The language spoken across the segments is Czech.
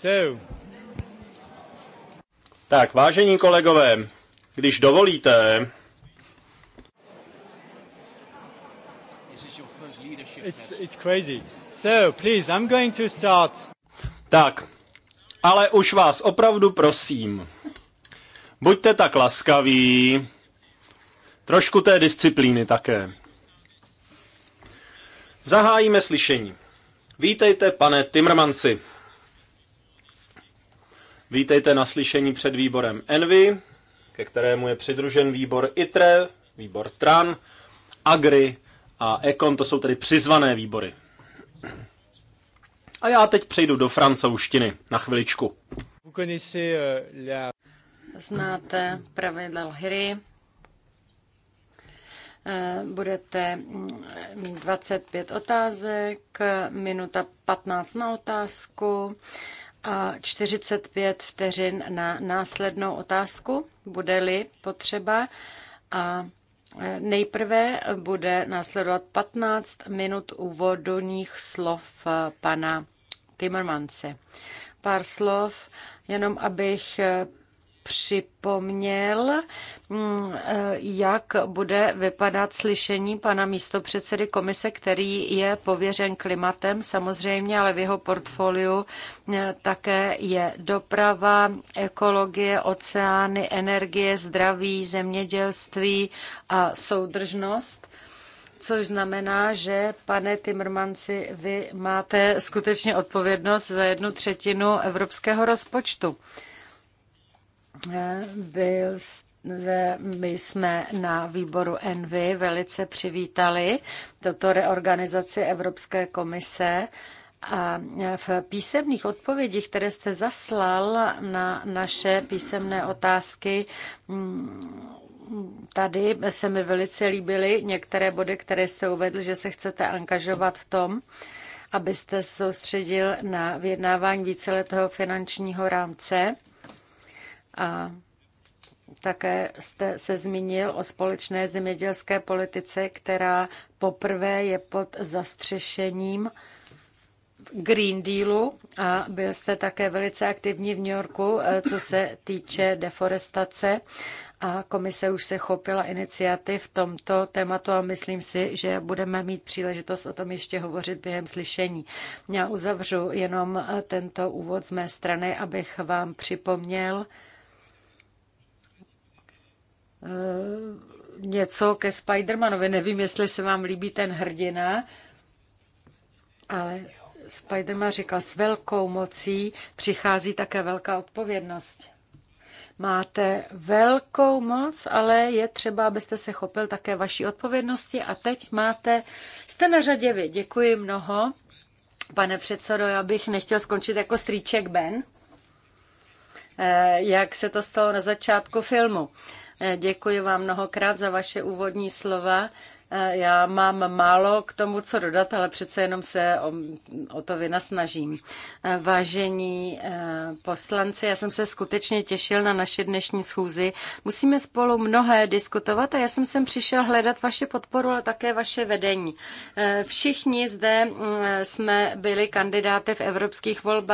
So. Tak, vážení kolegové, když dovolíte... It's, it's crazy. So, please, I'm going to start. Tak, ale už vás opravdu prosím, buďte tak laskaví, trošku té disciplíny také. Zahájíme slyšení. Vítejte, pane Timrmanci. Vítejte na slyšení před výborem Envy, ke kterému je přidružen výbor ITRE, výbor TRAN, AGRI a EKON, to jsou tedy přizvané výbory. A já teď přejdu do francouzštiny na chviličku. Znáte pravidla hry, eh, budete mít 25 otázek, minuta 15 na otázku a 45 vteřin na následnou otázku, bude-li potřeba. A e, nejprve bude následovat 15 minut úvodních slov e, pana Timmermanse. Pár slov, jenom abych e, připomněl, mm, eh, jak bude vypadat slyšení pana místopředsedy komise, který je pověřen klimatem samozřejmě, ale v jeho portfoliu eh, také je doprava, ekologie, oceány, energie, zdraví, zemědělství a soudržnost což znamená, že, pane Timmermansi, vy máte skutečně odpovědnost za jednu třetinu evropského rozpočtu byl my jsme na výboru Envy velice přivítali toto reorganizaci Evropské komise a v písemných odpovědích, které jste zaslal na naše písemné otázky, mm, tady se mi velice líbily některé body, které jste uvedl, že se chcete angažovat v tom, abyste se soustředil na vyjednávání víceletého finančního rámce a také jste se zmínil o společné zemědělské politice, která poprvé je pod zastřešením Green Dealu a byl jste také velice aktivní v New Yorku, eh, co se týče deforestace a komise už se chopila iniciativ v tomto tématu a myslím si, že budeme mít příležitost o tom ještě hovořit během slyšení. Já uzavřu jenom eh, tento úvod z mé strany, abych vám připomněl, Eh, něco ke Spidermanovi. Nevím, jestli se vám líbí ten hrdina, ale Spiderman říkal, s velkou mocí přichází také velká odpovědnost. Máte velkou moc, ale je třeba, abyste se chopil také vaší odpovědnosti a teď máte, jste na řadě vy. Děkuji mnoho. Pane předsedo, já bych nechtěl skončit jako strýček Ben, eh, jak se to stalo na začátku filmu. Děkuji vám mnohokrát za vaše úvodní slova. Já mám málo k tomu, co dodat, ale přece jenom se o, o to vynasnažím. Vážení poslanci, já jsem se skutečně těšil na naše dnešní schůzi. Musíme spolu mnohé diskutovat a já jsem sem přišel hledat vaše podporu, ale také vaše vedení. Všichni zde jsme byli kandidáty v evropských volbách,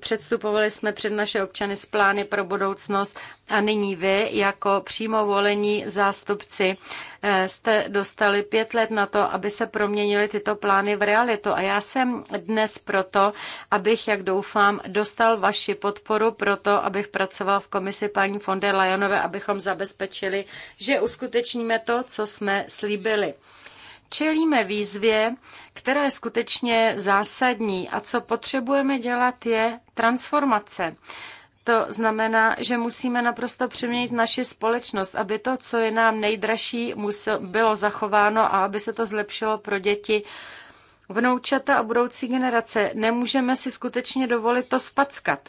předstupovali jsme před naše občany s plány pro budoucnost a nyní vy jako přímo volení zástupci Eh, jste dostali pět let na to, aby se proměnily tyto plány v realitu. A já jsem dnes proto, abych, jak doufám, dostal vaši podporu proto, abych pracoval v komisi paní von der Leyenové, abychom zabezpečili, že uskutečníme to, co jsme slíbili čelíme výzvě, která je skutečně zásadní a co potřebujeme dělat je transformace. To znamená, že musíme naprosto přeměnit naši společnost, aby to, co je nám nejdražší, musel, bylo zachováno a aby se to zlepšilo pro děti, vnoučata a budoucí generace. Nemůžeme si skutečně dovolit to spackat.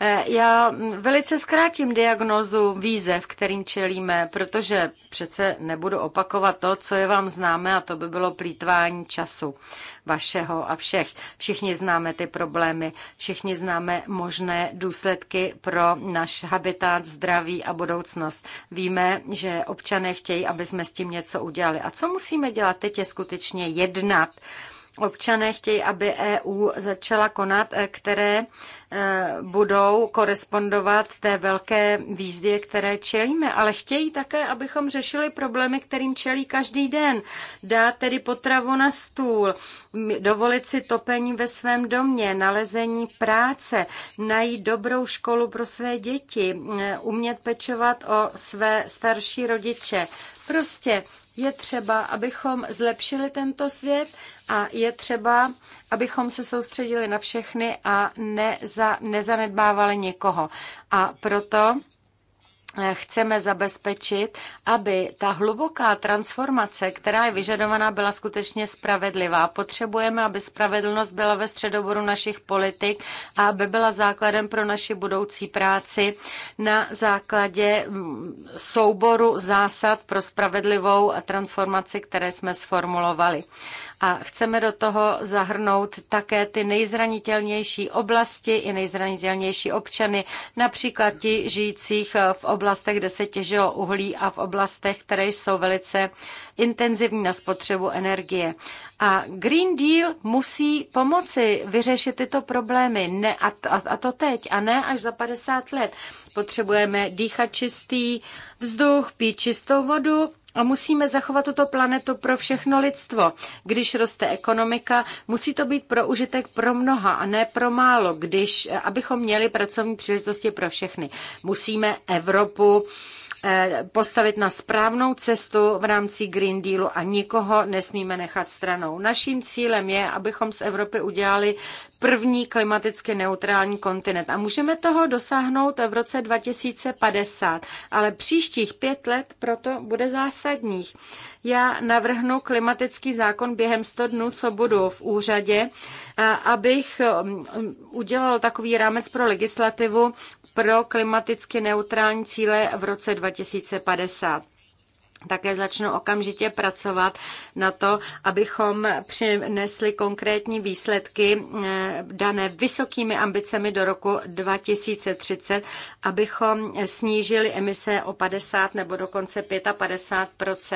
Eh, já velice zkrátím diagnozu výzev, kterým čelíme, protože přece nebudu opakovat to, co je vám známe a to by bylo plítvání času vašeho a všech. Všichni známe ty problémy, všichni známe možné důsledky pro náš habitat, zdraví a budoucnost. Víme, že občané chtějí, aby jsme s tím něco udělali. A co musíme dělat teď je skutečně jednat občané chtějí, aby EU začala konat, eh, které eh, budou korespondovat té velké výzvě, které čelíme, ale chtějí také, abychom řešili problémy, kterým čelí každý den. Dát tedy potravu na stůl, dovolit si topení ve svém domě, nalezení práce, najít dobrou školu pro své děti, umět pečovat o své starší rodiče. Prostě je třeba, abychom zlepšili tento svět a je třeba, abychom se soustředili na všechny a neza, nezanedbávali někoho. A proto chceme zabezpečit, aby ta hluboká transformace, která je vyžadovaná, byla skutečně spravedlivá. Potřebujeme, aby spravedlnost byla ve středoboru našich politik a aby byla základem pro naši budoucí práci na základě mm, souboru zásad pro spravedlivou transformaci, které jsme sformulovali a chceme do toho zahrnout také ty nejzranitelnější oblasti i nejzranitelnější občany, například ti žijících v oblastech, kde se těžilo uhlí a v oblastech, které jsou velice intenzivní na spotřebu energie. A Green Deal musí pomoci vyřešit tyto problémy ne, a, a, a to teď a ne až za 50 let. Potřebujeme dýchat čistý vzduch, pít čistou vodu a musíme zachovat tuto planetu pro všechno lidstvo. Když roste ekonomika, musí to být pro užitek pro mnoha a ne pro málo, když, abychom měli pracovní příležitosti pro všechny. Musíme Evropu Eh, postavit na správnou cestu v rámci Green Dealu a nikoho nesmíme nechat stranou. Naším cílem je, abychom z Evropy udělali první klimaticky neutrální kontinent. A můžeme toho dosáhnout v roce 2050, ale příštích pět let proto bude zásadních. Já navrhnu klimatický zákon během 100 dnů, co budu v úřadě, eh, abych mm, udělal takový rámec pro legislativu pro klimaticky neutrální cíle v roce 2050 také začnu okamžitě pracovat na to, abychom přinesli konkrétní výsledky eh, dané vysokými ambicemi do roku 2030, abychom snížili emise o 50 nebo dokonce 55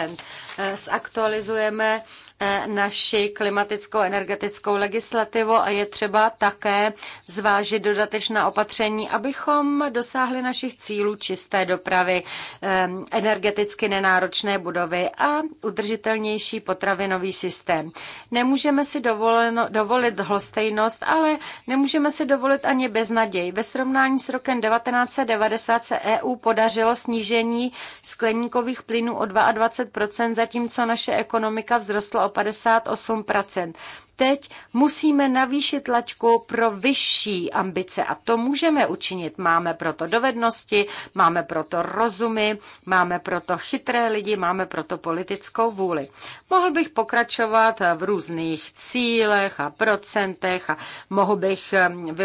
eh, Zaktualizujeme Eh, naši klimatickou energetickou legislativu a je třeba také zvážit dodatečná opatření, abychom dosáhli našich cílů čisté dopravy, eh, energeticky nenáročné budovy a udržitelnější potravinový systém. Nemůžeme si dovoleno, dovolit hlostejnost, ale nemůžeme si dovolit ani beznaděj. Ve srovnání s rokem 1990 se EU podařilo snížení skleníkových plynů o 22%, zatímco naše ekonomika vzrostla o 58 teď musíme navýšit laťku pro vyšší ambice a to můžeme učinit. Máme proto dovednosti, máme proto rozumy, máme proto chytré lidi, máme proto politickou vůli. Mohl bych pokračovat v různých cílech a procentech a mohl bych um,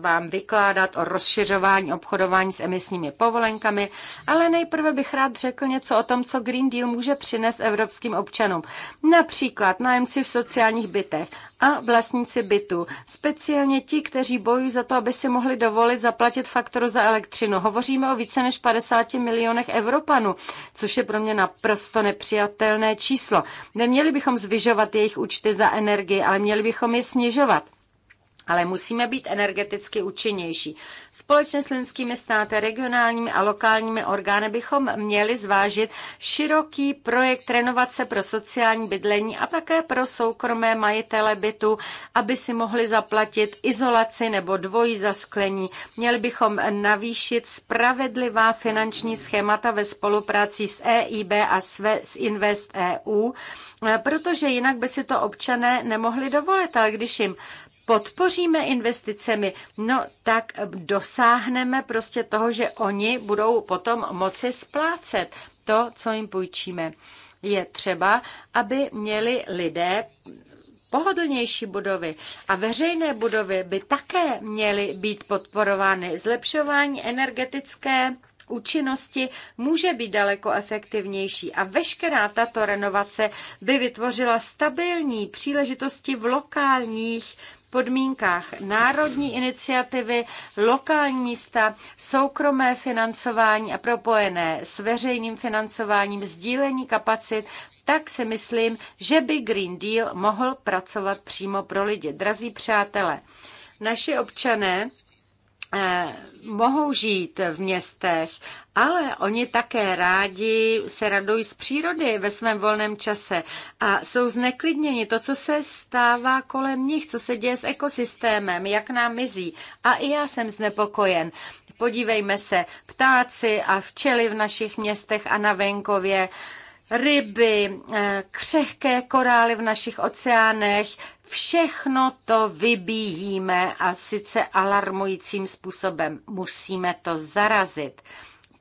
vám vykládat o rozšiřování obchodování s emisními povolenkami, ale nejprve bych rád řekl něco o tom, co Green Deal může přinést evropským občanům. Například nájemci v sociálních bytech bytech a vlastníci bytu, speciálně ti, kteří bojují za to, aby si mohli dovolit zaplatit faktoru za elektřinu. Hovoříme o více než 50 milionech Evropanů, což je pro mě naprosto nepřijatelné číslo. Neměli bychom zvyžovat jejich účty za energii, ale měli bychom je snižovat ale musíme být energeticky účinnější. Společně s lidskými státy, regionálními a lokálními orgány bychom měli zvážit široký projekt renovace pro sociální bydlení a také pro soukromé majitele bytu, aby si mohli zaplatit izolaci nebo dvojí zasklení. Měli bychom navýšit spravedlivá finanční schémata ve spolupráci s EIB a s Invest EU, protože jinak by si to občané nemohli dovolit, ale když jim podpoříme investicemi, no tak dosáhneme prostě toho, že oni budou potom moci splácet to, co jim půjčíme. Je třeba, aby měli lidé pohodlnější budovy a veřejné budovy by také měly být podporovány. Zlepšování energetické účinnosti může být daleko efektivnější a veškerá tato renovace by vytvořila stabilní příležitosti v lokálních podmínkách národní iniciativy, lokální místa, soukromé financování a propojené s veřejným financováním, sdílení kapacit, tak si myslím, že by Green Deal mohl pracovat přímo pro lidi. Drazí přátelé, naši občané Eh, mohou žít v městech, ale oni také rádi se radují z přírody ve svém volném čase a jsou zneklidněni to, co se stává kolem nich, co se děje s ekosystémem, jak nám mizí. A i já jsem znepokojen. Podívejme se, ptáci a včely v našich městech a na venkově, ryby, eh, křehké korály v našich oceánech, Všechno to vybíjíme a sice alarmujícím způsobem. Musíme to zarazit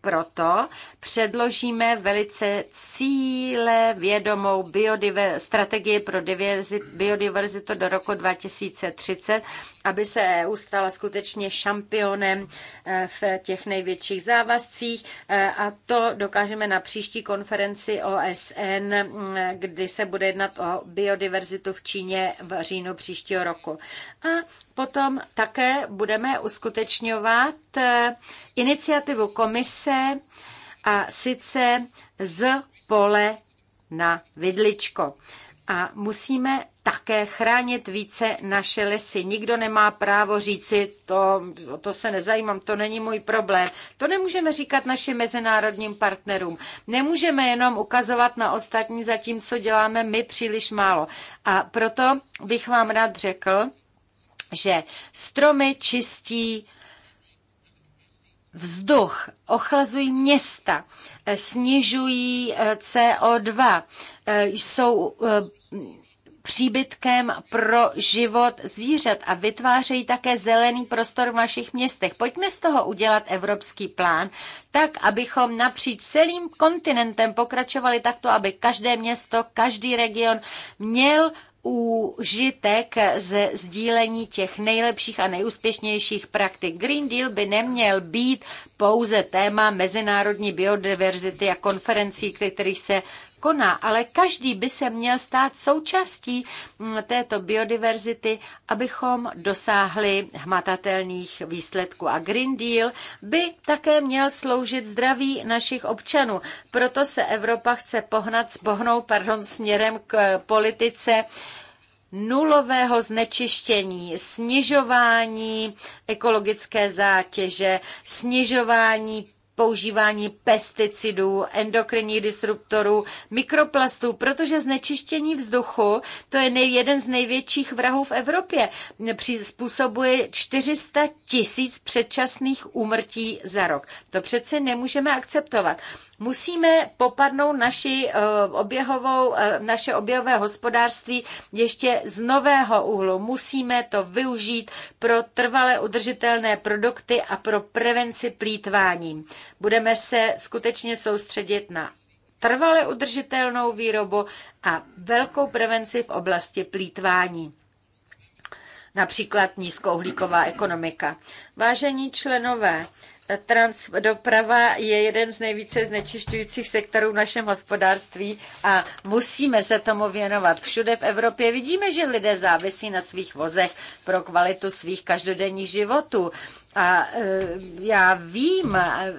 proto předložíme velice cíle vědomou biodiver- strategii pro biodiverzitu do roku 2030, aby se EU stala skutečně šampionem eh, v těch největších závazcích eh, a to dokážeme na příští konferenci OSN, mm, kdy se bude jednat o biodiverzitu v Číně v říjnu příštího roku. A Potom také budeme uskutečňovat eh, iniciativu komise a sice z pole na vidličko. A musíme také chránit více naše lesy. Nikdo nemá právo říci, to, to se nezajímám, to není můj problém. To nemůžeme říkat našim mezinárodním partnerům. Nemůžeme jenom ukazovat na ostatní, co děláme my příliš málo. A proto bych vám rád řekl, že stromy čistí vzduch, ochlazují města, eh, snižují eh, CO2, eh, jsou příbytkem pro život zvířat a vytvářejí také zelený prostor v našich městech. Pojďme z toho udělat evropský plán, tak abychom napříč celým kontinentem pokračovali takto, aby každé město, každý region měl užitek ze sdílení těch nejlepších a nejúspěšnějších praktik. Green Deal by neměl být pouze téma mezinárodní biodiverzity a konferencí, kterých se koná, ale každý by se měl stát součástí mm, této biodiverzity, abychom dosáhli hmatatelných výsledků. A Green Deal by také měl sloužit zdraví našich občanů. Proto se Evropa chce pohnat, pohnout pardon, směrem k politice nulového znečištění, snižování ekologické zátěže, snižování používání pesticidů, endokrinních disruptorů, mikroplastů, protože znečištění vzduchu, to je nej, jeden z největších vrahů v Evropě, při, způsobuje 400 tisíc předčasných úmrtí za rok. To přece nemůžeme akceptovat. Musíme popadnout naši eh, oběhovou, eh, naše oběhové hospodářství ještě z nového úhlu. Musíme to využít pro trvale udržitelné produkty a pro prevenci plítvání. Budeme se skutečně soustředit na trvale udržitelnou výrobu a velkou prevenci v oblasti plítvání například nízkouhlíková ekonomika. Vážení členové, Trans, doprava je jeden z nejvíce znečišťujících sektorů v našem hospodářství a musíme se tomu věnovat. Všude v Evropě vidíme, že lidé závisí na svých vozech pro kvalitu svých každodenních životů. A e, já vím, e,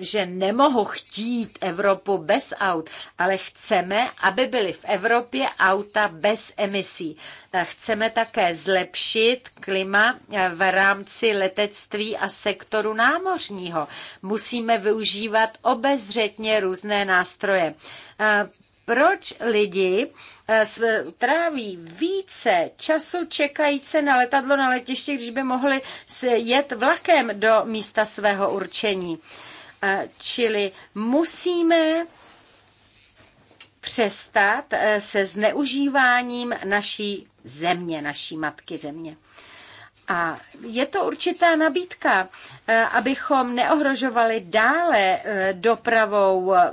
že nemohu chtít Evropu bez aut, ale chceme, aby byly v Evropě auta bez emisí. Chceme také zlepšit klima e, v rámci letectví a sektoru námořního. Musíme využívat obezřetně různé nástroje proč lidi eh, tráví více času čekajíce na letadlo na letišti, když by mohli jet vlakem do místa svého určení. Eh, čili musíme přestat eh, se zneužíváním naší země, naší matky země. A je to určitá nabídka, eh, abychom neohrožovali dále eh, dopravou eh,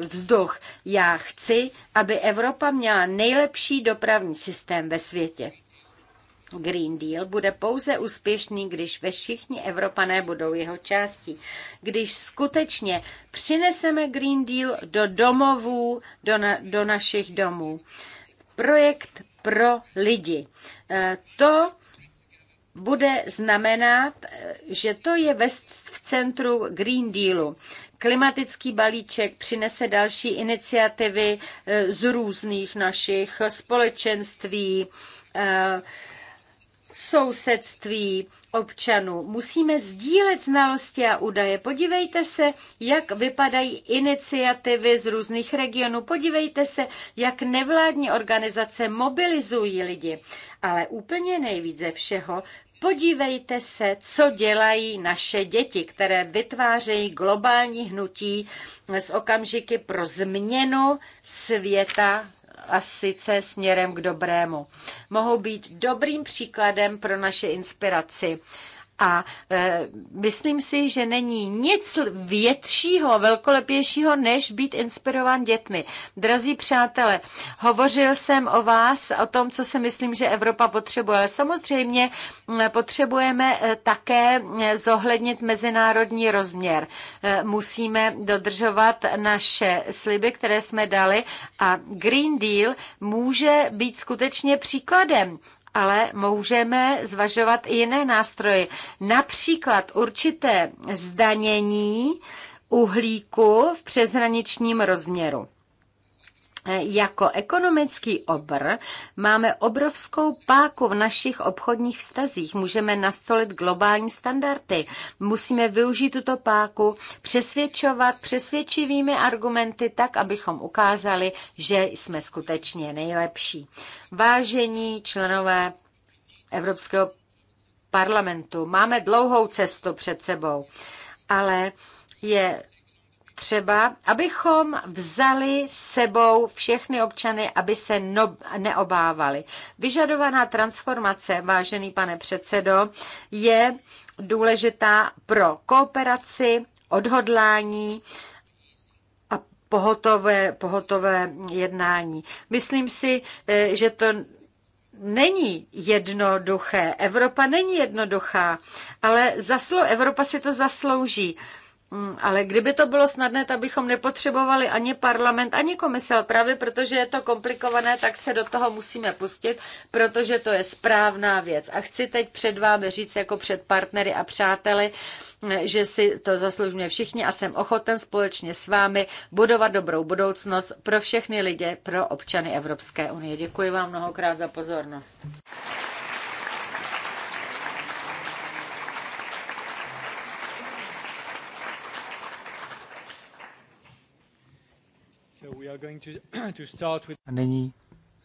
vzduch. Já chci, aby Evropa měla nejlepší dopravní systém ve světě. Green Deal bude pouze úspěšný, když ve všichni Evropané budou jeho částí. Když skutečně přineseme Green Deal do domovů, do, na, do našich domů. Projekt pro lidi. To bude znamenat, eh, že to je v centru Green Dealu. Klimatický balíček přinese další iniciativy eh, z různých našich společenství, eh, sousedství občanů. Musíme sdílet znalosti a údaje. Podívejte se, jak vypadají iniciativy z různých regionů. Podívejte se, jak nevládní organizace mobilizují lidi. Ale úplně nejvíce všeho Podívejte se, co dělají naše děti, které vytvářejí globální hnutí z okamžiky pro změnu světa a sice směrem k dobrému. Mohou být dobrým příkladem pro naše inspiraci. A e, myslím si, že není nic většího, velkolepějšího, než být inspirován dětmi. Drazí přátelé, hovořil jsem o vás, o tom, co si myslím, že Evropa potřebuje. Ale samozřejmě potřebujeme e, také e, zohlednit mezinárodní rozměr. E, musíme dodržovat naše sliby, které jsme dali a Green Deal může být skutečně příkladem ale můžeme zvažovat i jiné nástroje. Například určité zdanění uhlíku v přeshraničním rozměru. E, jako ekonomický obr máme obrovskou páku v našich obchodních vztazích. Můžeme nastolit globální standardy. Musíme využít tuto páku, přesvědčovat přesvědčivými argumenty tak, abychom ukázali, že jsme skutečně nejlepší. Vážení členové Evropského parlamentu, máme dlouhou cestu před sebou, ale je třeba, abychom vzali sebou všechny občany, aby se no, neobávali. Vyžadovaná transformace, vážený pane předsedo, je důležitá pro kooperaci, odhodlání, a Pohotové, pohotové jednání. Myslím si, e, že to není jednoduché. Evropa není jednoduchá, ale zaslo, Evropa si to zaslouží. Hmm, ale kdyby to bylo snadné, tak bychom nepotřebovali ani parlament, ani komisel. Právě protože je to komplikované, tak se do toho musíme pustit, protože to je správná věc. A chci teď před vámi říct jako před partnery a přáteli, že si to zaslužíme všichni a jsem ochoten společně s vámi budovat dobrou budoucnost pro všechny lidi, pro občany Evropské unie. Děkuji vám mnohokrát za pozornost. A nyní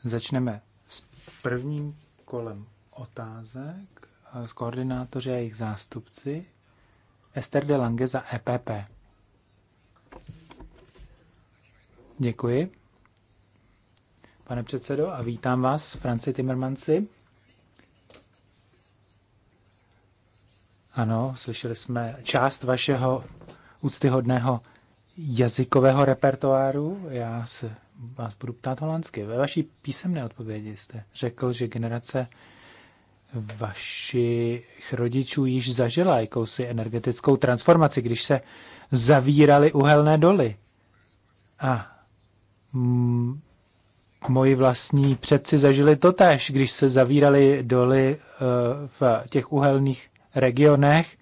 začneme s prvním kolem otázek s koordinátoři a jejich zástupci Esther de Lange za EPP. Děkuji. Pane předsedo, a vítám vás, Franci Timmermansi. Ano, slyšeli jsme část vašeho úctyhodného jazykového repertoáru. Já se vás budu ptát holandsky. Ve vaší písemné odpovědi jste řekl, že generace vašich rodičů již zažila jakousi energetickou transformaci, když se zavíraly uhelné doly. A m, moji vlastní předci zažili to když se zavíraly doly eh, v těch uhelných regionech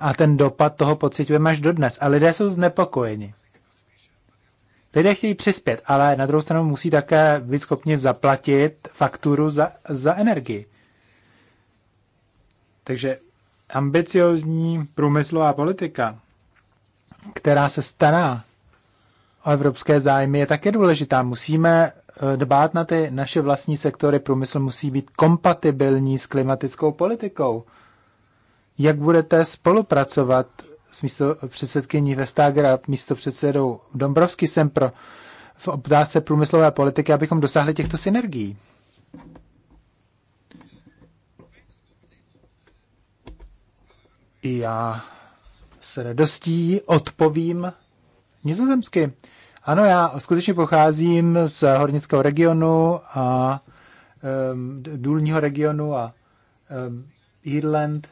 a ten dopad toho pocitujeme až dodnes. A lidé jsou znepokojeni. Lidé chtějí přispět, ale na druhou stranu musí také být schopni zaplatit fakturu za, za energii. Takže ambiciozní průmyslová politika, která se stará o evropské zájmy, je také důležitá. Musíme eh, dbát na ty naše vlastní sektory. Průmysl musí být kompatibilní s klimatickou politikou jak budete spolupracovat s místo předsedkyní Vestager a místo předsedou Dombrovský jsem pro v otázce průmyslové politiky, abychom dosáhli těchto synergií. Já s radostí odpovím nizozemsky. Ano, já skutečně pocházím z hornického regionu a um, důlního regionu a um, Irland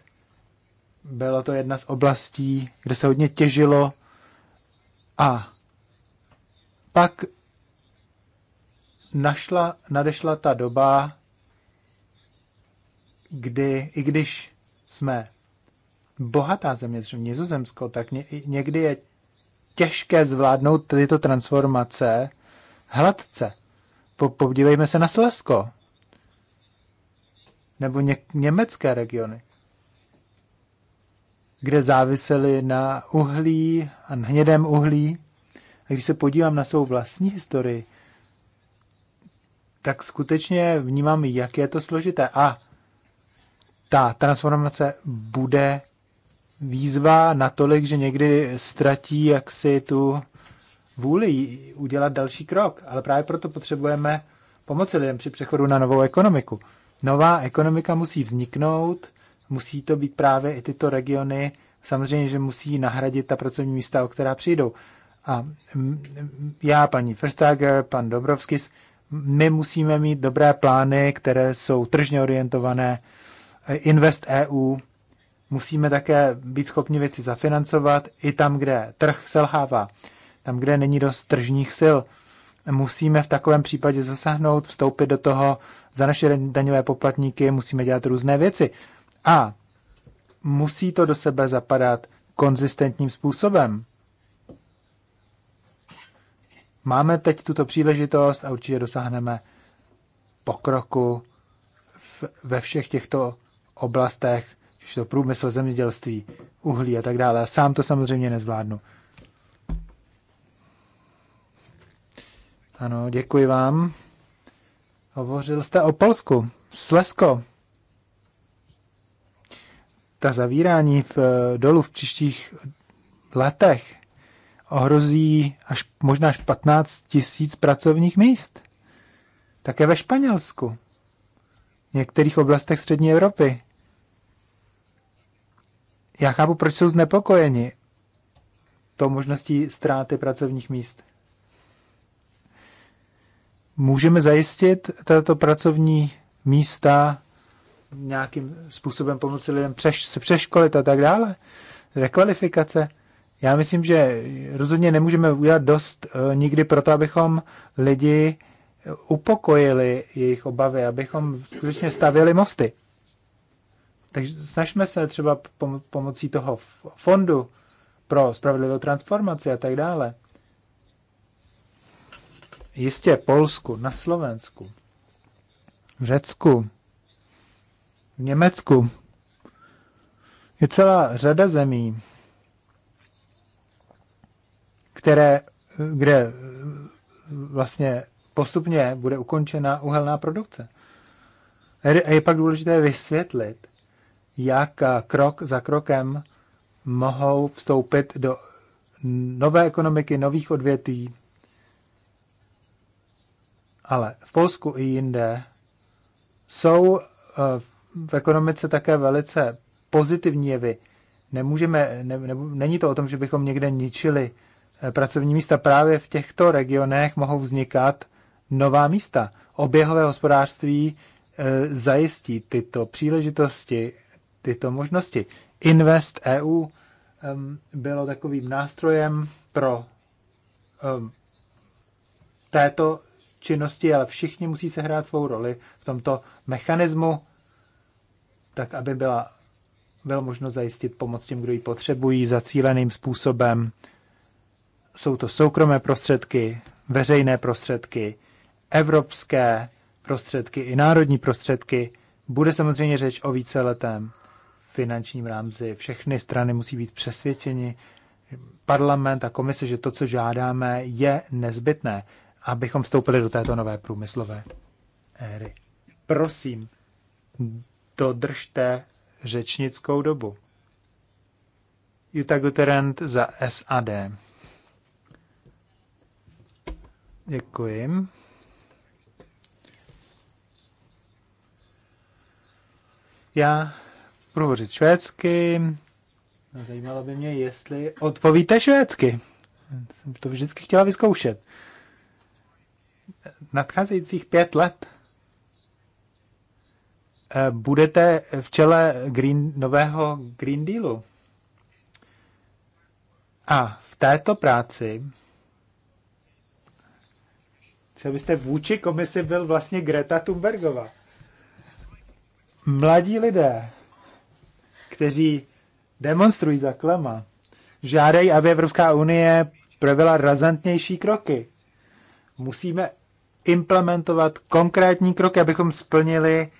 byla to jedna z oblastí, kde se hodně těžilo a pak našla, nadešla ta doba, kdy, i když jsme bohatá země, třeba Nizozemsko, tak ně, někdy je těžké zvládnout tyto transformace hladce. Po, podívejme se na Slesko nebo ně, německé regiony kde záviseli na uhlí a na hnědém uhlí. A když se podívám na svou vlastní historii, tak skutečně vnímám, jak je to složité. A ta transformace bude výzva natolik, že někdy ztratí jaksi tu vůli udělat další krok. Ale právě proto potřebujeme pomoci lidem při přechodu na novou ekonomiku. Nová ekonomika musí vzniknout musí to být právě i tyto regiony, samozřejmě, že musí nahradit ta pracovní místa, o která přijdou. A já, paní Verstager, pan Dobrovskis, my musíme mít dobré plány, které jsou tržně orientované. Invest EU, musíme také být schopni věci zafinancovat i tam, kde trh selhává, tam, kde není dost tržních sil. Musíme v takovém případě zasáhnout, vstoupit do toho za naše daňové poplatníky, musíme dělat různé věci. A musí to do sebe zapadat konzistentním způsobem. Máme teď tuto příležitost a určitě dosáhneme pokroku v, ve všech těchto oblastech, když to průmysl, zemědělství, uhlí a tak dále. A sám to samozřejmě nezvládnu. Ano, děkuji vám. Hovořil jste o Polsku. Slesko ta zavírání v, eh, dolu v příštích letech ohrozí až možná až 15 tisíc pracovních míst. Také ve Španělsku. V některých oblastech střední Evropy. Já chápu, proč jsou znepokojeni to možností ztráty pracovních míst. Můžeme zajistit tato pracovní místa nějakým způsobem pomoci lidem přeš, přeškolit a tak dále, rekvalifikace. Já myslím, že rozhodně nemůžeme udělat dost eh, nikdy proto, abychom lidi upokojili jejich obavy, abychom skutečně stavěli mosty. Takže snažme se třeba pomocí toho fondu pro spravedlivou transformaci a tak dále. Jistě Polsku, na Slovensku, v Řecku, v Německu, je celá řada zemí, které, kde eh, vlastně postupně bude ukončena uhelná produkce. A je pak důležité vysvětlit, jak krok za krokem mohou vstoupit do nové ekonomiky, nových odvětví. Ale v Polsku i jinde jsou v eh, v ekonomice také velice pozitivní jevy. Nemůžeme, ne, ne, není to o tom, že bychom někde ničili eh, pracovní místa. Právě v těchto regionech mohou vznikat nová místa. Oběhové hospodářství e, zajistí tyto příležitosti, tyto možnosti. Invest EU e, bylo takovým nástrojem pro e, této činnosti, ale všichni musí se hrát svou roli v tomto mechanismu tak aby byla, bylo možno zajistit pomoc těm, kdo ji potřebují, zacíleným způsobem. Jsou to soukromé prostředky, veřejné prostředky, evropské prostředky i národní prostředky. Bude samozřejmě řeč o víceletém finančním rámci. Všechny strany musí být přesvědčeni, parlament a komise, že to, co žádáme, je nezbytné, abychom vstoupili do této nové průmyslové éry. Prosím, dodržte řečnickou dobu. Jutta Guterrand za SAD. Děkuji. Já budu hovořit švédsky. No, zajímalo by mě, jestli odpovíte švédsky. Jsem to vždycky chtěla vyzkoušet. Nadcházejících pět let Eh, budete v čele green, nového Green Dealu. A v této práci chtěl byste vůči komisi byl vlastně Greta Thunbergova. Mladí lidé, kteří demonstrují za klima, žádají, aby Evropská unie projevila razantnější kroky. Musíme implementovat konkrétní kroky, abychom splnili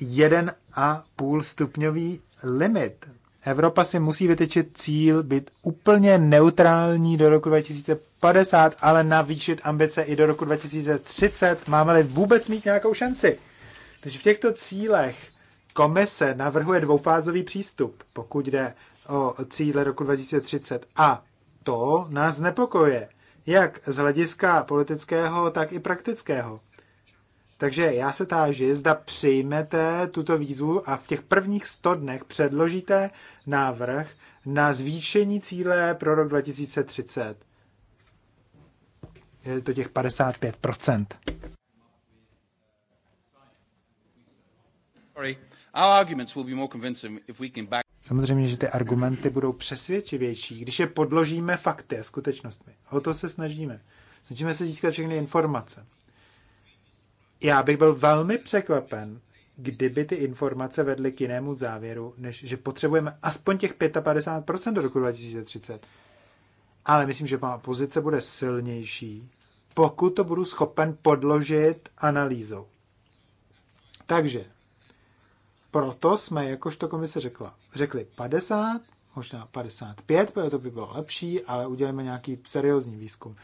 1,5 stupňový limit. Evropa si musí vytyčit cíl být úplně neutrální do roku 2050, ale navýšit ambice i do roku 2030. Máme-li vůbec mít nějakou šanci? Takže v těchto cílech komise navrhuje dvoufázový přístup, pokud jde o cíle roku 2030. A to nás nepokoje, jak z hlediska politického, tak i praktického. Takže já se táži, zda přijmete tuto výzvu a v těch prvních 100 dnech předložíte návrh na zvýšení cíle pro rok 2030. Je to těch 55 Samozřejmě, že ty argumenty budou přesvědčivější, když je podložíme fakty a skutečnostmi. O to se snažíme. Snažíme se získat všechny informace. Já bych byl velmi překvapen, kdyby ty informace vedly k jinému závěru, než že potřebujeme aspoň těch 55% do roku 2030. Ale myslím, že má pozice bude silnější, pokud to budu schopen podložit analýzou. Takže, proto jsme, jakožto komise řekla, řekli 50, možná 55, protože to by bylo lepší, ale udělejme nějaký seriózní výzkum.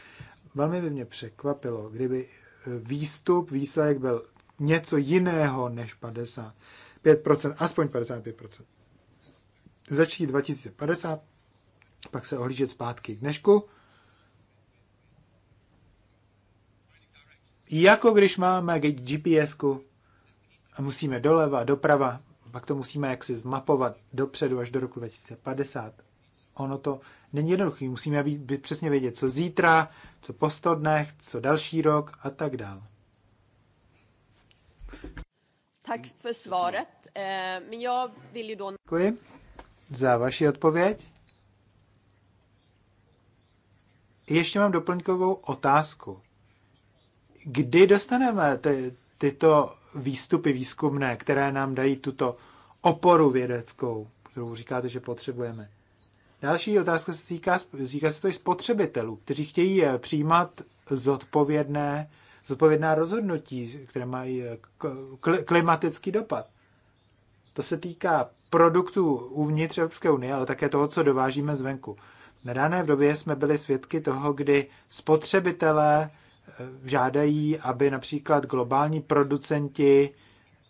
Velmi by mě překvapilo, kdyby výstup, výsledek byl něco jiného než 55%, aspoň 55%. Začít 2050, pak se ohlížet zpátky k dnešku. Jako když máme gps a musíme doleva, doprava, pak to musíme jaksi zmapovat dopředu až do roku 2050 ono to není jednoduché. Musíme být, být přesně vědět, co zítra, co po 100 dnech, co další rok a tak dále. Tak för svaret. Eh, men jag vill ju då... Děkuji za vaši odpověď. Ještě mám doplňkovou otázku. Kdy dostaneme ty, tyto výstupy výzkumné, které nám dají tuto oporu vědeckou, kterou říkáte, že potřebujeme? Další otázka se týká, týká se to i spotřebitelů, kteří chtějí eh, přijímat zodpovědné, zodpovědná rozhodnutí, které mají eh, klimatický dopad. To se týká produktů uvnitř Evropské unie, ale také toho, co dovážíme zvenku. Na dané době jsme byli svědky toho, kdy spotřebitelé eh, žádají, aby například globální producenti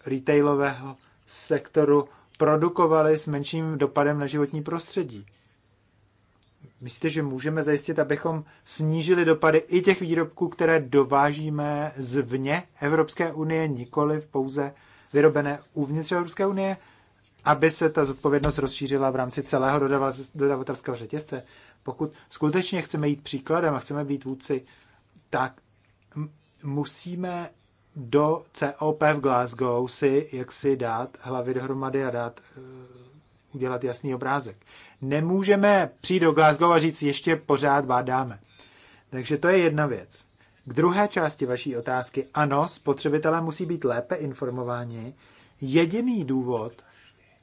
retailového sektoru produkovali s menším dopadem na životní prostředí. Myslíte, že můžeme zajistit, abychom snížili dopady i těch výrobků, které dovážíme zvně Evropské unie, nikoli pouze vyrobené uvnitř Evropské unie, aby se ta zodpovědnost rozšířila v rámci celého dodavatelského řetězce? Pokud skutečně chceme jít příkladem a chceme být vůdci, tak musíme do COP v Glasgow si jaksi dát hlavy dohromady a dát eh, udělat jasný obrázek. Nemůžeme přijít do Glasgow a říct, ještě pořád bádáme. Takže to je jedna věc. K druhé části vaší otázky, ano, spotřebitelé musí být lépe informováni. Jediný důvod,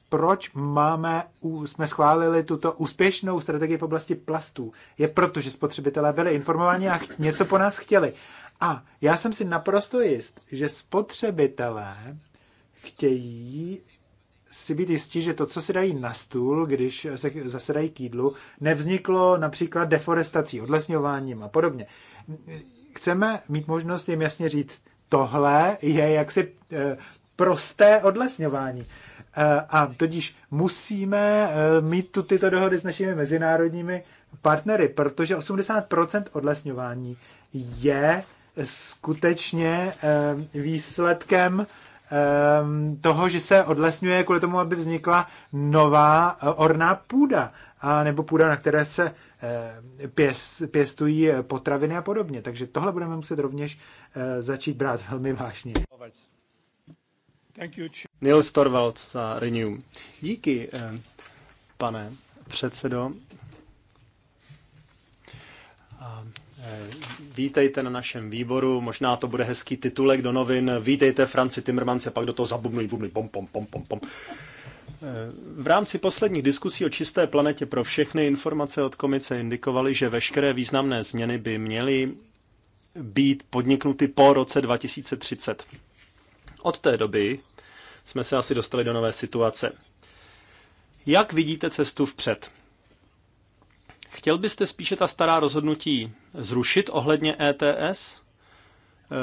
proč máme, jsme schválili tuto úspěšnou strategii v oblasti plastů, je proto, že spotřebitelé byli informováni a něco po nás chtěli. A já jsem si naprosto jist, že spotřebitelé chtějí si být jistí, že to, co se dají na stůl, když se zasedají k jídlu, nevzniklo například deforestací, odlesňováním a podobně. Chceme mít možnost jim jasně říct, tohle je jaksi eh, prosté odlesňování. Eh, a tudíž musíme eh, mít tu tyto dohody s našimi mezinárodními partnery, protože 80% odlesňování je skutečně výsledkem Ehm, toho, že se odlesňuje kvůli tomu, aby vznikla nová eh, orná půda, a nebo půda, na které se eh, pěst, pěstují potraviny a podobně. Takže tohle budeme muset rovněž eh, začít brát velmi vážně. Nils Torvald za Renew. Díky, pane předsedo. Eh, vítejte na našem výboru, možná to bude hezký titulek do novin. Vítejte Franci Timmermans a pak do toho zabubnuj, bubnuj, pom pom pom pom pom. Eh, v rámci posledních diskusí o čisté planetě pro všechny informace od komice indikovaly, že veškeré významné změny by měly být podniknuty po roce 2030. Od té doby jsme se asi dostali do nové situace. Jak vidíte cestu vpřed? Chtěl byste spíše ta stará rozhodnutí zrušit ohledně ETS?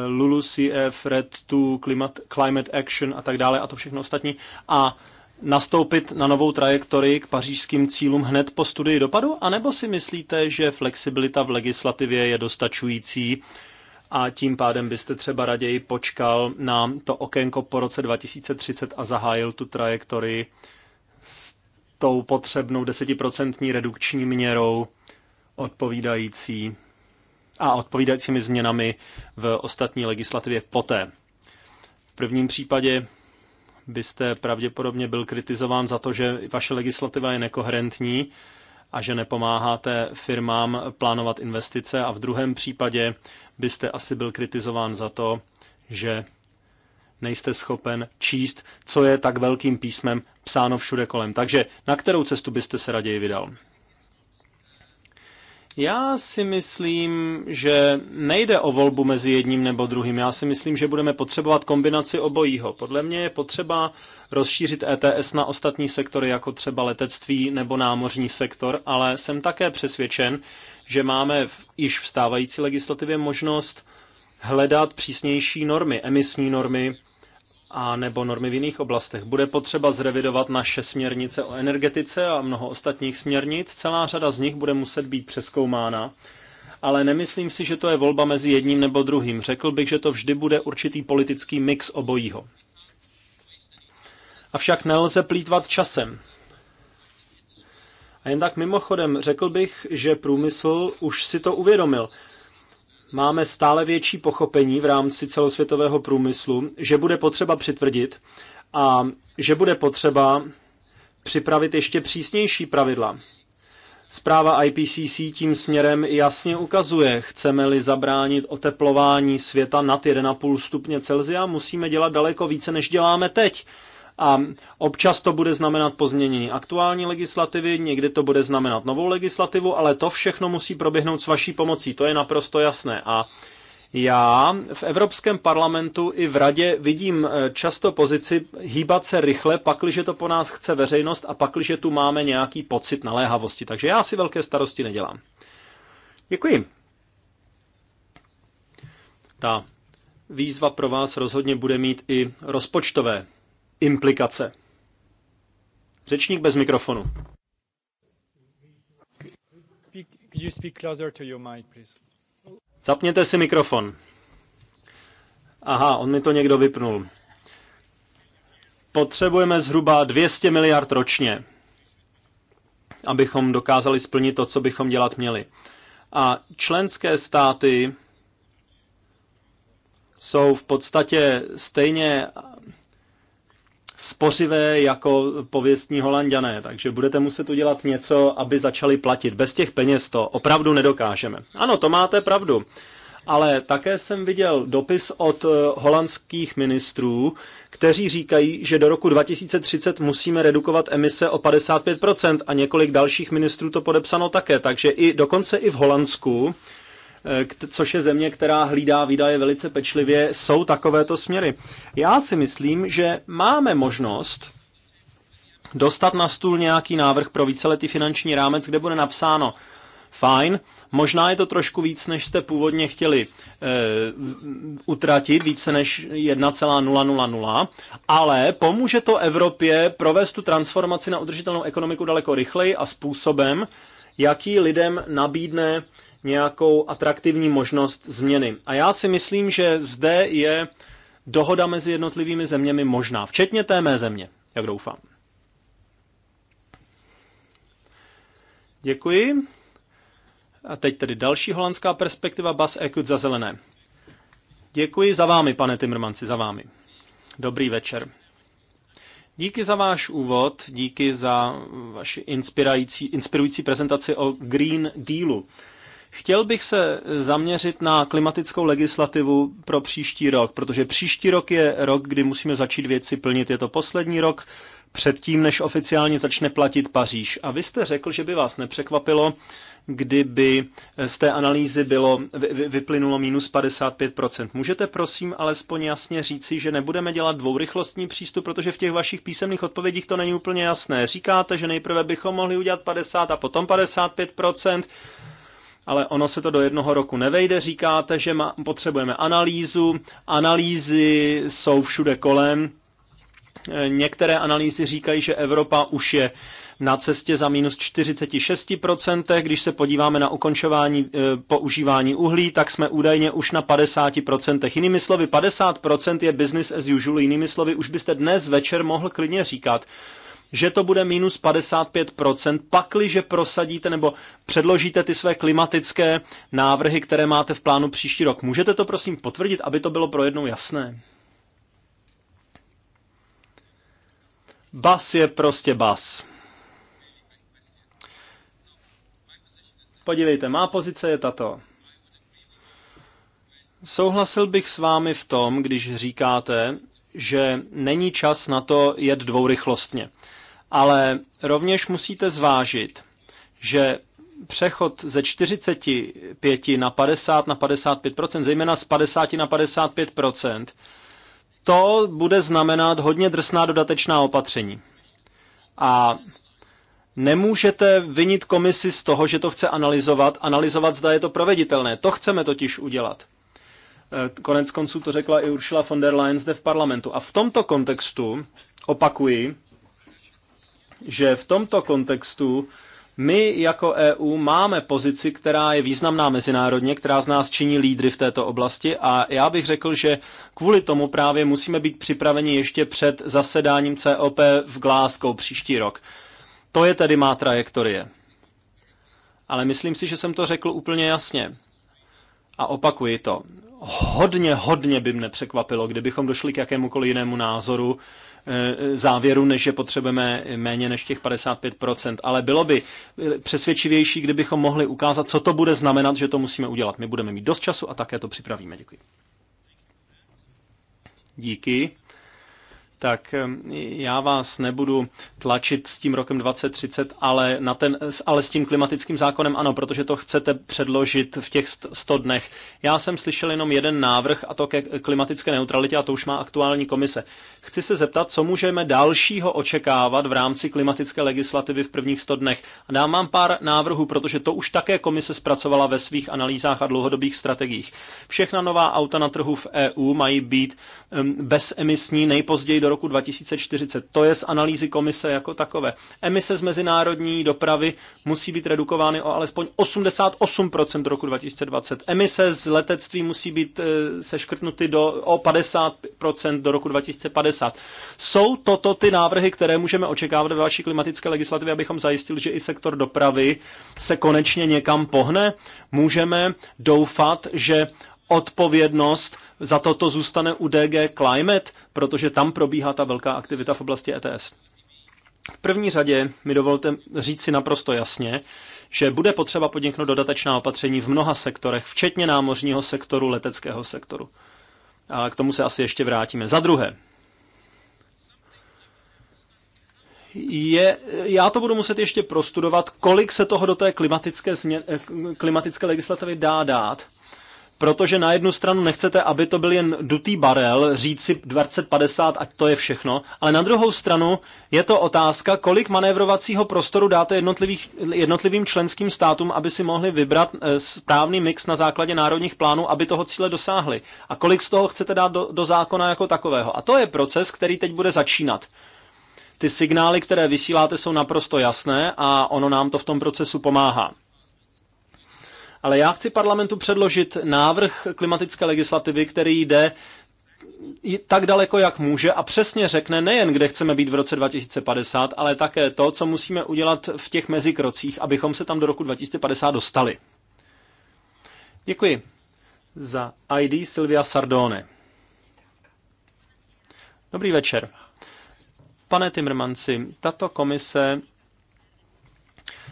LULUCF, RED2, Climate, Climate Action a tak dále a to všechno ostatní. A nastoupit na novou trajektorii k pařížským cílům hned po studii dopadu? A nebo si myslíte, že flexibilita v legislativě je dostačující a tím pádem byste třeba raději počkal na to okénko po roce 2030 a zahájil tu trajektorii s tou potřebnou desetiprocentní redukční měrou odpovídající a odpovídajícími změnami v ostatní legislativě poté. V prvním případě byste pravděpodobně byl kritizován za to, že vaše legislativa je nekoherentní a že nepomáháte firmám plánovat investice a v druhém případě byste asi byl kritizován za to, že nejste schopen číst, co je tak velkým písmem psáno všude kolem. Takže na kterou cestu byste se raději vydal? Já si myslím, že nejde o volbu mezi jedním nebo druhým. Já si myslím, že budeme potřebovat kombinaci obojího. Podle mě je potřeba rozšířit ETS na ostatní sektory, jako třeba letectví nebo námořní sektor, ale jsem také přesvědčen, že máme v, již v stávající legislativě možnost hledat přísnější normy, emisní normy, a nebo normy v jiných oblastech. Bude potřeba zrevidovat naše směrnice o energetice a mnoho ostatních směrnic. Celá řada z nich bude muset být přeskoumána, ale nemyslím si, že to je volba mezi jedním nebo druhým. Řekl bych, že to vždy bude určitý politický mix obojího. Avšak nelze plítvat časem. A jen tak mimochodem, řekl bych, že průmysl už si to uvědomil máme stále větší pochopení v rámci celosvětového průmyslu, že bude potřeba přitvrdit a že bude potřeba připravit ještě přísnější pravidla. Zpráva IPCC tím směrem jasně ukazuje, chceme-li zabránit oteplování světa nad 1,5 stupně Celsia, musíme dělat daleko více, než děláme teď. A občas to bude znamenat pozměnění aktuální legislativy, někdy to bude znamenat novou legislativu, ale to všechno musí proběhnout s vaší pomocí, to je naprosto jasné. A já v Evropském parlamentu i v radě vidím eh, často pozici hýbat se rychle, pakliže to po nás chce veřejnost a pakliže tu máme nějaký pocit naléhavosti. Takže já si velké starosti nedělám. Děkuji. Ta výzva pro vás rozhodně bude mít i rozpočtové implikace. Řečník bez mikrofonu. Zapněte si mikrofon. Aha, on mi to někdo vypnul. Potřebujeme zhruba 200 miliard ročně, abychom dokázali splnit to, co bychom dělat měli. A členské státy jsou v podstatě stejně spořivé jako pověstní holanděné, takže budete muset udělat něco, aby začali platit. Bez těch peněz to opravdu nedokážeme. Ano, to máte pravdu. Ale také jsem viděl dopis od eh, holandských ministrů, kteří říkají, že do roku 2030 musíme redukovat emise o 55% a několik dalších ministrů to podepsano také. Takže i dokonce i v Holandsku Eh, což je země, která hlídá výdaje velice pečlivě, jsou takovéto směry. Já si myslím, že máme možnost dostat na stůl nějaký návrh pro víceletý finanční rámec, kde bude napsáno, fajn, možná je to trošku víc, než jste původně chtěli e, utratit, více než 1,000, ale pomůže to Evropě provést tu transformaci na udržitelnou ekonomiku daleko rychleji a způsobem, jaký lidem nabídne nějakou atraktivní možnost změny. A já si myslím, že zde je dohoda mezi jednotlivými zeměmi možná, včetně té mé země, jak doufám. Děkuji. A teď tedy další holandská perspektiva Bas Ekut za zelené. Děkuji za vámi, pane Timmermansi, za vámi. Dobrý večer. Díky za váš úvod, díky za vaši inspirující, inspirující prezentaci o Green Dealu. Chtěl bych se zaměřit na klimatickou legislativu pro příští rok, protože příští rok je rok, kdy musíme začít věci plnit. Je to poslední rok předtím, než oficiálně začne platit Paříž. A vy jste řekl, že by vás nepřekvapilo, kdyby z té analýzy bylo, vyplynulo minus 55%. Můžete prosím alespoň jasně říci, že nebudeme dělat dvourychlostní přístup, protože v těch vašich písemných odpovědích to není úplně jasné. Říkáte, že nejprve bychom mohli udělat 50 a potom 55% ale ono se to do jednoho roku nevejde. Říkáte, že ma, potřebujeme analýzu, analýzy jsou všude kolem. E, některé analýzy říkají, že Evropa už je na cestě za minus 46%. Když se podíváme na ukončování e, používání uhlí, tak jsme údajně už na 50%. Jinými slovy, 50% je business as usual, jinými slovy, už byste dnes večer mohl klidně říkat, že to bude minus 55%, pakliže prosadíte nebo předložíte ty své klimatické návrhy, které máte v plánu příští rok. Můžete to prosím potvrdit, aby to bylo pro jednou jasné? Bas je prostě bas. Podívejte, má pozice je tato. Souhlasil bych s vámi v tom, když říkáte, že není čas na to jet dvourychlostně ale rovněž musíte zvážit, že přechod ze 45 na 50 na 55 zejména z 50 na 55 to bude znamenat hodně drsná dodatečná opatření. A nemůžete vinit komisi z toho, že to chce analyzovat, analyzovat, zda je to proveditelné. To chceme totiž udělat. E, konec konců to řekla i Ursula von der Leyen zde v parlamentu. A v tomto kontextu, opakuji, že v tomto kontextu my jako EU máme pozici, která je významná mezinárodně, která z nás činí lídry v této oblasti a já bych řekl, že kvůli tomu právě musíme být připraveni ještě před zasedáním COP v Glasgow příští rok. To je tedy má trajektorie. Ale myslím si, že jsem to řekl úplně jasně. A opakuji to. Hodně, hodně by mne překvapilo, kdybychom došli k jakémukoliv jinému názoru, Eh, závěru, než že potřebujeme méně než těch 55%. Ale bylo by eh, přesvědčivější, kdybychom mohli ukázat, co to bude znamenat, že to musíme udělat. My budeme mít dost času a také to připravíme. Děkuji. Díky tak já vás nebudu tlačit s tím rokem 2030, ale, na ten, ale s tím klimatickým zákonem ano, protože to chcete předložit v těch 100 dnech. Já jsem slyšel jenom jeden návrh a to ke klimatické neutralitě a to už má aktuální komise. Chci se zeptat, co můžeme dalšího očekávat v rámci klimatické legislativy v prvních 100 dnech. A dám vám pár návrhů, protože to už také komise zpracovala ve svých analýzách a dlouhodobých strategiích. Všechna nová auta na trhu v EU mají být bezemisní nejpozději do roku 2040. To je z analýzy komise jako takové. Emise z mezinárodní dopravy musí být redukovány o alespoň 88% do roku 2020. Emise z letectví musí být eh, seškrtnuty do, o 50% do roku 2050. Jsou toto ty návrhy, které můžeme očekávat ve vaší klimatické legislativě, abychom zajistili, že i sektor dopravy se konečně někam pohne? Můžeme doufat, že odpovědnost za toto zůstane u DG Climate, protože tam probíhá ta velká aktivita v oblasti ETS. V první řadě mi dovolte říct si naprosto jasně, že bude potřeba podniknout dodatečná opatření v mnoha sektorech, včetně námořního sektoru, leteckého sektoru. A k tomu se asi ještě vrátíme. Za druhé, je, já to budu muset ještě prostudovat, kolik se toho do té klimatické, změn, eh, klimatické legislativy dá dát, protože na jednu stranu nechcete, aby to byl jen dutý barel, říci 2050 a to je všechno, ale na druhou stranu je to otázka, kolik manévrovacího prostoru dáte jednotlivým členským státům, aby si mohli vybrat eh, správný mix na základě národních plánů, aby toho cíle dosáhli. A kolik z toho chcete dát do, do zákona jako takového. A to je proces, který teď bude začínat. Ty signály, které vysíláte, jsou naprosto jasné a ono nám to v tom procesu pomáhá. Ale já chci parlamentu předložit návrh klimatické legislativy, který jde tak daleko, jak může a přesně řekne nejen, kde chceme být v roce 2050, ale také to, co musíme udělat v těch mezikrocích, abychom se tam do roku 2050 dostali. Děkuji. Za ID Silvia Sardone. Dobrý večer. Pane Timmermansi, tato komise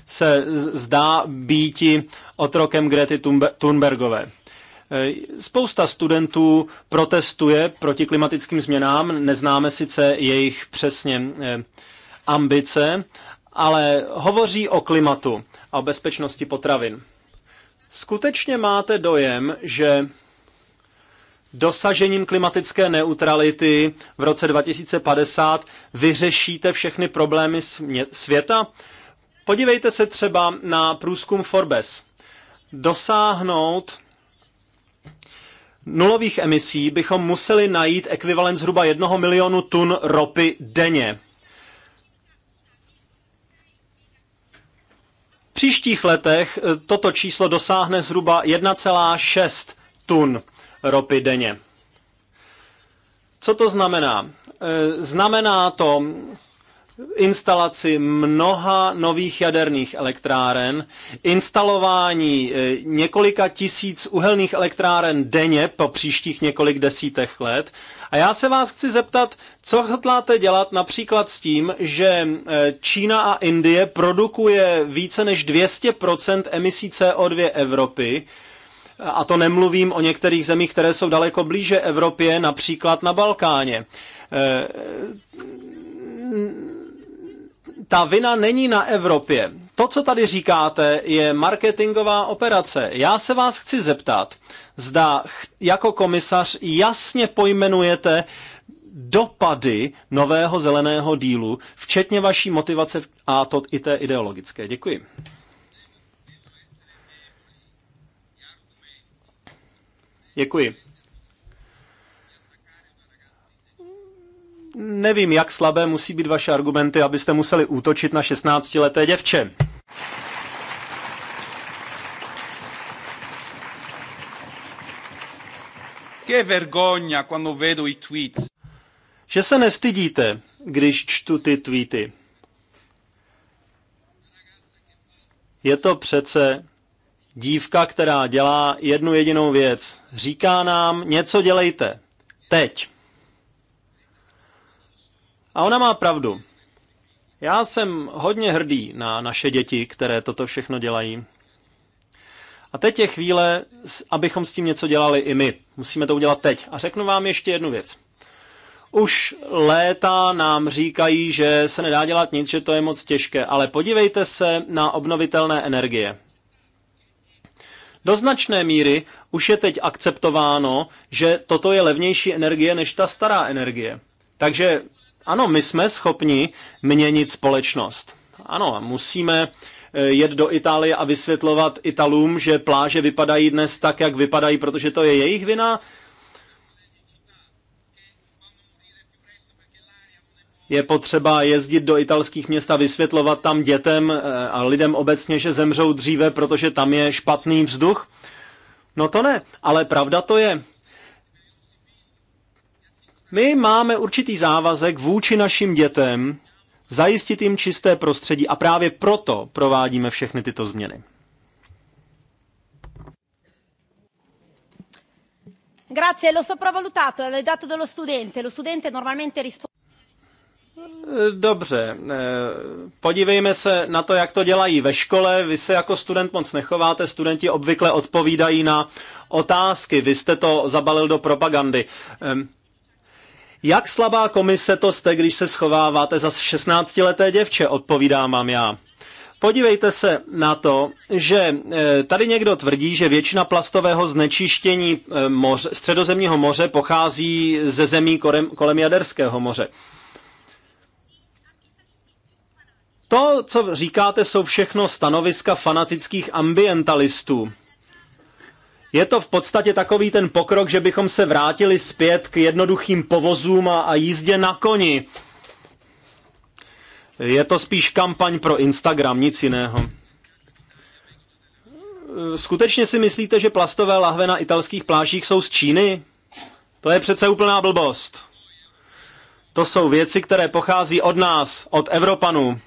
se zdá býti otrokem Grety Thunbergové. E, spousta studentů protestuje proti klimatickým změnám, neznáme sice jejich přesně e, ambice, ale hovoří o klimatu a o bezpečnosti potravin. Skutečně máte dojem, že dosažením klimatické neutrality v roce 2050 vyřešíte všechny problémy světa? Podívejte se třeba na průzkum Forbes. Dosáhnout nulových emisí bychom museli najít ekvivalent zhruba jednoho milionu tun ropy denně. V příštích letech e, toto číslo dosáhne zhruba 1,6 tun ropy denně. Co to znamená? E, znamená to instalaci mnoha nových jaderných elektráren, instalování e, několika tisíc uhelných elektráren denně po příštích několik desítech let. A já se vás chci zeptat, co hodláte dělat například s tím, že e, Čína a Indie produkuje více než 200% emisí CO2 Evropy, a to nemluvím o některých zemích, které jsou daleko blíže Evropě, například na Balkáně e, ta vina není na Evropě. To, co tady říkáte, je marketingová operace. Já se vás chci zeptat, zda jako komisař jasně pojmenujete dopady nového zeleného dílu, včetně vaší motivace a to i té ideologické. Děkuji. Děkuji. nevím, jak slabé musí být vaše argumenty, abyste museli útočit na 16-leté děvče. Que vergogna quando vedo i tweets. Že se nestydíte, když čtu ty tweety. Je to přece dívka, která dělá jednu jedinou věc. Říká nám, něco dělejte. Teď. A ona má pravdu. Já jsem hodně hrdý na naše děti, které toto všechno dělají. A teď je chvíle, abychom s tím něco dělali i my. Musíme to udělat teď. A řeknu vám ještě jednu věc. Už léta nám říkají, že se nedá dělat nic, že to je moc těžké, ale podívejte se na obnovitelné energie. Do značné míry už je teď akceptováno, že toto je levnější energie než ta stará energie. Takže ano, my jsme schopni měnit společnost. Ano, musíme eh, jet do Itálie a vysvětlovat Italům, že pláže vypadají dnes tak, jak vypadají, protože to je jejich vina. Je potřeba jezdit do italských měst a vysvětlovat tam dětem eh, a lidem obecně, že zemřou dříve, protože tam je špatný vzduch. No to ne, ale pravda to je, my máme určitý závazek vůči našim dětem zajistit jim čisté prostředí a právě proto provádíme všechny tyto změny. Grazie, l'ho sopravvalutato, l'ho dato dello studente. Lo studente normalmente risponde. Dobře, eh, podívejme se na to, jak to dělají ve škole. Vy se jako student moc nechováte, studenti obvykle odpovídají na otázky. Vy jste to zabalil do propagandy. Ehm, jak slabá komise to jste, když se schováváte za 16-leté děvče, odpovídám vám já. Podívejte se na to, že eh, tady někdo tvrdí, že většina plastového znečištění eh, moře, středozemního moře pochází ze zemí kolem, kolem Jaderského moře. To, co říkáte, jsou všechno stanoviska fanatických ambientalistů je to v podstatě takový ten pokrok, že bychom se vrátili zpět k jednoduchým povozům a, a jízdě na koni. Je to spíš kampaň pro Instagram, nic jiného. Skutečně si myslíte, že plastové lahve na italských plážích jsou z Číny? To je přece úplná blbost. To jsou věci, které pochází od nás, od Evropanů.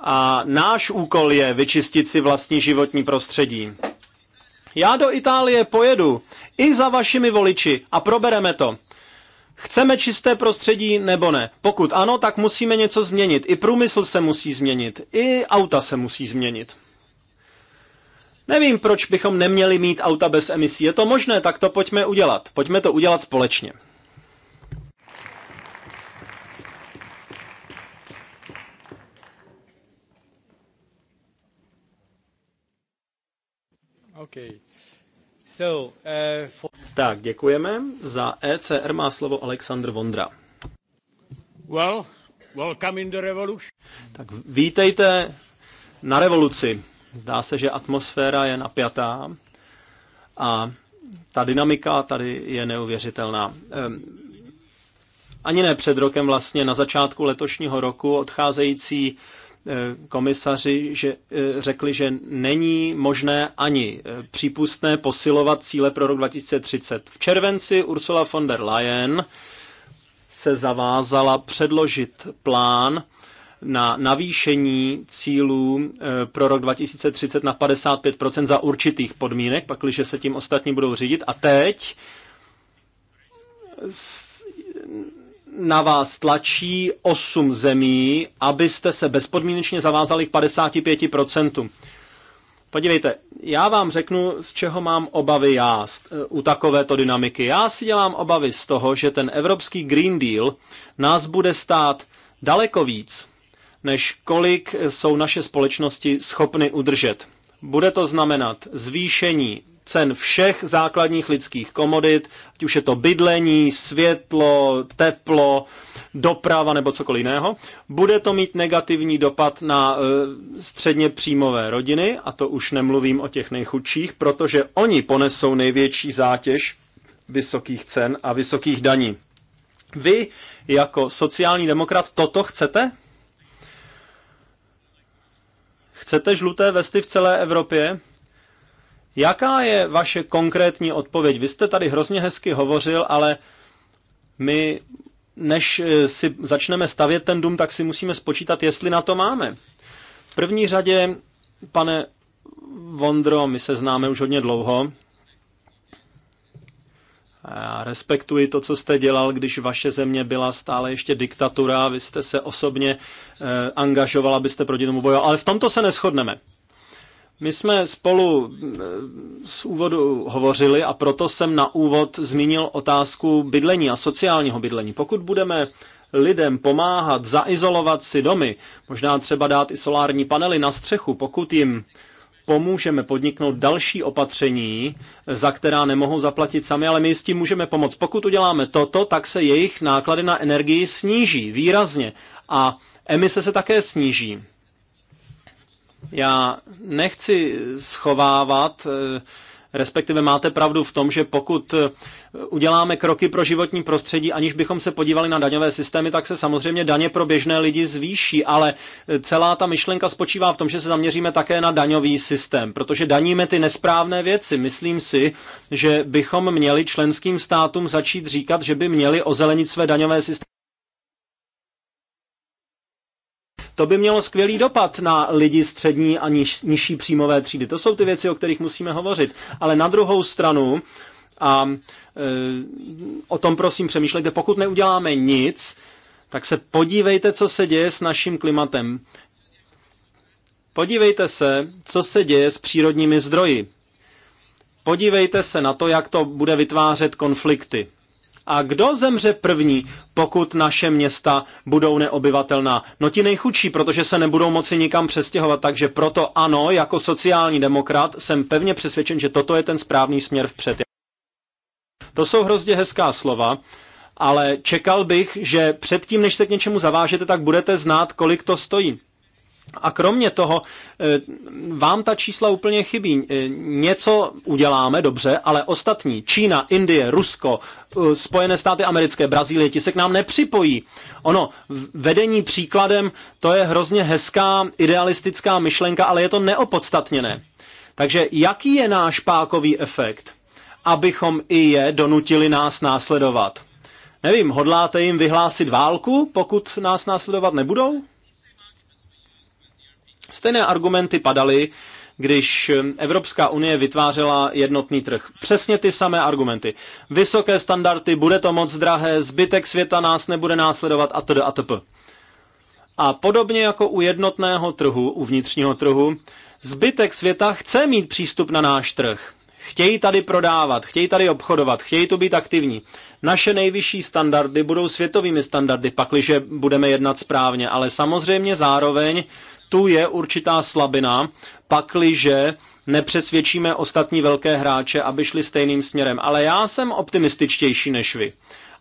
A náš úkol je vyčistit si vlastní životní prostředí. Já do Itálie pojedu i za vašimi voliči a probereme to. Chceme čisté prostředí nebo ne? Pokud ano, tak musíme něco změnit. I průmysl se musí změnit, i auta se musí změnit. Nevím, proč bychom neměli mít auta bez emisí. Je to možné, tak to pojďme udělat. Pojďme to udělat společně. Okay. So, uh, for... Tak, děkujeme. Za ECR má slovo Aleksandr Vondra. Well, welcome in the revolution. Tak vítejte na revoluci. Zdá se, že atmosféra je napjatá a ta dynamika tady je neuvěřitelná. Ehm, ani ne před rokem vlastně, na začátku letošního roku odcházející Eh, komisaři že, eh, řekli, že není možné ani eh, přípustné posilovat cíle pro rok 2030. V červenci Ursula von der Leyen se zavázala předložit plán na navýšení cílů pro rok 2030 na 55% za určitých podmínek, pakliže se tím ostatní budou řídit. A teď na vás tlačí 8 zemí, abyste se bezpodmínečně zavázali k 55%. Podívejte, já vám řeknu, z čeho mám obavy já u takovéto dynamiky. Já si dělám obavy z toho, že ten evropský Green Deal nás bude stát daleko víc, než kolik jsou naše společnosti schopny udržet. Bude to znamenat zvýšení cen všech základních lidských komodit, ať už je to bydlení, světlo, teplo, doprava nebo cokoliv jiného. Bude to mít negativní dopad na e, středně příjmové rodiny, a to už nemluvím o těch nejchudších, protože oni ponesou největší zátěž vysokých cen a vysokých daní. Vy jako sociální demokrat toto chcete? Chcete žluté vesty v celé Evropě? Jaká je vaše konkrétní odpověď? Vy jste tady hrozně hezky hovořil, ale my, než eh, si začneme stavět ten dům, tak si musíme spočítat, jestli na to máme. V první řadě, pane Vondro, my se známe už hodně dlouho. Já respektuji to, co jste dělal, když vaše země byla stále ještě diktatura, vy jste se osobně eh, angažoval, abyste proti tomu bojoval, ale v tomto se neschodneme. My jsme spolu eh, z úvodu hovořili a proto jsem na úvod zmínil otázku bydlení a sociálního bydlení. Pokud budeme lidem pomáhat zaizolovat si domy, možná třeba dát i solární panely na střechu, pokud jim pomůžeme podniknout další opatření, za která nemohou zaplatit sami, ale my s tím můžeme pomoct. Pokud uděláme toto, tak se jejich náklady na energii sníží výrazně a emise se také sníží. Já nechci schovávat, eh, respektive máte pravdu v tom, že pokud eh, uděláme kroky pro životní prostředí, aniž bychom se podívali na daňové systémy, tak se samozřejmě daně pro běžné lidi zvýší, ale eh, celá ta myšlenka spočívá v tom, že se zaměříme také na daňový systém, protože daníme ty nesprávné věci. Myslím si, že bychom měli členským státům začít říkat, že by měli ozelenit své daňové systémy To by mělo skvělý dopad na lidi střední a niž, nižší příjmové třídy. To jsou ty věci, o kterých musíme hovořit. Ale na druhou stranu, a e, o tom prosím přemýšlejte, pokud neuděláme nic, tak se podívejte, co se děje s naším klimatem. Podívejte se, co se děje s přírodními zdroji. Podívejte se na to, jak to bude vytvářet konflikty. A kdo zemře první, pokud naše města budou neobyvatelná? No ti nejchudší, protože se nebudou moci nikam přestěhovat, takže proto ano, jako sociální demokrat jsem pevně přesvědčen, že toto je ten správný směr vpřed. To jsou hrozně hezká slova, ale čekal bych, že předtím, než se k něčemu zavážete, tak budete znát, kolik to stojí. A kromě toho, eh, vám ta čísla úplně chybí. Eh, něco uděláme dobře, ale ostatní, Čína, Indie, Rusko, eh, Spojené státy americké, Brazílie, ti se k nám nepřipojí. Ono, vedení příkladem, to je hrozně hezká, idealistická myšlenka, ale je to neopodstatněné. Takže jaký je náš pákový efekt, abychom i je donutili nás následovat? Nevím, hodláte jim vyhlásit válku, pokud nás následovat nebudou? Stejné argumenty padaly, když Evropská unie vytvářela jednotný trh. Přesně ty samé argumenty. Vysoké standardy, bude to moc drahé, zbytek světa nás nebude následovat a a atp. A podobně jako u jednotného trhu, u vnitřního trhu, zbytek světa chce mít přístup na náš trh. Chtějí tady prodávat, chtějí tady obchodovat, chtějí tu být aktivní. Naše nejvyšší standardy budou světovými standardy, pakliže budeme jednat správně, ale samozřejmě zároveň tu je určitá slabina, pakliže nepřesvědčíme ostatní velké hráče, aby šli stejným směrem. Ale já jsem optimističtější než vy.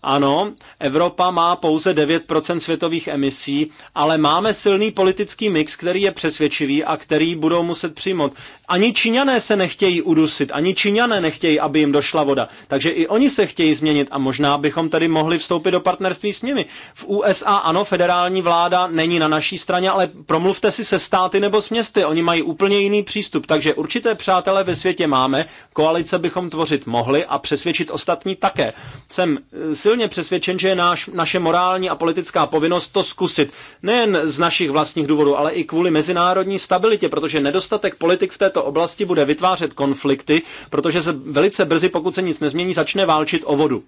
Ano, Evropa má pouze 9% světových emisí, ale máme silný politický mix, který je přesvědčivý a který budou muset přijmout. Ani Číňané se nechtějí udusit, ani Číňané nechtějí, aby jim došla voda. Takže i oni se chtějí změnit a možná bychom tady mohli vstoupit do partnerství s nimi. V USA ano, federální vláda není na naší straně, ale promluvte si se státy nebo s městy, oni mají úplně jiný přístup. Takže určité přátelé ve světě máme, koalice bychom tvořit mohli a přesvědčit ostatní také. Jsem eh, silně přesvědčen, že je náš, naše morální a politická povinnost to zkusit. Nejen z našich vlastních důvodů, ale i kvůli mezinárodní stabilitě, protože nedostatek politik v této oblasti bude vytvářet konflikty, protože se velice brzy, pokud se nic nezmění, začne válčit o vodu.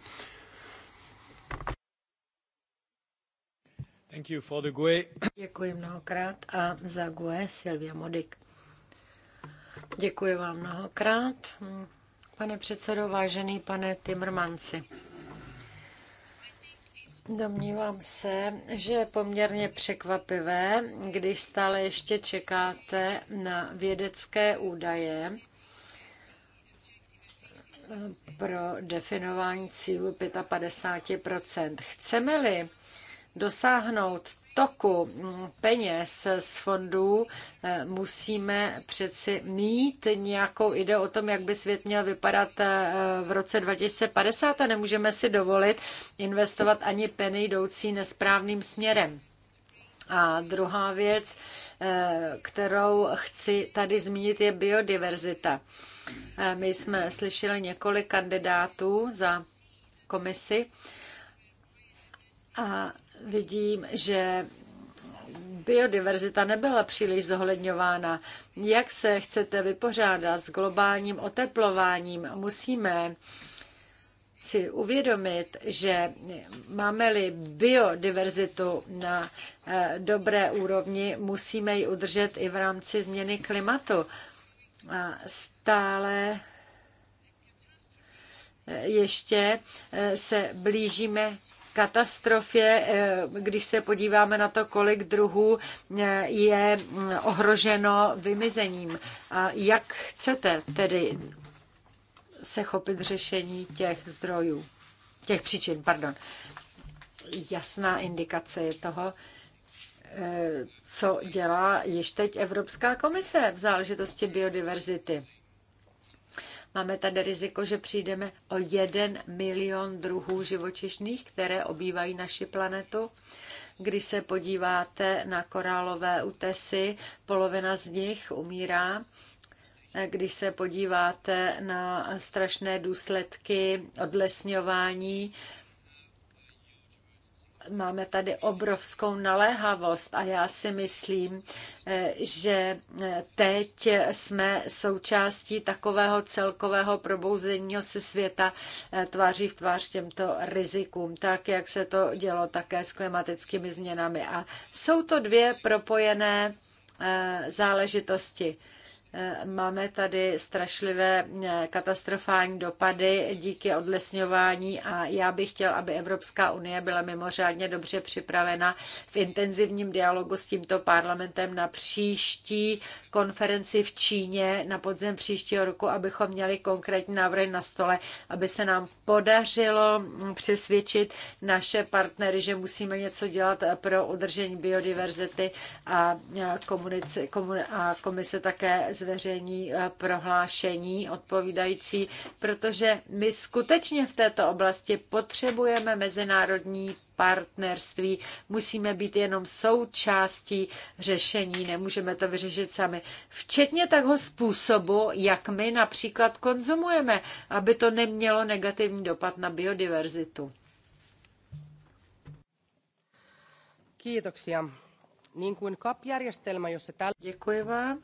Děkuji mnohokrát a za GUE Silvia Modik. Děkuji vám mnohokrát. Pane předsedo, vážený pane Timrmanci. Domnívám se, že je poměrně překvapivé, když stále ještě čekáte na vědecké údaje pro definování cílu 55 Chceme-li dosáhnout toku mm, peněz z fondů eh, musíme přeci mít nějakou ideu o tom, jak by svět měl vypadat eh, v roce 2050 a nemůžeme si dovolit investovat ani peny jdoucí nesprávným směrem. A druhá věc, eh, kterou chci tady zmínit, je biodiverzita. My jsme slyšeli několik kandidátů za komisi a vidím, že biodiverzita nebyla příliš zohledňována. Jak se chcete vypořádat s globálním oteplováním? Musíme si uvědomit, že máme-li biodiverzitu na eh, dobré úrovni, musíme ji udržet i v rámci změny klimatu. A stále eh, ještě eh, se blížíme katastrofě, eh, když se podíváme na to, kolik druhů eh, je mm, ohroženo vymizením. A jak chcete tedy se chopit řešení těch zdrojů, těch příčin, pardon. Jasná indikace je toho, eh, co dělá již teď Evropská komise v záležitosti biodiverzity. Máme tady riziko, že přijdeme o jeden milion druhů živočišných, které obývají naši planetu. Když se podíváte na korálové útesy, polovina z nich umírá. Když se podíváte na strašné důsledky odlesňování, máme tady obrovskou naléhavost a já si myslím, eh, že eh, teď jsme součástí takového celkového probouzení se světa eh, tváří v tvář těmto rizikům, tak jak se to dělo také s klimatickými změnami. A jsou to dvě propojené záležitosti. Máme tady strašlivé eh, katastrofální dopady díky odlesňování a já bych chtěl, aby Evropská unie byla mimořádně dobře připravena v intenzivním dialogu s tímto parlamentem na příští konferenci v Číně na podzem příštího roku, abychom měli konkrétní návrhy na stole, aby se nám podařilo přesvědčit naše partnery, že musíme něco dělat pro udržení biodiverzity a, komunice, a komise také zveřejní e, prohlášení odpovídající, protože my skutečně v této oblasti potřebujeme mezinárodní partnerství, musíme být jenom součástí řešení, nemůžeme to vyřešit sami včetně toho způsobu, jak my například konzumujeme, aby to nemělo negativní dopad na biodiverzitu. Kiitoksia. Niin kuin CAP-järjestelmä, jossa tällä... Děkuji vám.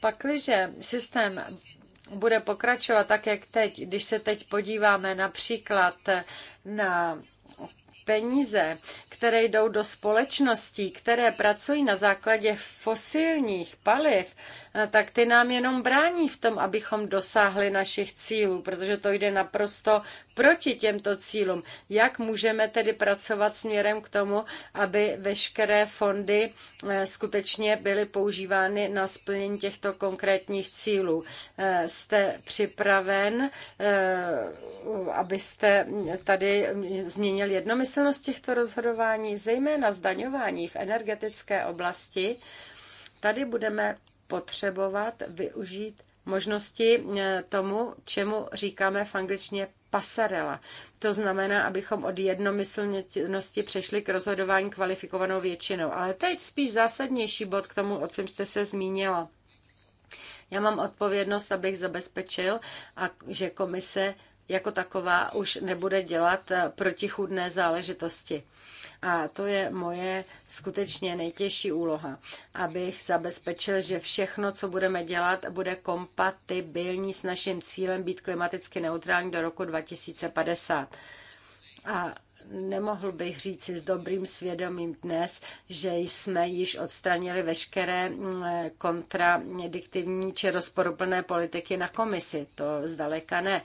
Pakliže systém bude pokračovat tak, jak teď. Když se teď podíváme například na peníze, které jdou do společností, které pracují na základě fosilních paliv, Eh, tak ty nám jenom brání v tom, abychom dosáhli našich cílů, protože to jde naprosto proti těmto cílům. Jak můžeme tedy pracovat směrem k tomu, aby veškeré fondy eh, skutečně byly používány na splnění těchto konkrétních cílů? Eh, jste připraven, abyste tady změnil jednomyslnost těchto rozhodování, zejména zdaňování v energetické oblasti? Tady budeme potřebovat využít možnosti eh, tomu, čemu říkáme v angličtině pasarela. To znamená, abychom od jednomyslnosti přešli k rozhodování kvalifikovanou většinou. Ale teď spíš zásadnější bod k tomu, o čem jste se zmínila. Já mám odpovědnost, abych zabezpečil, a že komise jako taková už nebude dělat eh, protichudné záležitosti. A to je moje skutečně nejtěžší úloha, abych zabezpečil, že všechno, co budeme dělat, bude kompatibilní s naším cílem být klimaticky neutrální do roku 2050. A nemohl bych říci s dobrým svědomím dnes, že jsme již odstranili veškeré mm, kontradiktivní či rozporuplné politiky na komisi. To zdaleka ne.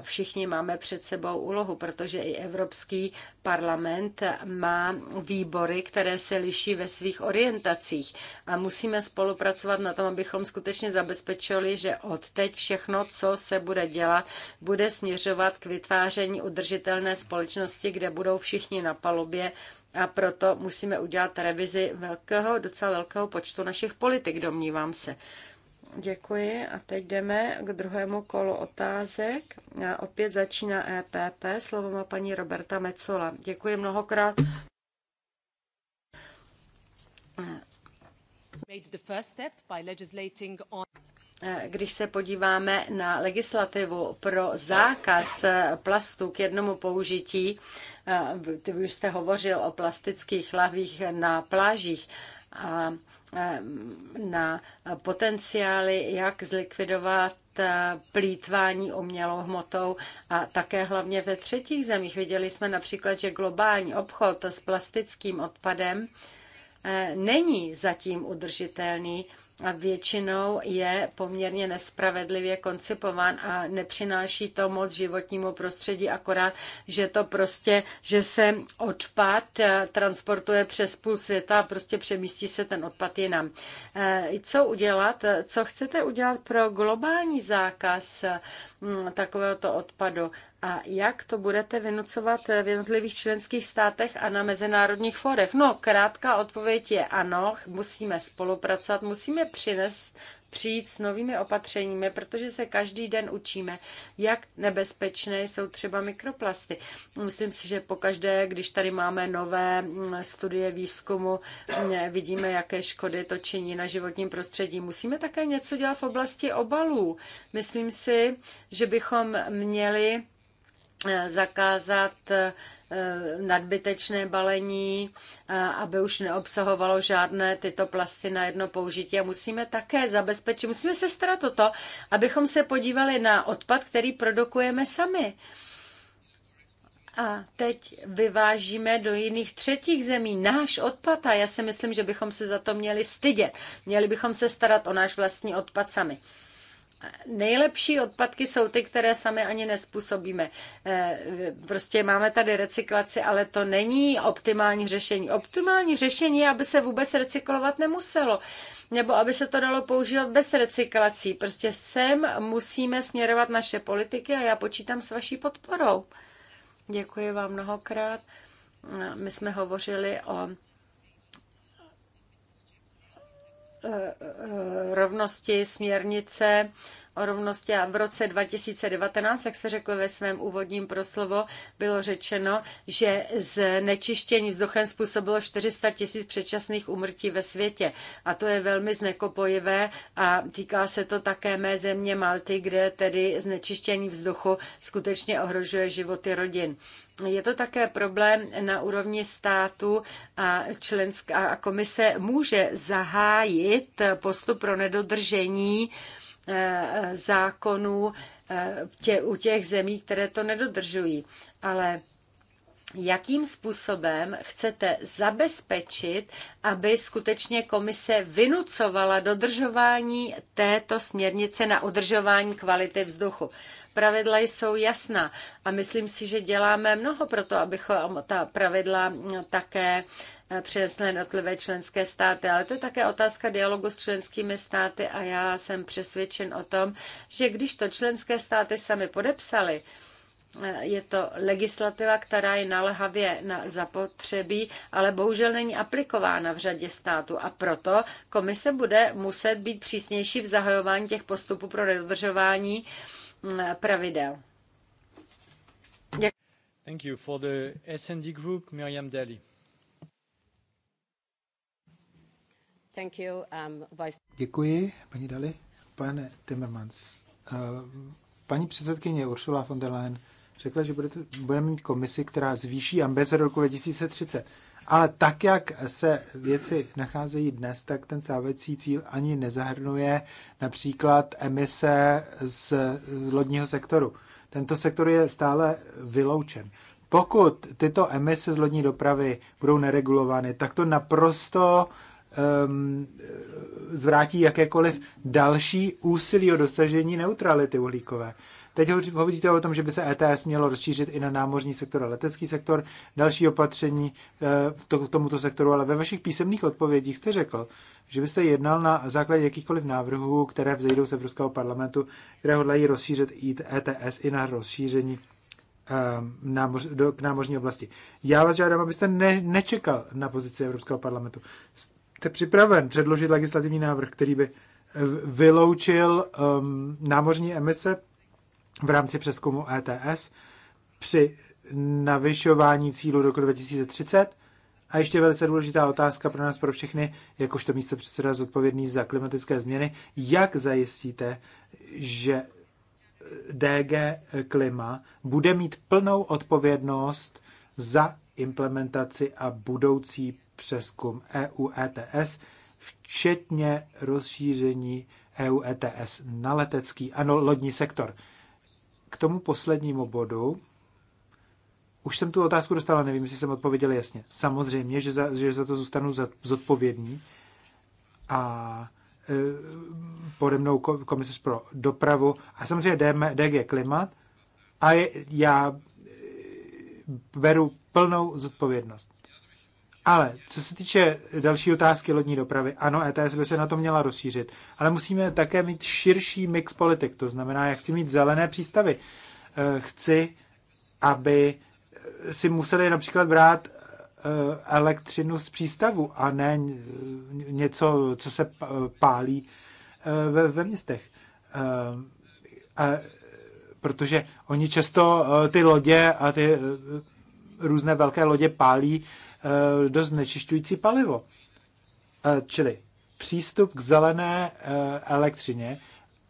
Všichni máme před sebou úlohu, protože i Evropský parlament má výbory, které se liší ve svých orientacích a musíme spolupracovat na tom, abychom skutečně zabezpečili, že od teď všechno, co se bude dělat, bude směřovat k vytváření udržitelné společnosti, kde budou všichni na palubě a proto musíme udělat revizi velkého, docela velkého počtu našich politik, domnívám se. Děkuji a teď jdeme k druhému kolu otázek. A opět začíná EPP. Slovo má paní Roberta Mecola. Děkuji mnohokrát. E, když se podíváme na legislativu pro zákaz e, plastu k jednomu použití, e, vy už jste hovořil o plastických lahvích na plážích, a na potenciály, jak zlikvidovat eh, plítvání umělou hmotou a také hlavně ve třetích zemích. Viděli jsme například, že globální obchod s plastickým odpadem eh, není zatím udržitelný a většinou je poměrně nespravedlivě koncipován a nepřináší to moc životnímu prostředí, akorát, že to prostě, že se odpad eh, transportuje přes půl světa a prostě přemístí se ten odpad jinam. Eh, co udělat? Co chcete udělat pro globální zákaz Mm, takovéhoto odpadu. A jak to budete vynucovat v jednotlivých členských státech a na mezinárodních forech? No, krátká odpověď je ano, musíme spolupracovat, musíme přinést přijít s novými opatřeními, protože se každý den učíme, jak nebezpečné jsou třeba mikroplasty. Myslím si, že pokaždé, když tady máme nové mm, studie výzkumu, mm, vidíme, jaké škody to činí na životním prostředí. Musíme také něco dělat v oblasti obalů. Myslím si, že bychom měli eh, zakázat eh, Eh, nadbytečné balení, eh, aby už neobsahovalo žádné tyto plasty na jedno použití. A musíme také zabezpečit, musíme se starat o to, abychom se podívali na odpad, který produkujeme sami. A teď vyvážíme do jiných třetích zemí náš odpad a já si myslím, že bychom se za to měli stydět. Měli bychom se starat o náš vlastní odpad sami. Nejlepší odpadky jsou ty, které sami ani nespůsobíme. Eh, prostě máme tady recyklaci, ale to není optimální řešení. Optimální řešení je, aby se vůbec recyklovat nemuselo, nebo aby se to dalo používat bez recyklací. Prostě sem musíme směrovat naše politiky a já počítám s vaší podporou. Děkuji vám mnohokrát. My jsme hovořili o Eh, eh, rovnosti směrnice o rovnosti a v roce 2019, jak se řekl ve svém úvodním proslovu, bylo řečeno, že z nečištění vzduchem způsobilo 400 tisíc předčasných umrtí ve světě. A to je velmi znekopojivé a týká se to také mé země Malty, kde tedy znečištění vzduchu skutečně ohrožuje životy rodin. Je to také problém na úrovni státu a členská komise může zahájit postup pro nedodržení Eh, eh, zákonů eh, tě, u těch zemí, které to nedodržují. Ale jakým způsobem chcete zabezpečit, aby skutečně komise vynucovala dodržování této směrnice na udržování kvality vzduchu. Pravidla jsou jasná a myslím si, že děláme mnoho pro to, abychom ta pravidla také eh, přinesly jednotlivé členské státy, ale to je také otázka dialogu s členskými státy a já jsem přesvědčen o tom, že když to členské státy sami podepsali, Eh, je to legislativa, která je naléhavě na zapotřebí, ale bohužel není aplikována v řadě států a proto komise bude muset být přísnější v zahajování těch postupů pro nedodržování mm, pravidel. Děkuji. Thank you for the SND group, Miriam Daly. Thank you, um, vice... Děkuji, paní Daly. Pane Timmermans, uh, paní předsedkyně Ursula von der Leyen řekla, že budete, budeme mít komisi, která zvýší ambice do roku 2030. Ale tak, jak se věci nacházejí dnes, tak ten stávající cíl ani nezahrnuje například emise z, z lodního sektoru. Tento sektor je stále vyloučen. Pokud tyto emise z lodní dopravy budou neregulovány, tak to naprosto um, zvrátí jakékoliv další úsilí o dosažení neutrality uhlíkové. Teď hovoříte o tom, že by se ETS mělo rozšířit i na námořní sektor a letecký sektor, další opatření eh, k tomuto sektoru, ale ve vašich písemných odpovědích jste řekl, že byste jednal na základě jakýchkoliv návrhů, které vzejdou z Evropského parlamentu, které hodlají rozšířit ETS i na rozšíření eh, námoř, do, k námořní oblasti. Já vás žádám, abyste ne, nečekal na pozici Evropského parlamentu. Jste připraven předložit legislativní návrh, který by vyloučil um, námořní emise v rámci přeskumu ETS při navyšování cílu do roku 2030. A ještě velice důležitá otázka pro nás, pro všechny, jakožto místo předseda zodpovědný za klimatické změny, jak zajistíte, že DG Klima bude mít plnou odpovědnost za implementaci a budoucí přeskum EU ETS, včetně rozšíření EU ETS na letecký a no, lodní sektor. K tomu poslednímu bodu, už jsem tu otázku dostala, nevím, jestli jsem odpověděl jasně. Samozřejmě, že za, že za to zůstanu zodpovědný a e, pode mnou komise pro dopravu a samozřejmě DG Klimat a je, já e, beru plnou zodpovědnost. Ale co se týče další otázky lodní dopravy, ano, ETS by se na to měla rozšířit, ale musíme také mít širší mix politik, to znamená, já chci mít zelené přístavy. Eh, chci, aby eh, si museli například brát eh, elektřinu z přístavu a ne něco, co se pálí ve, ve městech. A, protože oni často ty lodě a ty různé velké lodě pálí Eh, dost znečišťující palivo. Eh, čili přístup k zelené eh, elektřině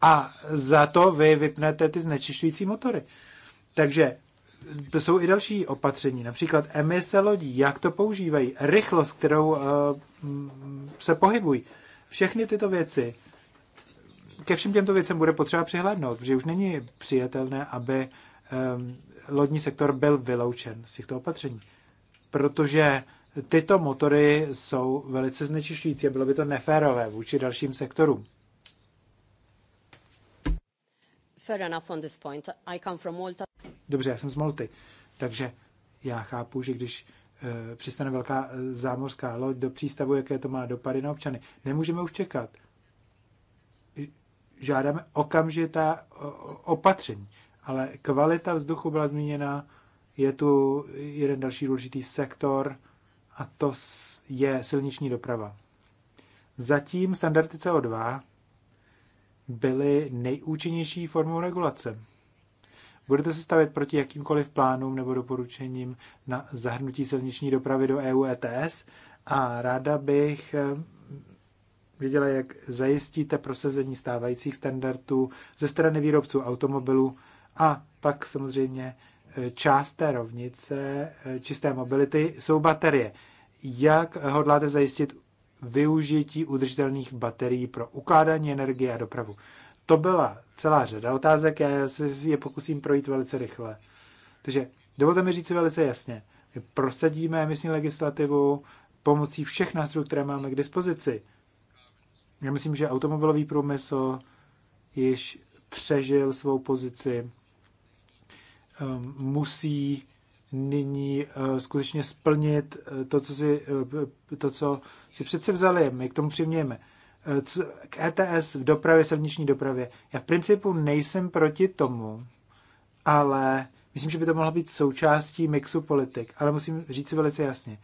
a za to vy vypnete ty znečišťující motory. Takže to jsou i další opatření, například emise lodí, jak to používají, rychlost, kterou mm, se pohybují. Všechny tyto věci ke všem těmto věcem bude potřeba přihlédnout, protože už není přijatelné, aby lodní sektor byl vyloučen z těchto opatření protože tyto motory jsou velice znečišťující a bylo by to neférové vůči dalším sektorům. Dobře, já jsem z Malty, takže já chápu, že když eh, přistane velká eh, zámořská loď do přístavu, jaké to má dopady na občany. Nemůžeme už čekat. Žádáme okamžitá opatření, ale kvalita vzduchu byla zmíněna je tu jeden další důležitý sektor a to je silniční doprava. Zatím standardy CO2 byly nejúčinnější formou regulace. Budete se stavět proti jakýmkoliv plánům nebo doporučením na zahrnutí silniční dopravy do EU ETS a ráda bych eh, věděla, jak zajistíte prosazení stávajících standardů ze strany výrobců automobilů a pak samozřejmě část té rovnice eh, čisté mobility jsou baterie. Jak hodláte zajistit využití udržitelných baterií pro ukládání energie a dopravu? To byla celá řada otázek, já se je pokusím projít velice rychle. Takže dovolte mi říct velice jasně, my prosadíme emisní legislativu pomocí všech nástrojů, které máme k dispozici. Já myslím, že automobilový průmysl již přežil svou pozici Ehm, musí nyní eh, skutečně splnit eh, to, co si, eh, to, co si přece vzali, my k tomu přimějeme. K ETS v dopravě, vnitřní dopravě. Já v principu nejsem proti tomu, ale myslím, že by to mohlo být součástí mixu politik. Ale musím říct si velice jasně,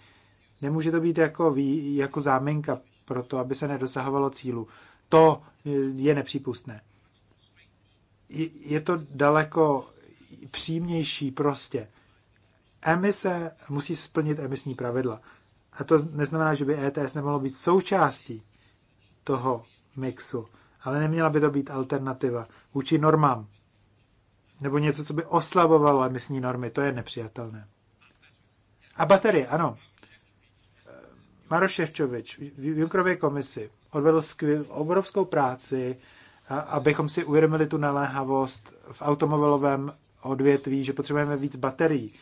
nemůže to být jako, jako záminka pro to, aby se nedosahovalo cílu. To je nepřípustné. Je to daleko přímější prostě. Emise musí splnit emisní pravidla. A to neznamená, že by ETS nemohlo být součástí toho mixu, ale neměla by to být alternativa vůči normám. Nebo něco, co by oslabovalo emisní normy. To je nepřijatelné. A baterie, ano. Maroš Ševčovič v Junkrově komisi odvedl skvěl, obrovskou práci, abychom si uvědomili tu naléhavost v automobilovém odvětví, že potřebujeme víc baterií.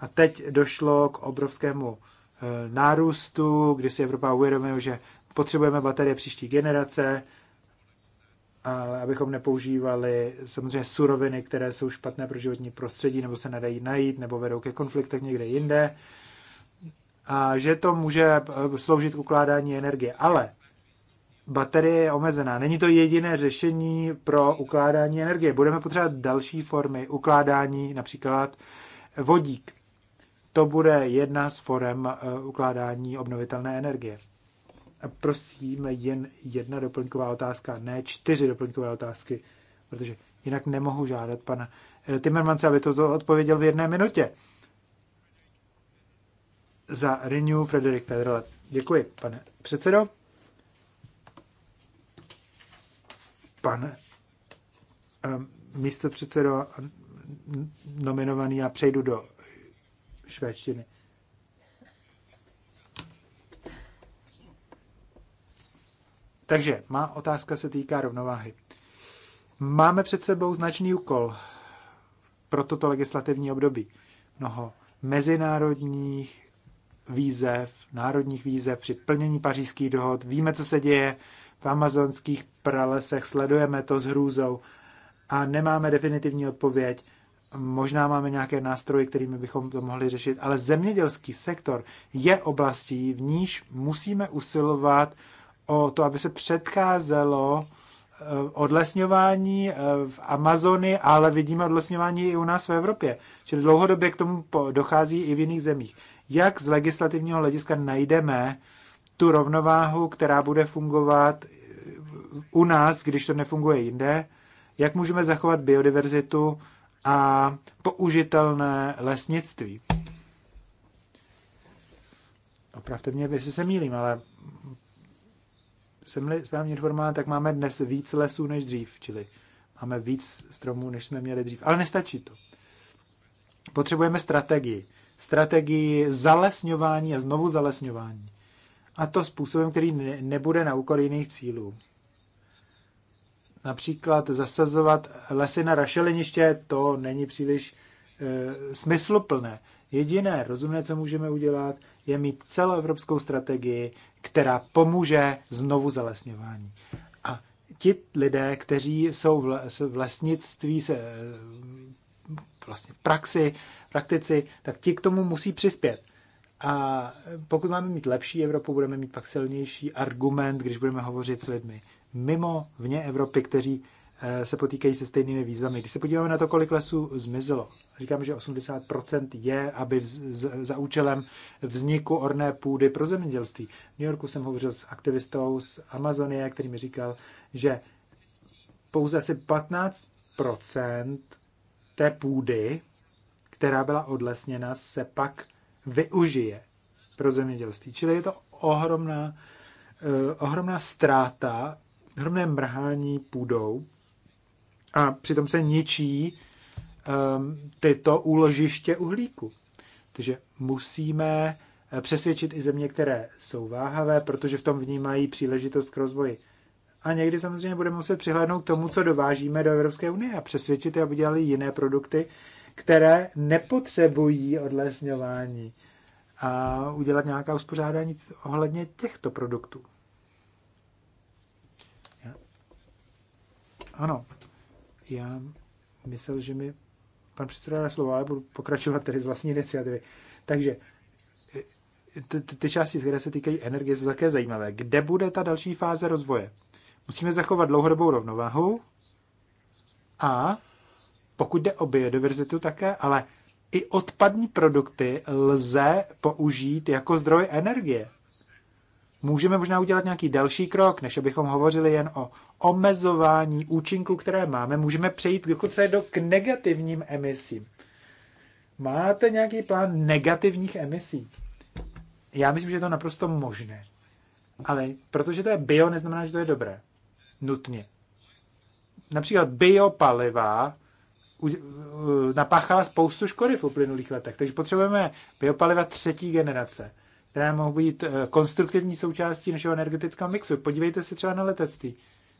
A teď došlo k obrovskému e, nárůstu, kdy si Evropa uvědomila, že potřebujeme baterie příští generace, abychom nepoužívali samozřejmě suroviny, které jsou špatné pro životní prostředí, nebo se nedají najít, nebo vedou ke konfliktech někde jinde. A že to může e, sloužit k ukládání energie. Ale baterie je omezená. Není to jediné řešení pro ukládání energie. Budeme potřebovat další formy ukládání, například vodík. To bude jedna z forem eh, ukládání obnovitelné energie. prosím, jen jedna doplňková otázka, ne čtyři doplňkové otázky, protože jinak nemohu žádat pana eh, Timmermanse, aby to odpověděl v jedné minutě. Za Renew Frederik Federer. Děkuji, pane předsedo. pan ehm, místo předsedo nominovaný a přejdu do švédštiny. Takže má otázka se týká rovnováhy. Máme před sebou značný úkol pro toto legislativní období. Mnoho mezinárodních výzev, národních výzev při plnění pařížských dohod. Víme, co se děje v amazonských pralesech, sledujeme to s hrůzou a nemáme definitivní odpověď. Možná máme nějaké nástroje, kterými bychom to mohli řešit, ale zemědělský sektor je oblastí, v níž musíme usilovat o to, aby se předcházelo eh, odlesňování eh, v Amazony, ale vidíme odlesňování i u nás v Evropě. Čili dlouhodobě k tomu dochází i v jiných zemích. Jak z legislativního hlediska najdeme tu rovnováhu, která bude fungovat u nás, když to nefunguje jinde, jak můžeme zachovat biodiverzitu a použitelné lesnictví. Opravte mě, jestli se mýlím, ale jsem-li správně informován, tak máme dnes víc lesů než dřív, čili máme víc stromů, než jsme měli dřív. Ale nestačí to. Potřebujeme strategii. Strategii zalesňování a znovu zalesňování. A to způsobem, který nebude na úkor jiných cílů. Například zasazovat lesy na rašeliniště, to není příliš e, smysluplné. Jediné rozumné, co můžeme udělat, je mít celoevropskou strategii, která pomůže znovu zalesňování. A ti lidé, kteří jsou v lesnictví, se, e, vlastně v praxi, praktici, tak ti k tomu musí přispět. A pokud máme mít lepší Evropu, budeme mít pak silnější argument, když budeme hovořit s lidmi mimo, vně Evropy, kteří eh, se potýkají se stejnými výzvami. Když se podíváme na to, kolik lesů zmizelo, říkáme, že 80% je, aby vz, z, za účelem vzniku orné půdy pro zemědělství. V New Yorku jsem hovořil s aktivistou z Amazonie, který mi říkal, že pouze asi 15% té půdy, která byla odlesněna, se pak využije pro zemědělství. Čili je to ohromná, eh, ohromná ztráta, ohromné mrhání půdou a přitom se ničí eh, tyto úložiště uhlíku. Takže musíme eh, přesvědčit i země, které jsou váhavé, protože v tom vnímají příležitost k rozvoji. A někdy samozřejmě budeme muset přihlédnout k tomu, co dovážíme do Evropské unie a přesvědčit je, aby dělali jiné produkty, které nepotřebují odlesňování a udělat nějaká uspořádání ohledně těchto produktů. Já? Ano, já myslel, že mi pan předseda dá slovo, ale budu pokračovat tedy z vlastní iniciativy. Takže ty, ty části, které se týkají energie, jsou také zajímavé. Kde bude ta další fáze rozvoje? Musíme zachovat dlouhodobou rovnováhu a pokud jde o biodiverzitu také, ale i odpadní produkty lze použít jako zdroj energie. Můžeme možná udělat nějaký další krok, než abychom hovořili jen o omezování účinku, které máme. Můžeme přejít dokonce do k negativním emisím. Máte nějaký plán negativních emisí? Já myslím, že je to naprosto možné. Ale protože to je bio, neznamená, že to je dobré. Nutně. Například biopaliva Eh, napáchala spoustu škody v uplynulých letech. Takže potřebujeme biopaliva třetí generace, která mohou být eh, konstruktivní součástí našeho energetického mixu. Podívejte se třeba na letectví.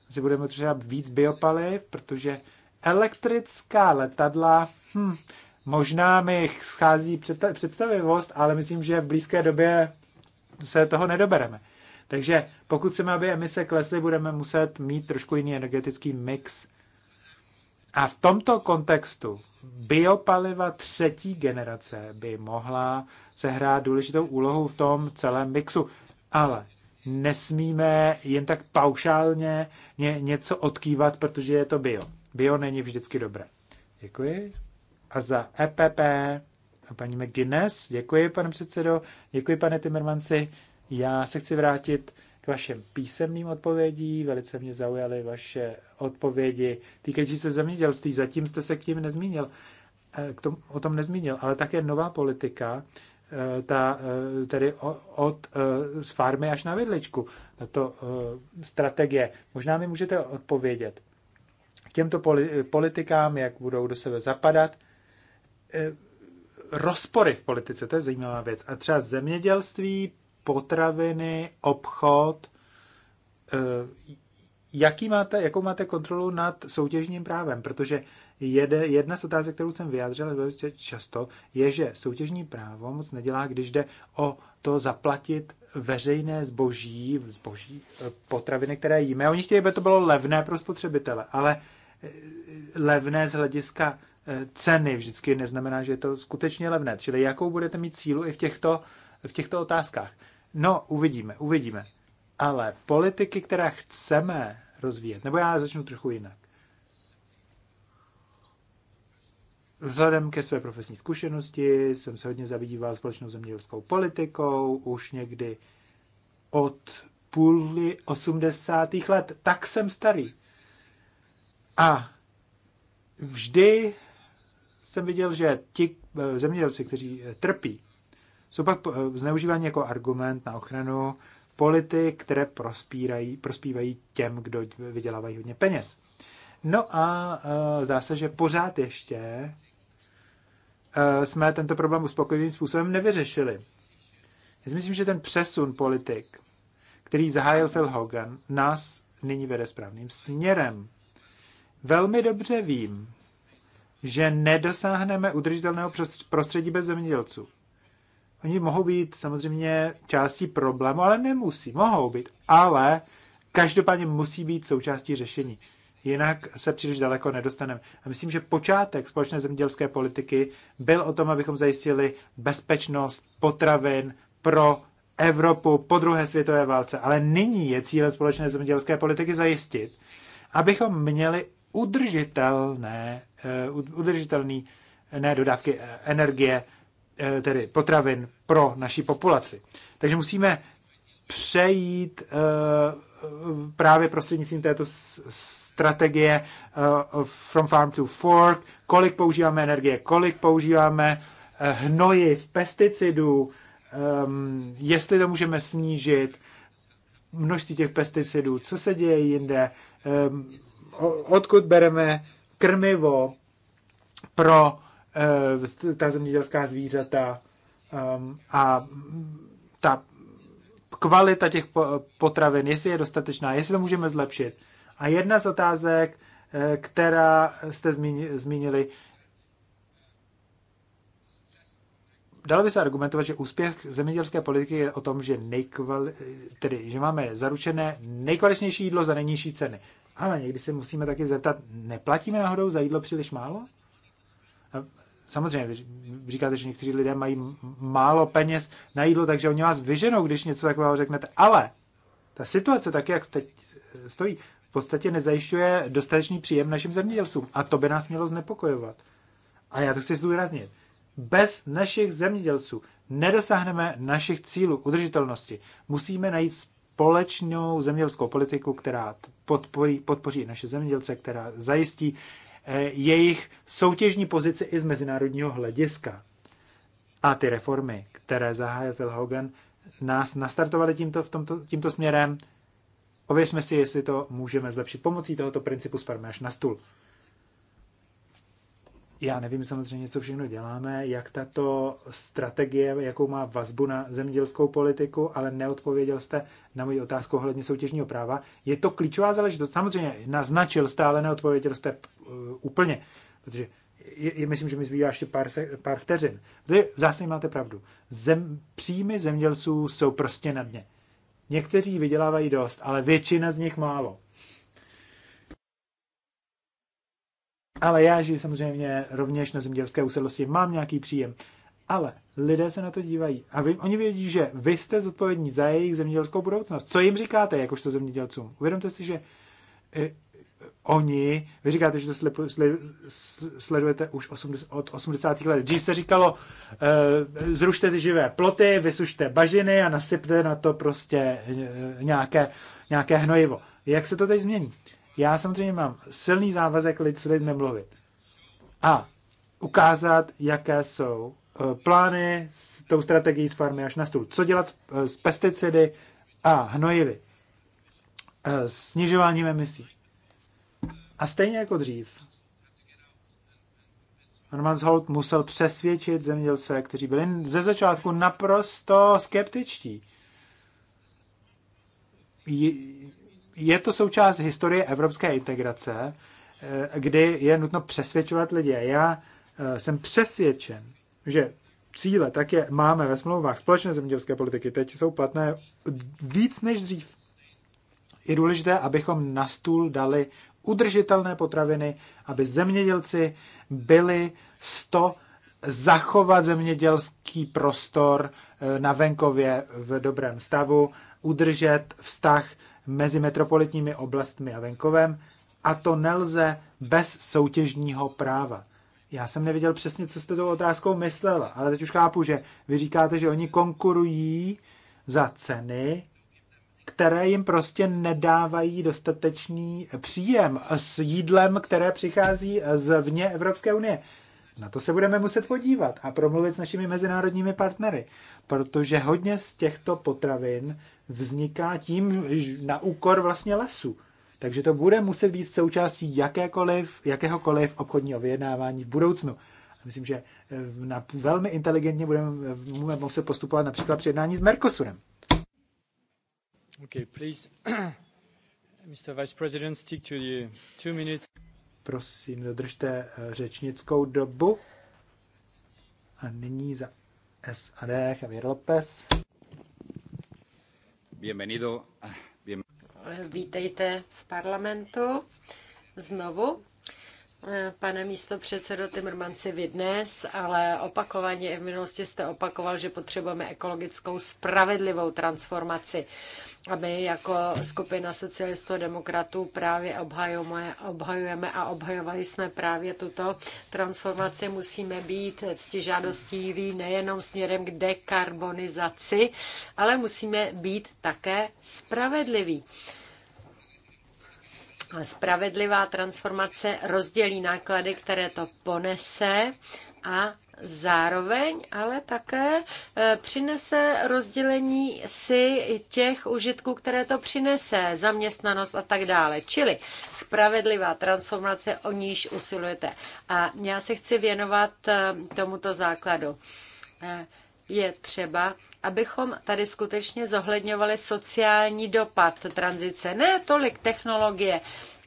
Asi budeme třeba víc biopaliv, protože elektrická letadla, hm, možná mi schází představivost, ale myslím, že v blízké době se toho nedobereme. Takže pokud chceme, aby emise klesly, budeme muset mít trošku jiný energetický mix a v tomto kontextu biopaliva třetí generace by mohla sehrát důležitou úlohu v tom celém mixu. Ale nesmíme jen tak paušálně ně, něco odkývat, protože je to bio. Bio není vždycky dobré. Děkuji. A za EPP a paní McGuinness, děkuji, pane předsedo, děkuji, pane Timmermansi. Já se chci vrátit k vašim písemným odpovědí. Velice mě zaujaly vaše odpovědi týkající se zemědělství. Zatím jste se k tím nezmínil, eh, k tom, o tom nezmínil, ale také nová politika, eh, ta, eh, tedy od, od z farmy až na vidličku, to strategie. Možná mi můžete odpovědět k těmto politikám, jak budou do sebe zapadat. Rozpory v politice, to je zajímavá věc. A třeba zemědělství, potraviny, obchod. Eh, jaký máte, jakou máte kontrolu nad soutěžním právem? Protože jede, jedna z otázek, kterou jsem vyjádřil velice často, je, že soutěžní právo moc nedělá, když jde o to zaplatit veřejné zboží, zboží eh, potraviny, které jíme. Oni chtějí, aby to bylo levné pro spotřebitele, ale eh, levné z hlediska ceny vždycky neznamená, že je to skutečně levné. Čili jakou budete mít sílu i v těchto, v těchto otázkách? No, uvidíme, uvidíme. Ale politiky, které chceme rozvíjet, nebo já začnu trochu jinak. Vzhledem ke své profesní zkušenosti jsem se hodně zabýval společnou zemědělskou politikou už někdy od půly 80. let. Tak jsem starý. A vždy jsem viděl, že ti eh, zemědělci, kteří eh, trpí, jsou pak eh, zneužívání jako argument na ochranu politik, které prospírají, prospívají těm, kdo vydělávají hodně peněz. No a uh, zdá se, že pořád ještě uh, jsme tento problém uspokojivým způsobem nevyřešili. Já si myslím, že ten přesun politik, který zahájil Phil Hogan, nás nyní vede správným směrem. Velmi dobře vím, že nedosáhneme udržitelného prostředí bez zemědělců. Oni mohou být samozřejmě částí problému, ale nemusí. Mohou být, ale každopádně musí být součástí řešení. Jinak se příliš daleko nedostaneme. A myslím, že počátek společné zemědělské politiky byl o tom, abychom zajistili bezpečnost potravin pro Evropu po druhé světové válce. Ale nyní je cílem společné zemědělské politiky zajistit, abychom měli udržitelné, eh, udržitelné ne, dodávky eh, energie Eh, tedy potravin pro naší populaci. Takže musíme přejít eh, právě prostřednictvím této strategie eh, From Farm to Fork, kolik používáme energie, kolik používáme hnojiv, pesticidů, ehm, jestli to můžeme snížit, množství těch pesticidů, co se děje jinde, ehm, odkud bereme krmivo pro Eh, ta zemědělská zvířata ehm, a ta kvalita těch potravin, jestli je dostatečná, jestli to můžeme zlepšit. A jedna z otázek, eh, která jste zmínili, dalo by se argumentovat, že úspěch zemědělské politiky je o tom, že, nejkvali, tedy, že máme zaručené nejkvalitnější jídlo za nejnižší ceny. Ale někdy se musíme taky zeptat, neplatíme náhodou za jídlo příliš málo? Samozřejmě, říkáte, že někteří lidé mají málo peněz na jídlo, takže oni vás vyženou, když něco takového řeknete. Ale ta situace, tak jak teď e, stojí, v podstatě nezajišťuje dostatečný příjem našim zemědělcům. A to by nás mělo znepokojovat. A já to chci zdůraznit. Bez našich zemědělců nedosáhneme našich cílů udržitelnosti. Musíme najít společnou zemědělskou politiku, která podporí, podpoří naše zemědělce, která zajistí, Eh, jejich soutěžní pozici i z mezinárodního hlediska. A ty reformy, které zahájil Phil Hogan, nás nastartovaly tímto, v tomto, tímto směrem. Ověřme si, jestli to můžeme zlepšit pomocí tohoto principu z farmy až na stůl. Já nevím samozřejmě, co všechno děláme, jak tato strategie, jakou má vazbu na zemědělskou politiku, ale neodpověděl jste na moji otázku ohledně soutěžního práva. Je to klíčová záležitost? Samozřejmě naznačil jste, ale neodpověděl jste uh, úplně, protože je, je, myslím, že mi zbývá ještě pár, se, pár vteřin. v zásadě máte pravdu. Zem, příjmy zemědělců jsou prostě na dně. Někteří vydělávají dost, ale většina z nich málo. Ale já žiju samozřejmě rovněž na zemědělské usedlosti, mám nějaký příjem. Ale lidé se na to dívají a vy, oni vědí, že vy jste zodpovědní za jejich zemědělskou budoucnost. Co jim říkáte, jakožto zemědělcům? Uvědomte si, že e, oni, vy říkáte, že to slepu, sli, sledujete už 80, od 80. let. Dřív se říkalo, e, zrušte ty živé ploty, vysušte bažiny a nasypte na to prostě e, nějaké, nějaké hnojivo. Jak se to teď změní? Já samozřejmě mám silný závazek lid s lidmi mluvit a ukázat, jaké jsou eh, plány s tou strategií z farmy až na stůl. Co dělat s eh, pesticidy a hnojivy. Eh, snižováním emisí. A stejně jako dřív, Norman Holt musel přesvědčit zemědělce, kteří byli ze začátku naprosto skeptičtí je to součást historie evropské integrace, eh, kdy je nutno přesvědčovat lidi. Já eh, jsem přesvědčen, že cíle, tak je máme ve smlouvách společné zemědělské politiky, teď jsou platné víc než dřív. Je důležité, abychom na stůl dali udržitelné potraviny, aby zemědělci byli to zachovat zemědělský prostor eh, na venkově v dobrém stavu, udržet vztah mezi metropolitními oblastmi a venkovem a to nelze bez soutěžního práva. Já jsem neviděl přesně, co jste tou otázkou myslela, ale teď už chápu, že vy říkáte, že oni konkurují za ceny, které jim prostě nedávají dostatečný příjem s jídlem, které přichází z vně Evropské unie. Na to se budeme muset podívat a promluvit s našimi mezinárodními partnery, protože hodně z těchto potravin vzniká tím na úkor vlastně lesu. Takže to bude muset být součástí jakékoliv, jakéhokoliv obchodního vyjednávání v budoucnu. Myslím, že eh, na, velmi inteligentně budeme, budeme muset postupovat například při jednání s Mercosurem. Okay, please. Mr. Vice President, stick to the two minutes. Prosím, dodržte eh, řečnickou dobu. A nyní za SAD Javier López. Bienvenido. Ah, bien... Vítejte v parlamentu znovu. Eh, pane místo předsedo Timmermansi, vy dnes, ale opakovaně i v minulosti jste opakoval, že potřebujeme ekologickou spravedlivou transformaci. A my jako skupina socialistů a demokratů právě obhajujeme, obhajujeme a obhajovali jsme právě tuto transformaci. Musíme být ctižádostiví nejenom směrem k dekarbonizaci, ale musíme být také spravedliví. Spravedlivá transformace rozdělí náklady, které to ponese a zároveň ale také e, přinese rozdělení si těch užitků, které to přinese, zaměstnanost a tak dále. Čili spravedlivá transformace, o níž usilujete. A já se chci věnovat e, tomuto základu. E, je třeba abychom tady skutečně zohledňovali sociální dopad tranzice, ne tolik technologie.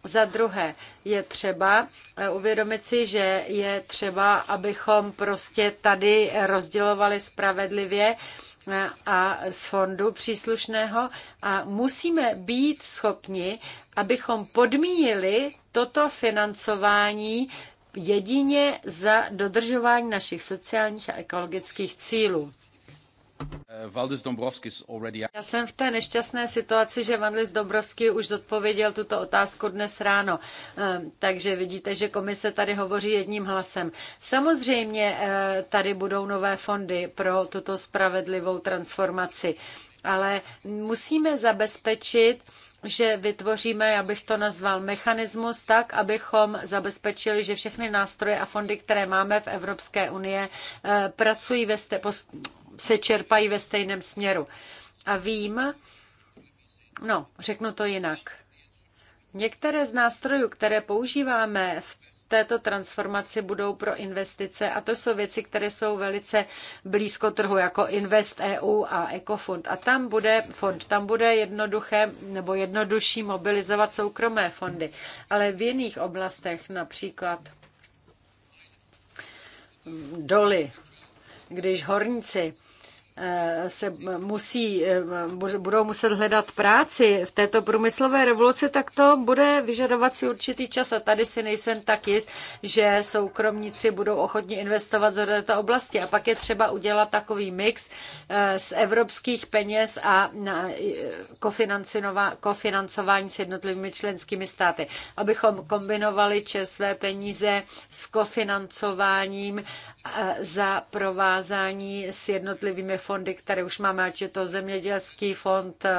Za druhé je třeba eh, uvědomit si, že je třeba, abychom prostě tady rozdělovali spravedlivě eh, a z fondu příslušného a musíme být schopni, abychom podmínili toto financování jedině za dodržování našich sociálních a ekologických cílů. Eh, já jsem v té nešťastné situaci, že Valdis Dombrovský už zodpověděl tuto otázku dnes ráno. Ehm, takže vidíte, že komise tady hovoří jedním hlasem. Samozřejmě eh, tady budou nové fondy pro tuto spravedlivou transformaci, ale musíme zabezpečit, že vytvoříme, já bych to nazval, mechanismus tak, abychom zabezpečili, že všechny nástroje a fondy, které máme v Evropské unie, eh, pracují ve ste- se čerpají ve stejném směru. A vím, no, řeknu to jinak. Některé z nástrojů, které používáme v této transformaci budou pro investice a to jsou věci, které jsou velice blízko trhu, jako Invest EU a Ecofund. A tam bude fond, tam bude jednoduché nebo jednodušší mobilizovat soukromé fondy. Ale v jiných oblastech, například doly, když horníci Eh, se musí, eh, budou muset hledat práci v této průmyslové revoluci, tak to bude vyžadovat si určitý čas a tady si nejsem tak jist, že soukromníci budou ochotni investovat do této oblasti a pak je třeba udělat takový mix eh, z evropských peněz a kofinancování s jednotlivými členskými státy, abychom kombinovali čerstvé peníze s kofinancováním za provázání s jednotlivými fondy, které už máme, ať je to zemědělský fond, eh,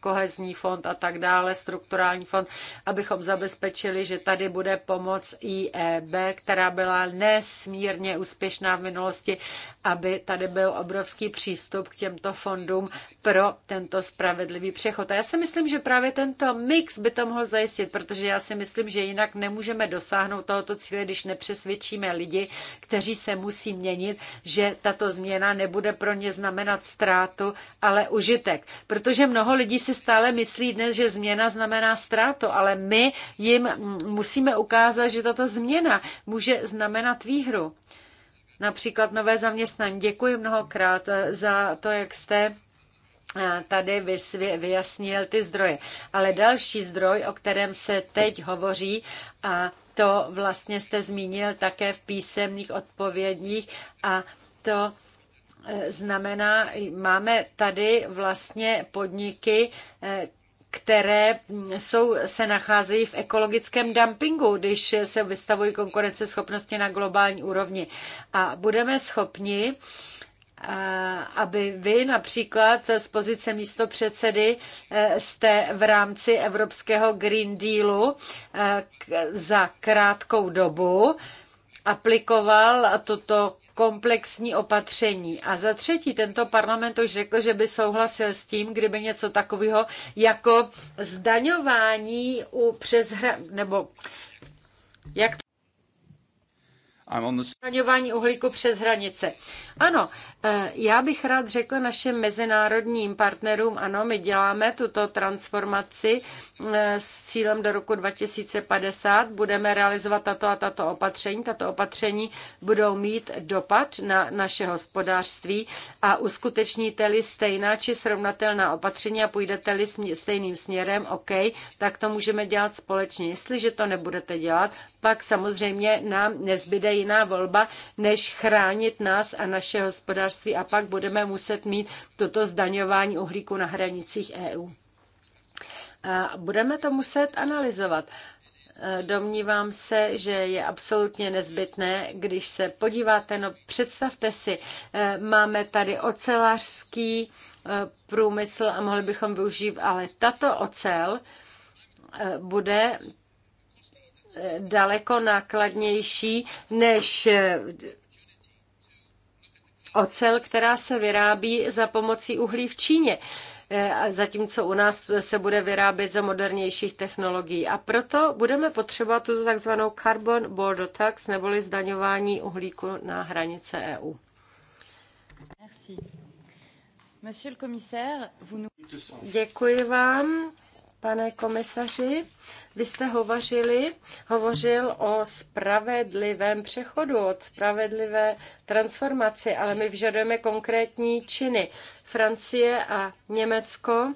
kohezní fond a tak dále, strukturální fond, abychom zabezpečili, že tady bude pomoc IEB, která byla nesmírně úspěšná v minulosti, aby tady byl obrovský přístup k těmto fondům pro tento spravedlivý přechod. A já si myslím, že právě tento mix by to mohl zajistit, protože já si myslím, že jinak nemůžeme dosáhnout tohoto cíle, když nepřesvědčíme lidi, kteří se musí měnit, že tato změna nebude pro ně znamenat ztrátu, ale užitek. Protože mnoho lidí si stále myslí dnes, že změna znamená ztrátu, ale my jim musíme ukázat, že tato změna může znamenat výhru. Například nové zaměstnání. Děkuji mnohokrát eh, za to, jak jste eh, tady vyjasnil ty zdroje. Ale další zdroj, o kterém se teď hovoří, a to vlastně jste zmínil také v písemných odpovědích, a to Eh, znamená, máme tady vlastně podniky, eh, které jsou, se nacházejí v ekologickém dumpingu, když se vystavují konkurenceschopnosti na globální úrovni. A budeme schopni, eh, aby vy například z pozice místo předsedy jste v rámci Evropského Green Dealu za krátkou dobu aplikoval tuto komplexní opatření. A za třetí, tento parlament už řekl, že by souhlasil s tím, kdyby něco takového jako zdaňování u přes hra, nebo jak Zdaňování uhlíku přes hranice. Ano, eh, já bych rád řekla našim mezinárodním partnerům, ano, my děláme tuto transformaci eh, s cílem do roku 2050, budeme realizovat tato a tato opatření. Tato opatření budou mít dopad na naše hospodářství a uskutečníte-li stejná či srovnatelná opatření a půjdete-li stejným směrem, OK, tak to můžeme dělat společně. Jestliže to nebudete dělat, pak samozřejmě nám nezbyde jiná volba, než chránit nás a naše hospodářství a pak budeme muset mít toto zdaňování uhlíku na hranicích EU. A budeme to muset analyzovat. E, domnívám se, že je absolutně nezbytné, když se podíváte, no představte si, e, máme tady ocelářský e, průmysl a mohli bychom využít, ale tato ocel bude daleko nákladnější než eh, ocel, která se vyrábí za pomocí uhlí v Číně eh, zatímco u nás se bude vyrábět za modernějších technologií. A proto budeme potřebovat tuto takzvanou carbon border tax, neboli zdaňování uhlíku na hranice e EU. Děkuji vám. Pane komisaři, vy jste hovořili, hovořil o spravedlivém přechodu, od spravedlivé transformaci, ale my vyžadujeme konkrétní činy. Francie a Německo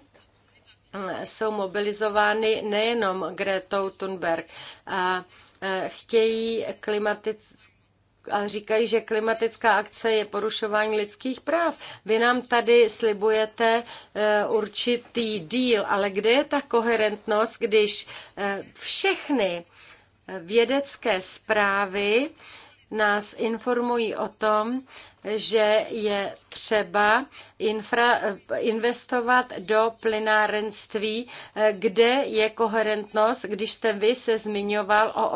eh, jsou mobilizovány nejenom Gretou Thunberg. A eh, chtějí klimatic, a říkají, že klimatická akce je porušování lidských práv. Vy nám tady slibujete eh, určitý díl, ale kde je ta koherentnost, když eh, všechny eh, vědecké zprávy nás informují o tom, že je třeba infra, investovat do plynárenství, kde je koherentnost, když jste vy se zmiňoval o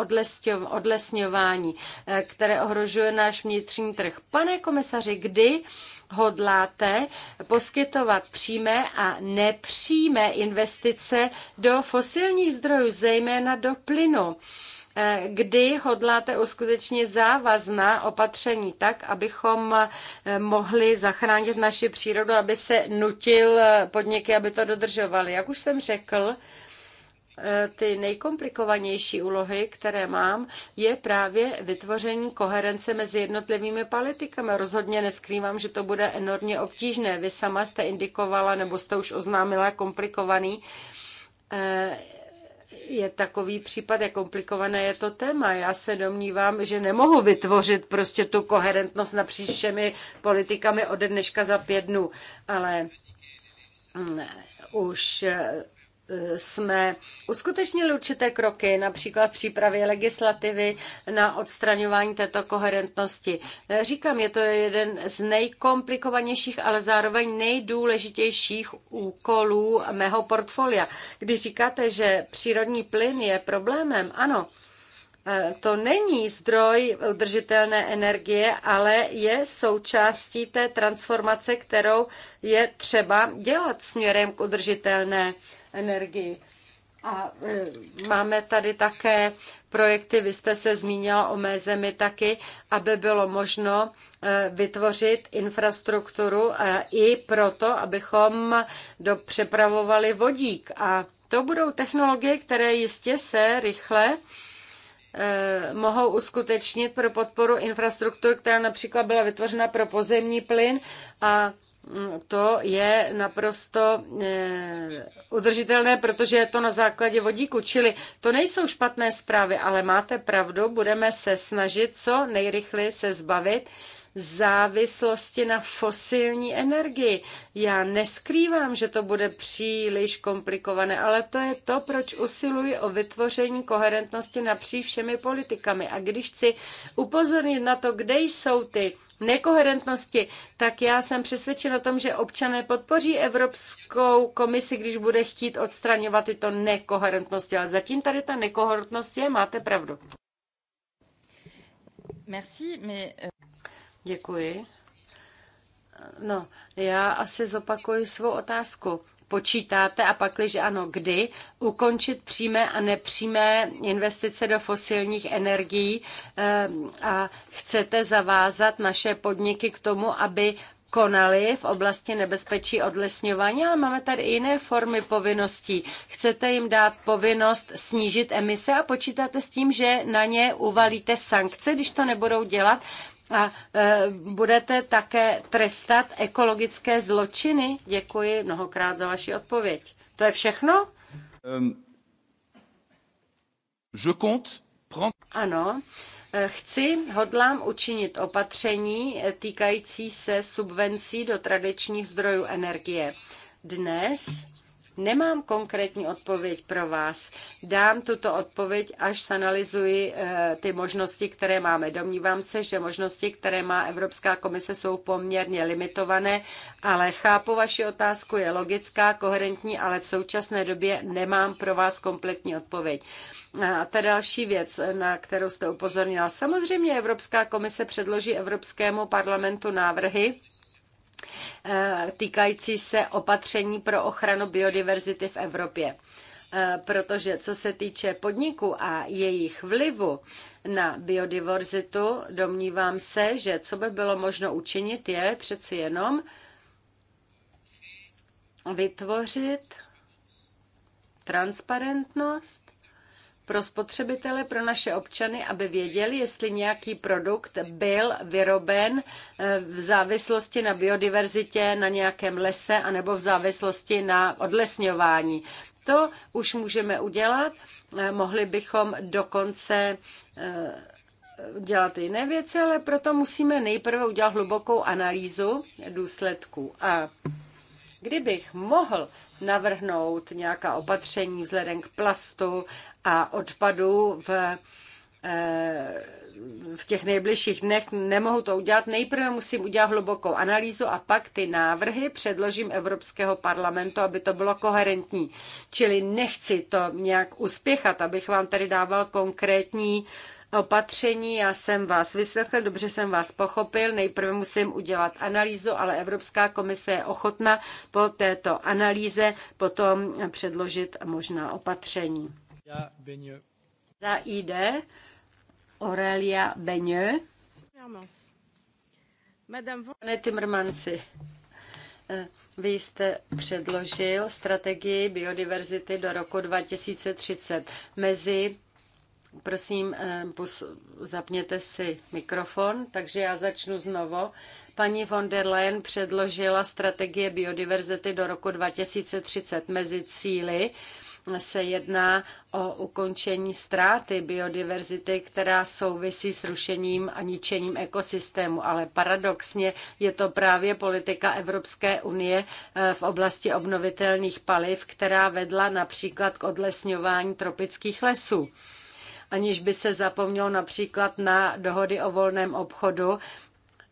odlesňování, které ohrožuje náš vnitřní trh. Pane komisaři, kdy hodláte poskytovat přímé a nepřímé investice do fosilních zdrojů, zejména do plynu? kdy hodláte uskutečnit závazná opatření tak, abychom eh, mohli zachránit naši přírodu, aby se nutil eh, podniky, aby to dodržovali. Jak už jsem řekl, eh, ty nejkomplikovanější úlohy, které mám, je právě vytvoření koherence mezi jednotlivými politikami. Rozhodně neskrývám, že to bude enormně obtížné. Vy sama jste indikovala, nebo jste už oznámila komplikovaný je takový případ, jak komplikované je to téma. Já se domnívám, že nemohu vytvořit prostě tu koherentnost napříč všemi politikami ode dneška za pět dnů, ale mm, už jsme uskutečnili určité kroky, například v přípravě legislativy na odstraňování této koherentnosti. Eh, říkám, je to jeden z nejkomplikovanějších, ale zároveň nejdůležitějších úkolů mého portfolia. Když říkáte, že přírodní plyn je problémem, ano, eh, to není zdroj udržitelné energie, ale je součástí té transformace, kterou je třeba dělat směrem k udržitelné energie energii. A e, máme tady také projekty, vy jste se zmínila o mé zemi taky, aby bylo možno e, vytvořit infrastrukturu e, i proto, abychom přepravovali vodík. A to budou technologie, které jistě se rychle mohou uskutečnit pro podporu infrastruktur, která například byla vytvořena pro pozemní plyn a to je naprosto eh, udržitelné, protože je to na základě vodíku. Čili to nejsou špatné zprávy, ale máte pravdu, budeme se snažit co nejrychleji se zbavit závislosti na fosilní energii. Já neskrývám, že to bude příliš komplikované, ale to je to, proč usiluji o vytvoření koherentnosti napříč všemi politikami. A když chci upozornit na to, kde jsou ty nekoherentnosti, tak já jsem přesvědčen o tom, že občané podpoří Evropskou komisi, když bude chtít odstraňovat tyto nekoherentnosti. Ale zatím tady ta nekoherentnost je, máte pravdu. Merci, mais... Euh, Děkuji. No, já asi zopakuji svou otázku. Počítáte a pakliže ano, kdy ukončit přímé a nepřímé investice do fosilních energií eh, a chcete zavázat naše podniky k tomu, aby konali v oblasti nebezpečí odlesňování, ale máme tady jiné formy povinností. Chcete jim dát povinnost snížit emise a počítáte s tím, že na ně uvalíte sankce, když to nebudou dělat, a e, budete také trestat ekologické zločiny? Děkuji mnohokrát za vaši odpověď. To je všechno? Um, je compte prendre... Ano. E, chci, hodlám učinit opatření e, týkající se subvencí do tradičních zdrojů energie. Dnes Nemám konkrétní odpověď pro vás. Dám tuto odpověď, až sanalizuji eh, ty možnosti, které máme. Domnívám se, že možnosti, které má Evropská komise, jsou poměrně limitované, ale chápu vaši otázku, je logická, koherentní, ale v současné době nemám pro vás kompletní odpověď. Eh, a ta další věc, eh, na kterou jste upozornila. Samozřejmě Evropská komise předloží Evropskému parlamentu návrhy, Eh, týkající se opatření pro ochranu biodiverzity v Evropě eh, protože co se týče podniků a jejich vlivu na biodiverzitu, domnívám se, že co by bylo možno učinit, je přeci jenom vytvořit transparentnost pro spotřebitele, pro naše občany, aby věděli, jestli nějaký produkt byl vyroben eh, v závislosti na biodiverzitě, na nějakém lese, anebo v závislosti na odlesňování. To už můžeme udělat. Eh, mohli bychom dokonce eh, dělat jiné věci, ale proto musíme nejprve udělat hlubokou analýzu důsledků. A kdybych mohl navrhnout nějaká opatření vzhledem k plastu a odpadu v eh, v těch nejbližších dnech nemohu to udělat. Nejprve musím udělat hlubokou analýzu a pak ty návrhy předložím Evropského parlamentu, aby to bylo koherentní. Čili nechci to nějak uspěchat, abych vám tady dával konkrétní opatření. Já jsem vás vyslechl, dobře jsem vás pochopil. Nejprve musím udělat analýzu, ale Evropská komise je ochotna po této analýze potom předložit možná opatření. Ja, Beňo. Za ID Aurelia Beňo. Pane Timmermansi, eh, vy jste předložil strategii biodiverzity do roku 2030 mezi Prosím, eh, zapněte si mikrofon, takže já začnu znovu. Paní von der Leyen předložila strategie biodiverzity do roku 2030 mezi cíly se jedná o ukončení ztráty biodiverzity, která souvisí s rušením a ničením ekosystému. Ale paradoxně je to právě politika Evropské unie eh, v oblasti obnovitelných paliv, která vedla například k odlesňování tropických lesů aniž by se zapomnělo například na dohody o volném obchodu,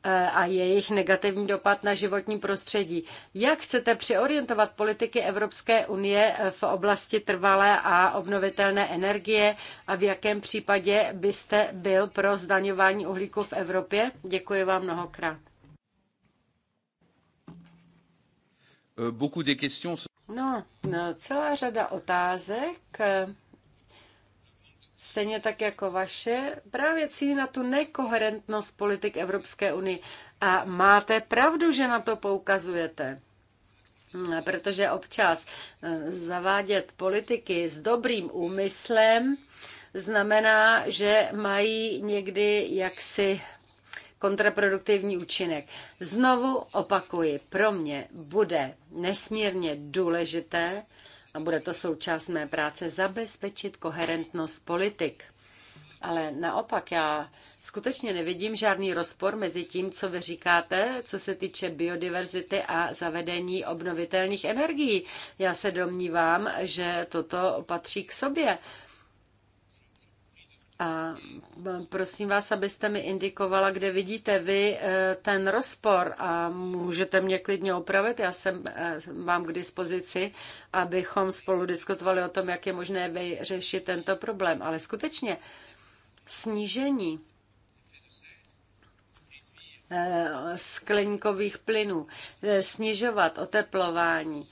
Eh, a jejich negativní dopad na životní prostředí. Jak chcete přeorientovat politiky Evropské unie eh, v oblasti trvalé a obnovitelné energie a v jakém případě byste byl pro zdaňování uhlíku v Evropě? Děkuji vám mnohokrát. Euh, no, no celá řada otázek eh, stejně tak jako vaše, právě cílí na tu nekoherentnost politik Evropské unie. A máte pravdu, že na to poukazujete. Protože občas eh, zavádět politiky s dobrým úmyslem znamená, že mají někdy jaksi kontraproduktivní účinek. Znovu opakuji, pro mě bude nesmírně důležité, a bude to součást mé práce, zabezpečit koherentnost politik. Ale naopak, já skutečně nevidím žádný rozpor mezi tím, co vy říkáte, co se týče biodiverzity a zavedení obnovitelných energií. Já se domnívám, že toto patří k sobě. A no, prosím vás, abyste mi indikovala, kde vidíte vy eh, ten rozpor a můžete mě klidně opravit. Já jsem vám eh, k dispozici, abychom spolu diskutovali o tom, jak je možné vyřešit tento problém. Ale skutečně snížení eh, skleníkových plynů, snižovat oteplování,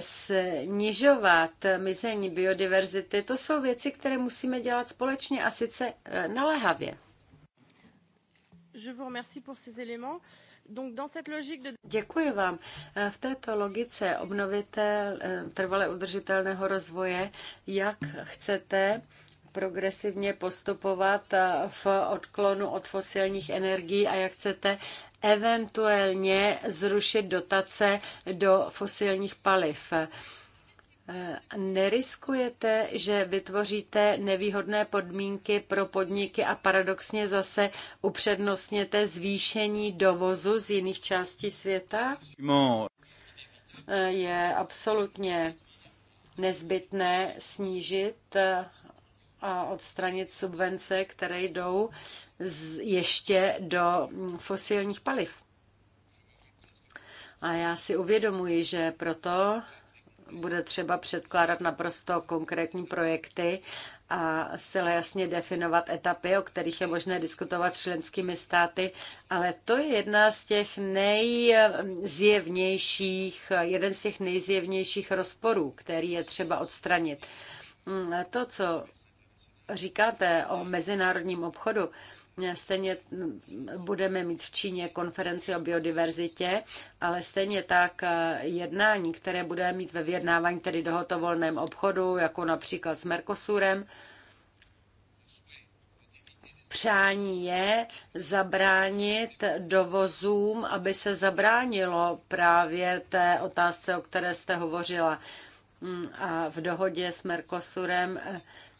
snižovat mizení biodiverzity, to jsou věci, které musíme dělat společně a sice eh, naléhavě. Děkuji vám. Eh, v této logice obnovitel eh, trvale udržitelného rozvoje, jak chcete progresivně postupovat eh, v odklonu od fosilních energií a jak chcete eventuálně zrušit dotace do fosilních paliv. Eh, neriskujete, že vytvoříte nevýhodné podmínky pro podniky a paradoxně zase upřednostněte zvýšení dovozu z jiných částí světa? Eh, je absolutně nezbytné snížit a odstranit subvence, které jdou z, ještě do fosilních paliv. A já si uvědomuji, že proto bude třeba předkládat naprosto konkrétní projekty a zcela jasně definovat etapy, o kterých je možné diskutovat s členskými státy, ale to je jedna z těch nejzjevnějších, jeden z těch nejzjevnějších rozporů, který je třeba odstranit. Hmm, to, co říkáte o mezinárodním obchodu, Stejně budeme mít v Číně konferenci o biodiverzitě, ale stejně tak jednání, které budeme mít ve vyjednávání tedy dohotovolném obchodu, jako například s Mercosurem, přání je zabránit dovozům, aby se zabránilo právě té otázce, o které jste hovořila. A v dohodě s Mercosurem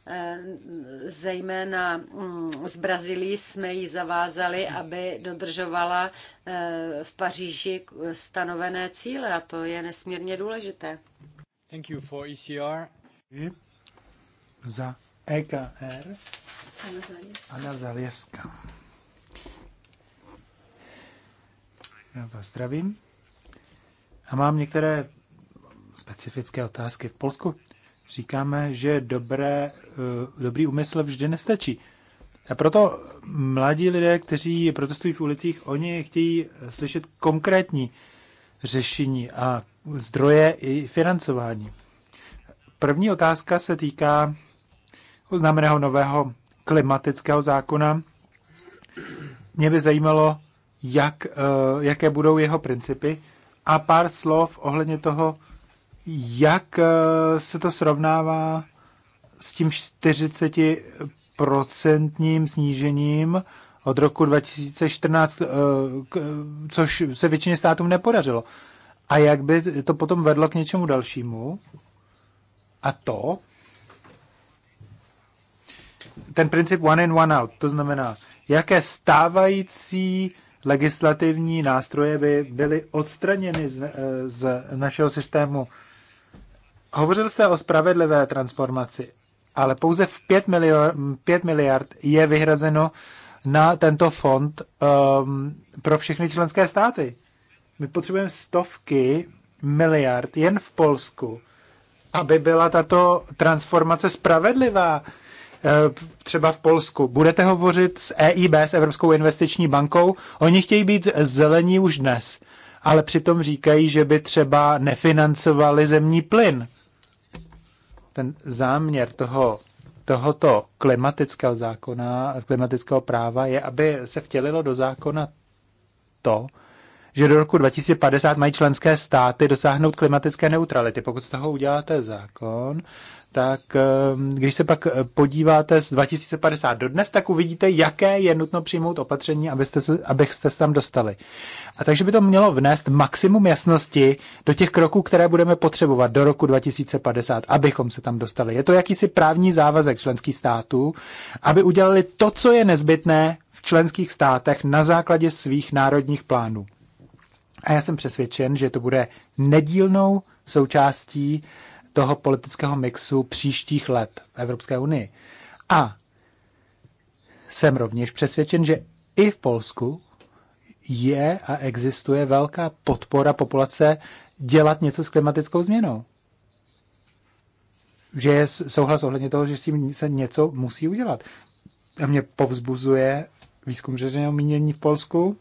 Eh, zejména mm, z Brazílii jsme ji zavázali, aby dodržovala eh, v Paříži stanovené cíle a to je nesmírně důležité. Thank you for ECR. Za EKR. Anna Zaljevská. Já vás zdravím. A mám některé specifické otázky. V Polsku říkáme, že dobré, eh, dobrý úmysl vždy nestačí. A proto mladí lidé, kteří protestují v ulicích, oni chtějí slyšet konkrétní řešení a zdroje i financování. První otázka se týká oznámeného nového klimatického zákona. Mě by zajímalo, jak, eh, jaké budou jeho principy a pár slov ohledně toho, jak eh, se to srovnává s tím 40% snížením od roku 2014, eh, což se většině státům nepodařilo. A jak by to potom vedlo k něčemu dalšímu? A to, ten princip one in, one out, to znamená, jaké stávající legislativní nástroje by byly odstraněny z, eh, z našeho systému Hovořil jste o spravedlivé transformaci, ale pouze v 5, miliard, 5 miliard je vyhrazeno na tento fond um, pro všechny členské státy. My potřebujeme stovky miliard jen v Polsku, aby byla tato transformace spravedlivá. Eh, třeba v Polsku. Budete hovořit s EIB, s Evropskou investiční bankou. Oni chtějí být zelení už dnes, ale přitom říkají, že by třeba nefinancovali zemní plyn ten záměr toho, tohoto klimatického zákona, klimatického práva je, aby se vtělilo do zákona to, že do roku 2050 mají členské státy dosáhnout klimatické neutrality. Pokud z toho uděláte zákon, tak ehm, když se pak eh, podíváte z 2050 do dnes, tak uvidíte, jaké je nutno přijmout opatření, abyste se, abyste se tam dostali. A takže by to mělo vnést maximum jasnosti do těch kroků, které budeme potřebovat do roku 2050, abychom se tam dostali. Je to jakýsi právní závazek členských států, aby udělali to, co je nezbytné v členských státech na základě svých národních plánů. A já jsem přesvědčen, že to bude nedílnou součástí uh, toho politického mixu příštích let v Evropské unii. A jsem rovněž přesvědčen, že i v Polsku je a existuje velká podpora populace dělat něco s klimatickou změnou. Že je souhlas ohledně toho, že s tím se něco musí udělat. A mě povzbuzuje výzkum veřejného mínění v Polsku,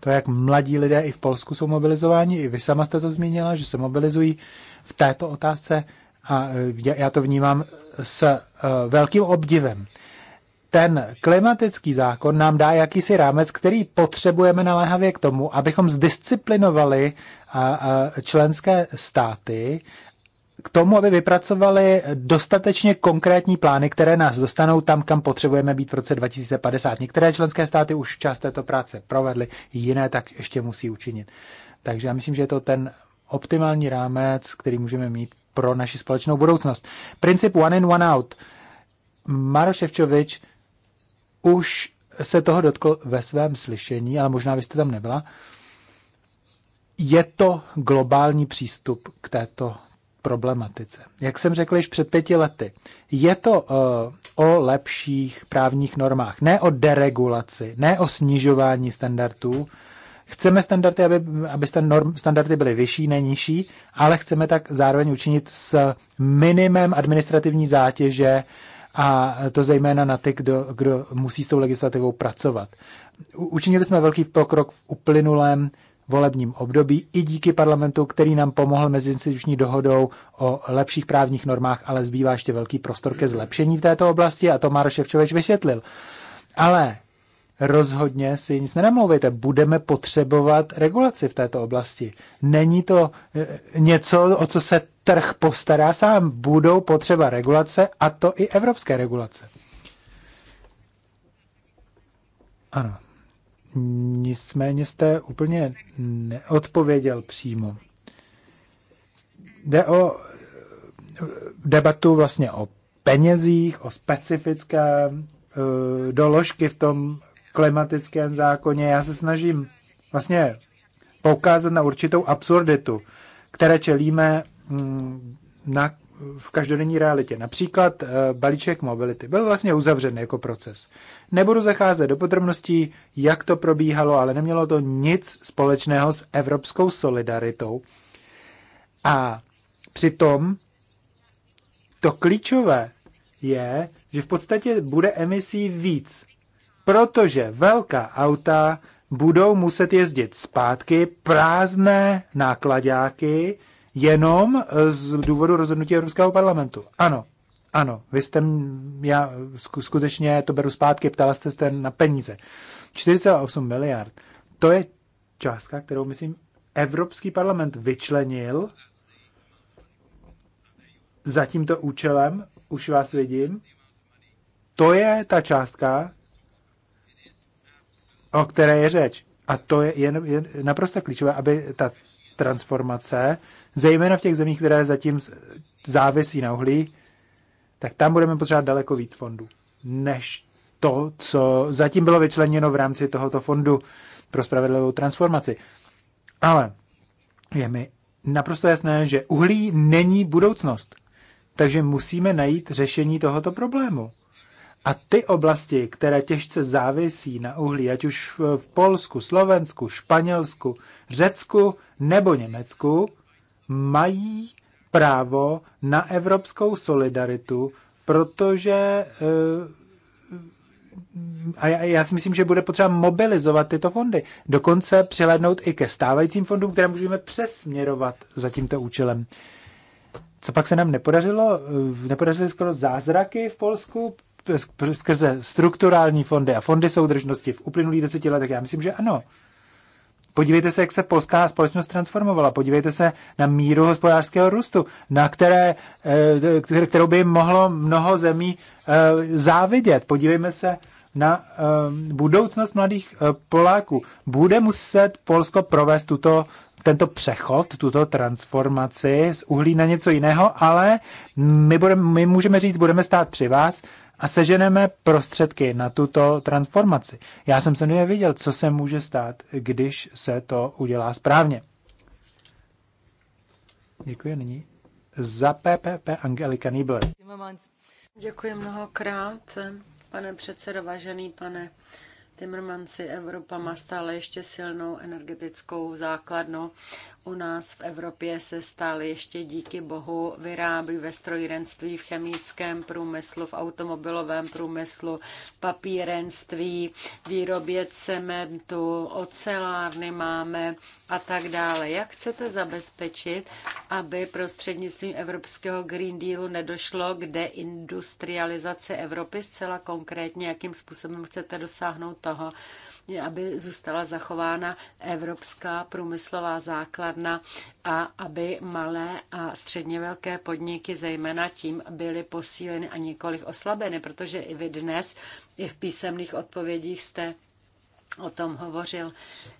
to, jak mladí lidé i v Polsku jsou mobilizováni, i vy sama jste to zmínila, že se mobilizují v této otázce a e, já to vnímám s e, velkým obdivem. Ten klimatický zákon nám dá jakýsi rámec, který potřebujeme naléhavě k tomu, abychom zdisciplinovali členské státy k tomu, aby vypracovali dostatečně konkrétní plány, které nás dostanou tam, kam potřebujeme být v roce 2050. Některé členské státy už část této práce provedly, jiné tak ještě musí učinit. Takže já myslím, že je to ten optimální rámec, který můžeme mít pro naši společnou budoucnost. Princip one in, one out. Maroš Ševčovič už se toho dotkl ve svém slyšení, ale možná vy jste tam nebyla. Je to globální přístup k této problematice. Jak jsem řekl již před pěti lety, je to uh, o lepších právních normách, ne o deregulaci, ne o snižování standardů, Chceme standardy, aby, aby norm, standardy byly vyšší, ne nižší, ale chceme tak zároveň učinit s minimem administrativní zátěže a to zejména na ty, kdo, kdo musí s tou legislativou pracovat. Učinili jsme velký pokrok v uplynulém volebním období i díky parlamentu, který nám pomohl mezi instituční dohodou o lepších právních normách, ale zbývá ještě velký prostor ke zlepšení v této oblasti a to Máro vysvětlil. Ale rozhodně si nic nenamlouvejte. Budeme potřebovat regulaci v této oblasti. Není to eh, něco, o co se trh postará sám. Budou potřeba regulace a to i evropské regulace. Ano. Nicméně jste úplně neodpověděl přímo. Jde o eh, debatu vlastně o penězích, o specifické eh, doložky v tom klimatickém zákoně. Já se snažím vlastně poukázat na určitou absurditu, které čelíme mm, na, v každodenní realitě. Například eh, balíček mobility byl vlastně uzavřen jako proces. Nebudu zacházet do podrobností, jak to probíhalo, ale nemělo to nic společného s evropskou solidaritou. A přitom to klíčové je, že v podstatě bude emisí víc protože velká auta budou muset jezdit zpátky, prázdné nákladáky, jenom z důvodu rozhodnutí Evropského parlamentu. Ano, ano, vy jste, já skutečně to beru zpátky, ptala jste se na peníze. 4,8 miliard, to je částka, kterou, myslím, Evropský parlament vyčlenil za tímto účelem, už vás vidím, to je ta částka, o které je řeč. A to je, je, je naprosto klíčové, aby ta transformace, zejména v těch zemích, které zatím závisí na uhlí, tak tam budeme potřebovat daleko víc fondů, než to, co zatím bylo vyčleněno v rámci tohoto fondu pro spravedlivou transformaci. Ale je mi naprosto jasné, že uhlí není budoucnost. Takže musíme najít řešení tohoto problému. A ty oblasti, které těžce závisí na uhlí, ať už v Polsku, Slovensku, Španělsku, Řecku nebo Německu, mají právo na evropskou solidaritu, protože eh, a já, já si myslím, že bude potřeba mobilizovat tyto fondy. Dokonce přilednout i ke stávajícím fondům, které můžeme přesměrovat za tímto účelem. Co pak se nám nepodařilo? Eh, nepodařily skoro zázraky v Polsku, skrze strukturální fondy a fondy soudržnosti v uplynulých deseti letech? Já myslím, že ano. Podívejte se, jak se polská společnost transformovala. Podívejte se na míru hospodářského růstu, na které, eh, kterou by mohlo mnoho zemí eh, závidět. Podívejme se na eh, budoucnost mladých Poláků. Bude muset Polsko provést tuto, tento přechod, tuto transformaci z uhlí na něco jiného, ale my, budeme, my můžeme říct, budeme stát při vás, a seženeme prostředky na tuto transformaci. Já jsem se nevěděl, co se může stát, když se to udělá správně. Děkuji nyní. Za PPP Angelika Niebler. Děkuji mnohokrát, pane předsedo, vážený pane Timmermansi. Evropa má stále ještě silnou energetickou základnu u nás v Evropě se stal ještě díky bohu vyrábí ve strojírenství, v chemickém průmyslu, v automobilovém průmyslu, papírenství, výrobě cementu, ocelárny máme a tak dále. Jak chcete zabezpečit, aby prostřednictvím Evropského Green Dealu nedošlo k deindustrializaci Evropy zcela konkrétně, jakým způsobem chcete dosáhnout toho, Vlastně, aby zůstala zachována evropská průmyslová základna a aby malé a středně velké podniky zejména tím byly posíleny a nikoliv oslabeny, protože i vy dnes i v písemných odpovědích jste o tom hovořil.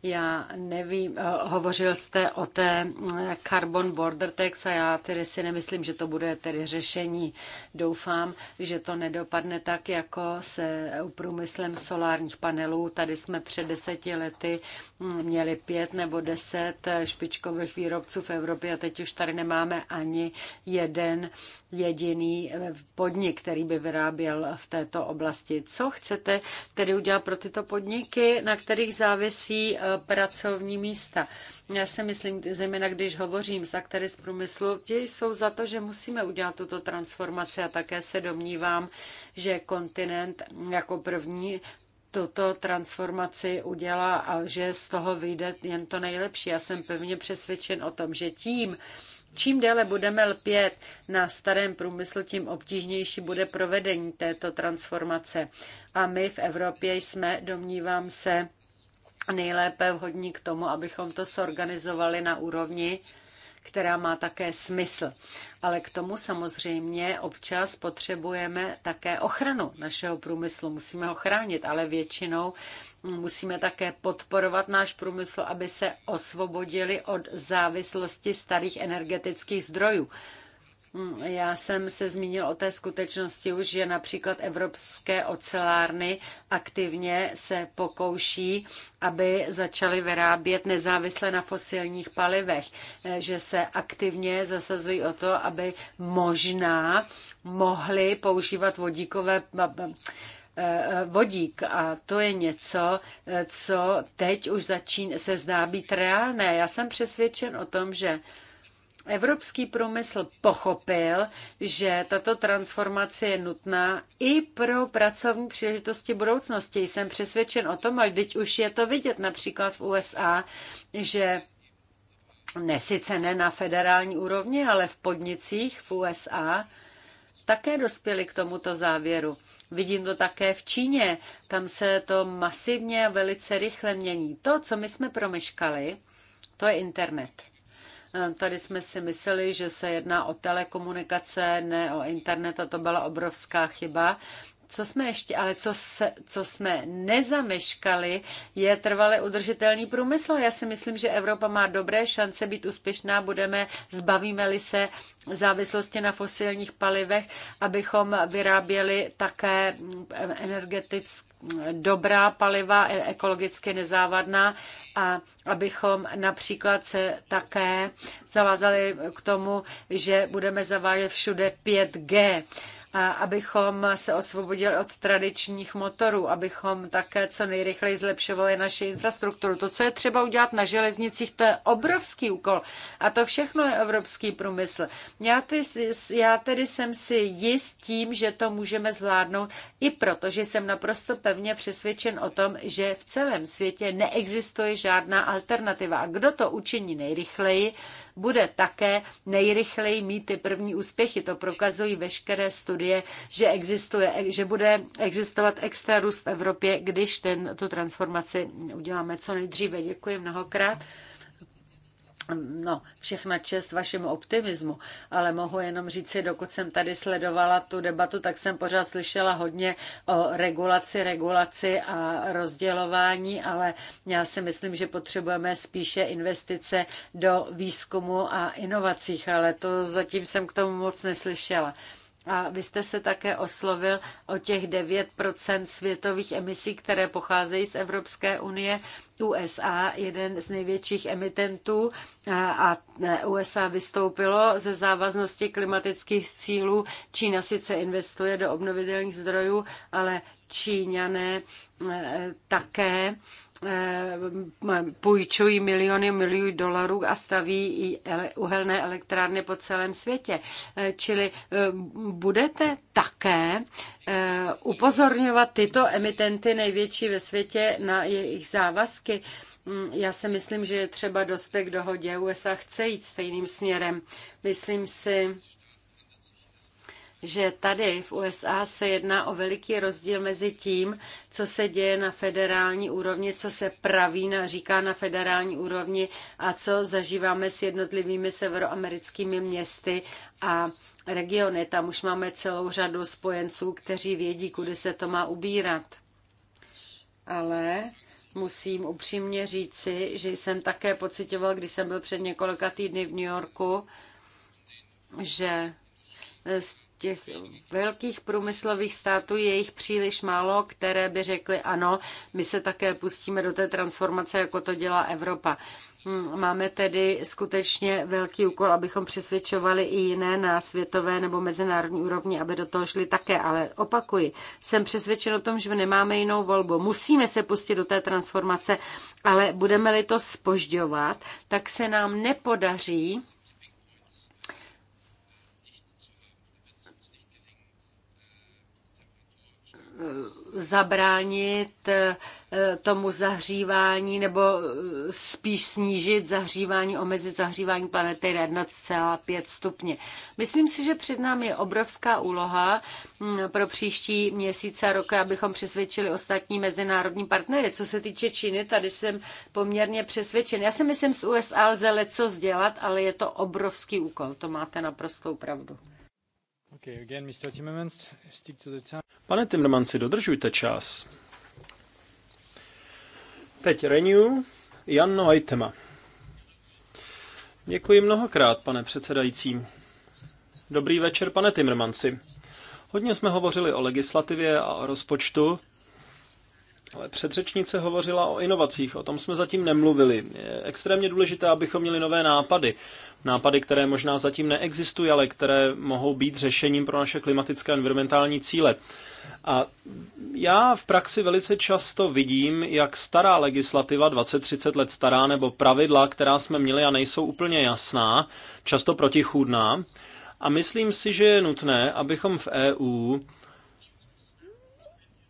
Já nevím, eh, hovořil jste o té eh, Carbon Border Tax a já tedy si nemyslím, že to bude tedy řešení. Doufám, že to nedopadne tak, jako se průmyslem solárních panelů. Tady jsme před deseti lety hm, měli pět nebo deset eh, špičkových výrobců v Evropě a teď už tady nemáme ani jeden jediný podnik, který by vyráběl v této oblasti. Co chcete tedy udělat pro tyto podniky? na kterých závisí e, pracovní místa. Já si myslím, zejména když hovořím s aktéry z průmyslu, ti jsou za to, že musíme udělat tuto transformaci a také se domnívám, že kontinent jako první tuto transformaci udělá a že z toho vyjde jen to nejlepší. Já jsem pevně přesvědčen o tom, že tím, Čím déle budeme lpět na starém průmyslu, tím obtížnější bude provedení této transformace. A my v Evropě jsme, domnívám se, nejlépe vhodní k tomu, abychom to sorganizovali na úrovni, která má také smysl. Ale k tomu samozřejmě občas potřebujeme také ochranu našeho průmyslu. Musíme ho chránit, ale většinou Musíme také podporovat náš průmysl, aby se osvobodili od závislosti starých energetických zdrojů. Já jsem se zmínil o té skutečnosti už, že například evropské ocelárny aktivně se pokouší, aby začaly vyrábět nezávisle na fosilních palivech, že se aktivně zasazují o to, aby možná mohly používat vodíkové Eh, vodík a to je něco, eh, co teď už začín, se zdá být reálné. Já jsem přesvědčen o tom, že Evropský průmysl pochopil, že tato transformace je nutná i pro pracovní příležitosti budoucnosti. Jsem přesvědčen o tom, a teď už je to vidět například v USA, že ne sice ne na federální úrovni, ale v podnicích v USA, také dospěli k tomuto závěru. Vidím to také v Číně, tam se to masivně a velice rychle mění. To, co my jsme promeškali, to je internet. Eh, tady jsme si mysleli, že se jedná o telekomunikace, ne o internet a to byla obrovská chyba co jsme ještě, ale co, se, co jsme nezameškali, je trvale udržitelný průmysl. Já si myslím, že Evropa má dobré šance být úspěšná, budeme, zbavíme-li se závislosti na fosilních palivech, abychom vyráběli také energetické dobrá paliva, ekologicky nezávadná a abychom například se také zavázali k tomu, že budeme zavádět všude 5G abychom se osvobodili od tradičních motorů, abychom také co nejrychleji zlepšovali naši infrastrukturu. To, co je třeba udělat na železnicích, to je obrovský úkol. A to všechno je evropský průmysl. Já tedy, já tedy jsem si jist tím, že to můžeme zvládnout, i protože jsem naprosto pevně přesvědčen o tom, že v celém světě neexistuje žádná alternativa. A kdo to učiní nejrychleji, bude také nejrychleji mít ty první úspěchy. To prokazují veškeré studie, že, existuje, že bude existovat extra růst v Evropě, když ten, tu transformaci uděláme co nejdříve. Děkuji mnohokrát. No, všechna čest vašemu optimismu, ale mohu jenom říct, si, dokud jsem tady sledovala tu debatu, tak jsem pořád slyšela hodně o regulaci, regulaci a rozdělování, ale já si myslím, že potřebujeme spíše investice do výzkumu a inovacích, ale to zatím jsem k tomu moc neslyšela. A vy jste se také oslovil o těch 9 světových emisí, které pocházejí z Evropské unie. USA, jeden z největších emitentů, a USA vystoupilo ze závaznosti klimatických cílů. Čína sice investuje do obnovitelných zdrojů, ale Číňané e, také Eh, půjčují miliony miliony dolarů a staví i uhelné elektrárny po celém světě. Eh, čili eh, budete také upozorňovat tyto emitenty největší ve světě na jejich závazky. Mm, já si myslím, že je třeba dospět k dohodě. USA chce jít stejným směrem. Myslím si, že tady v USA se jedná o veliký rozdíl mezi tím, co se děje na federální úrovni, co se praví na, říká na federální úrovni a co zažíváme s jednotlivými severoamerickými městy a regiony. Tam už máme celou řadu spojenců, kteří vědí, kudy se to má ubírat. Ale musím upřímně říci, že jsem také pocitoval, když jsem byl před několika týdny v New Yorku, že těch velkých průmyslových států je jich příliš málo, které by řekly ano, my se také pustíme do té transformace, jako to dělá Evropa. Hm, máme tedy skutečně velký úkol, abychom přesvědčovali i jiné na světové nebo mezinárodní úrovni, aby do toho šli také. Ale opakuji, jsem přesvědčen o tom, že nemáme jinou volbu. Musíme se pustit do té transformace, ale budeme-li to spožďovat, tak se nám nepodaří zabránit eh, tomu zahřívání nebo eh, spíš snížit zahřívání, omezit zahřívání planety na 1,5 stupně. Myslím si, že před námi je obrovská úloha mm, pro příští měsíce a roky, abychom přesvědčili ostatní mezinárodní partnery. Co se týče Číny, tady jsem poměrně přesvědčen. Já si myslím, z USA lze leco dělat, ale je to obrovský úkol. To máte naprostou pravdu. Pane Timmermansi, dodržujte čas. Teď Renew, Jan Noajtema. Děkuji mnohokrát, pane předsedající. Dobrý večer, pane Timmermansi. Hodně jsme hovořili o legislativě a o rozpočtu, ale předřečnice hovořila o inovacích, o tom jsme zatím nemluvili. Je extrémně důležité, abychom měli nové nápady nápady, které možná zatím neexistují, ale které mohou být řešením pro naše klimatické a environmentální cíle. A já v praxi velice často vidím, jak stará legislativa, 20-30 let stará, nebo pravidla, která jsme měli a nejsou úplně jasná, často protichůdná. A myslím si, že je nutné, abychom v EU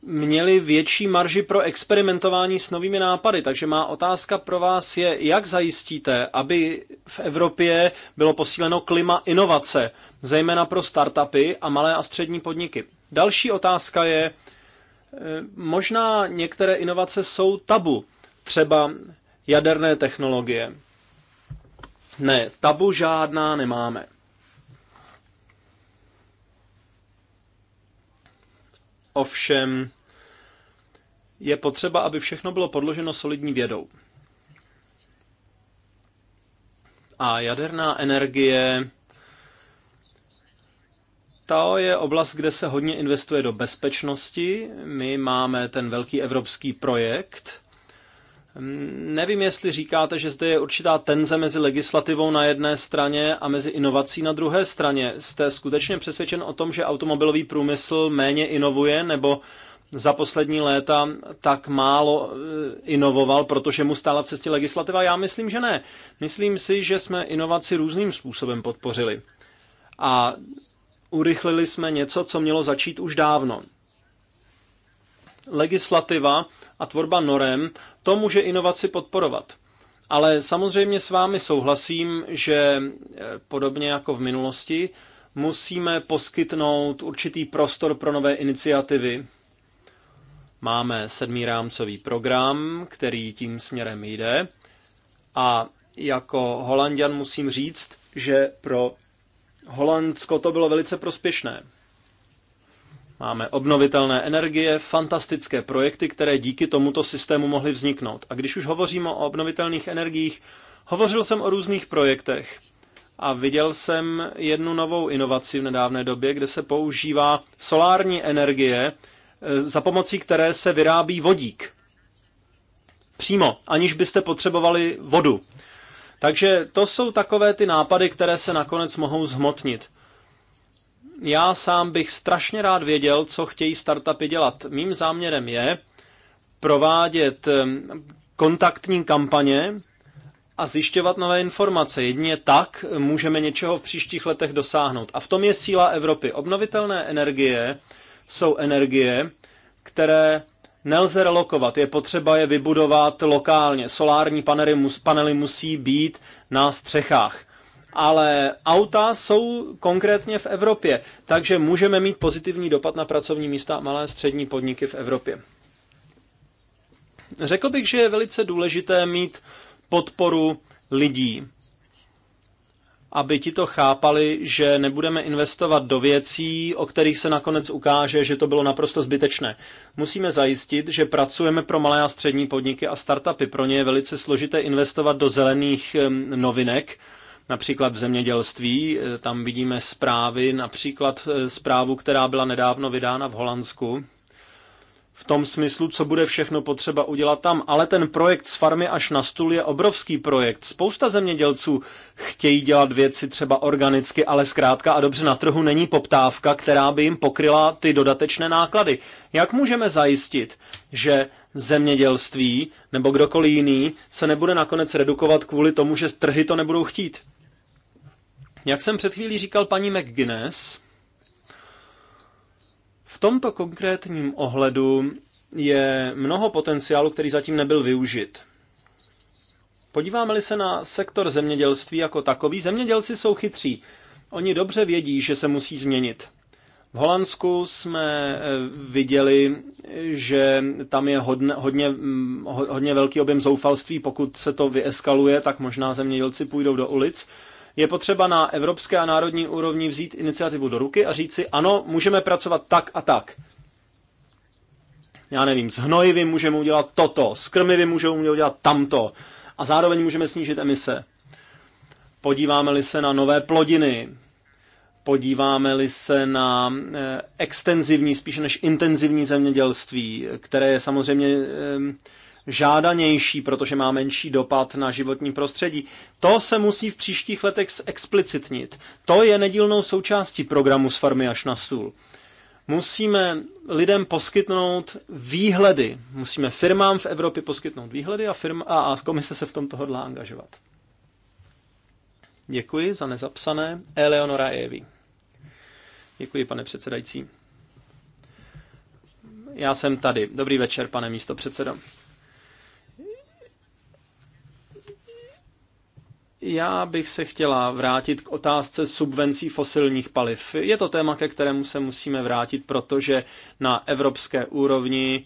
měli větší marži pro experimentování s novými nápady. Takže má otázka pro vás je, jak zajistíte, aby v Evropě bylo posíleno klima inovace, zejména pro startupy a malé a střední podniky. Další otázka je, eh, možná některé inovace jsou tabu, třeba jaderné technologie. Ne, tabu žádná nemáme. Ovšem je potřeba, aby všechno bylo podloženo solidní vědou. A jaderná energie ta je oblast, kde se hodně investuje do bezpečnosti. My máme ten velký evropský projekt Nevím, jestli říkáte, že zde je určitá tenze mezi legislativou na jedné straně a mezi inovací na druhé straně. Jste skutečně přesvědčen o tom, že automobilový průmysl méně inovuje nebo za poslední léta tak málo e, inovoval, protože mu stála v cestě legislativa? Já myslím, že ne. Myslím si, že jsme inovaci různým způsobem podpořili. A urychlili jsme něco, co mělo začít už dávno. Legislativa a tvorba norem, to může inovaci podporovat. Ale samozřejmě s vámi souhlasím, že eh, podobně jako v minulosti, musíme poskytnout určitý prostor pro nové iniciativy. Máme sedmý rámcový program, který tím směrem jde. A jako holandian musím říct, že pro Holandsko to bylo velice prospěšné. Máme obnovitelné energie, fantastické projekty, které díky tomuto systému mohly vzniknout. A když už hovoříme o obnovitelných energiích, hovořil jsem o různých projektech a viděl jsem jednu novou inovaci v nedávné době, kde se používá solární energie, e, za pomocí které se vyrábí vodík. Přímo, aniž byste potřebovali vodu. Takže to jsou takové ty nápady, které se nakonec mohou zhmotnit já sám bych strašně rád věděl, co chtějí startupy dělat. Mým záměrem je provádět kontaktní kampaně a zjišťovat nové informace. Jedině tak můžeme něčeho v příštích letech dosáhnout. A v tom je síla Evropy. Obnovitelné energie jsou energie, které nelze relokovat. Je potřeba je vybudovat lokálně. Solární panely, panely musí být na střechách ale auta jsou konkrétně v Evropě, takže můžeme mít pozitivní dopad na pracovní místa a malé střední podniky v Evropě. Řekl bych, že je velice důležité mít podporu lidí, aby ti to chápali, že nebudeme investovat do věcí, o kterých se nakonec ukáže, že to bylo naprosto zbytečné. Musíme zajistit, že pracujeme pro malé a střední podniky a startupy. Pro ně je velice složité investovat do zelených novinek, například v zemědělství. Eh, tam vidíme zprávy, například eh, zprávu, která byla nedávno vydána v Holandsku, v tom smyslu, co bude všechno potřeba udělat tam. Ale ten projekt z farmy až na stůl je obrovský projekt. Spousta zemědělců chtějí dělat věci třeba organicky, ale zkrátka a dobře na trhu není poptávka, která by jim pokryla ty dodatečné náklady. Jak můžeme zajistit, že zemědělství nebo kdokoliv jiný se nebude nakonec redukovat kvůli tomu, že trhy to nebudou chtít? Jak jsem před chvílí říkal paní McGuinness, v tomto konkrétním ohledu je mnoho potenciálu, který zatím nebyl využit. Podíváme-li se na sektor zemědělství jako takový, zemědělci jsou chytří. Oni dobře vědí, že se musí změnit. V Holandsku jsme e, viděli, že tam je hodne, hodně, mm, hodně velký objem zoufalství. Pokud se to vyeskaluje, tak možná zemědělci půjdou do ulic. Je potřeba na evropské a národní úrovni vzít iniciativu do ruky a říct si ano, můžeme pracovat tak a tak. Já nevím, s hnojivy můžeme udělat toto, s krmivy můžeme udělat tamto a zároveň můžeme snížit emise. Podíváme-li se na nové plodiny, podíváme-li se na eh, extenzivní, spíše než intenzivní zemědělství, které je samozřejmě eh, žádanější, protože má menší dopad na životní prostředí. To se musí v příštích letech explicitnit. To je nedílnou součástí programu z farmy až na stůl. Musíme lidem poskytnout výhledy. Musíme firmám v Evropě poskytnout výhledy a, firma, a, a komise se v tom toho hodlá angažovat. Děkuji za nezapsané. Eleonora Evi. Děkuji, pane předsedající. Já jsem tady. Dobrý večer, pane místo předsedo. Já bych se chtěla vrátit k otázce subvencí fosilních paliv. Je to téma, ke kterému se musíme vrátit, protože na evropské úrovni,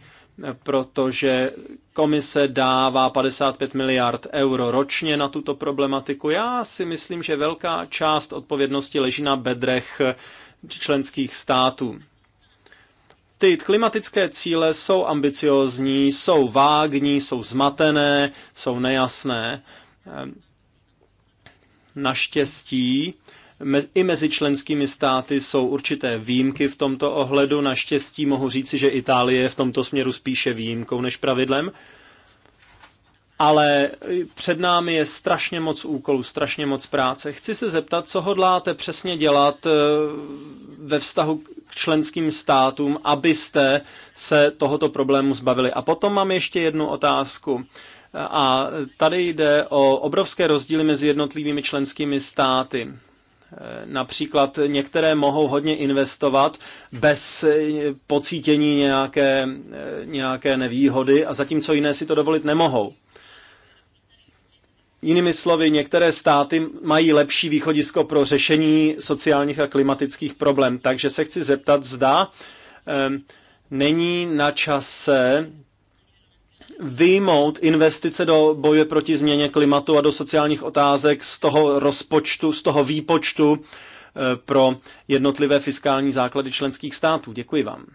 protože komise dává 55 miliard euro ročně na tuto problematiku. Já si myslím, že velká část odpovědnosti leží na bedrech členských států. Ty klimatické cíle jsou ambiciózní, jsou vágní, jsou zmatené, jsou nejasné. Naštěstí i mezi členskými státy jsou určité výjimky v tomto ohledu. Naštěstí mohu říci, že Itálie je v tomto směru spíše výjimkou než pravidlem. Ale před námi je strašně moc úkolů, strašně moc práce. Chci se zeptat, co hodláte přesně dělat eh, ve vztahu k členským státům, abyste se tohoto problému zbavili. A potom mám ještě jednu otázku. A tady jde o obrovské rozdíly mezi jednotlivými členskými státy. Například některé mohou hodně investovat bez eh, pocítění nějaké, eh, nějaké nevýhody, a zatímco jiné si to dovolit nemohou. Jinými slovy, některé státy mají lepší východisko pro řešení sociálních a klimatických problém. Takže se chci zeptat, zda eh, není na čase vyjmout investice do boje proti změně klimatu a do sociálních otázek z toho rozpočtu, z toho výpočtu eh, pro jednotlivé fiskální základy členských států. Děkuji vám.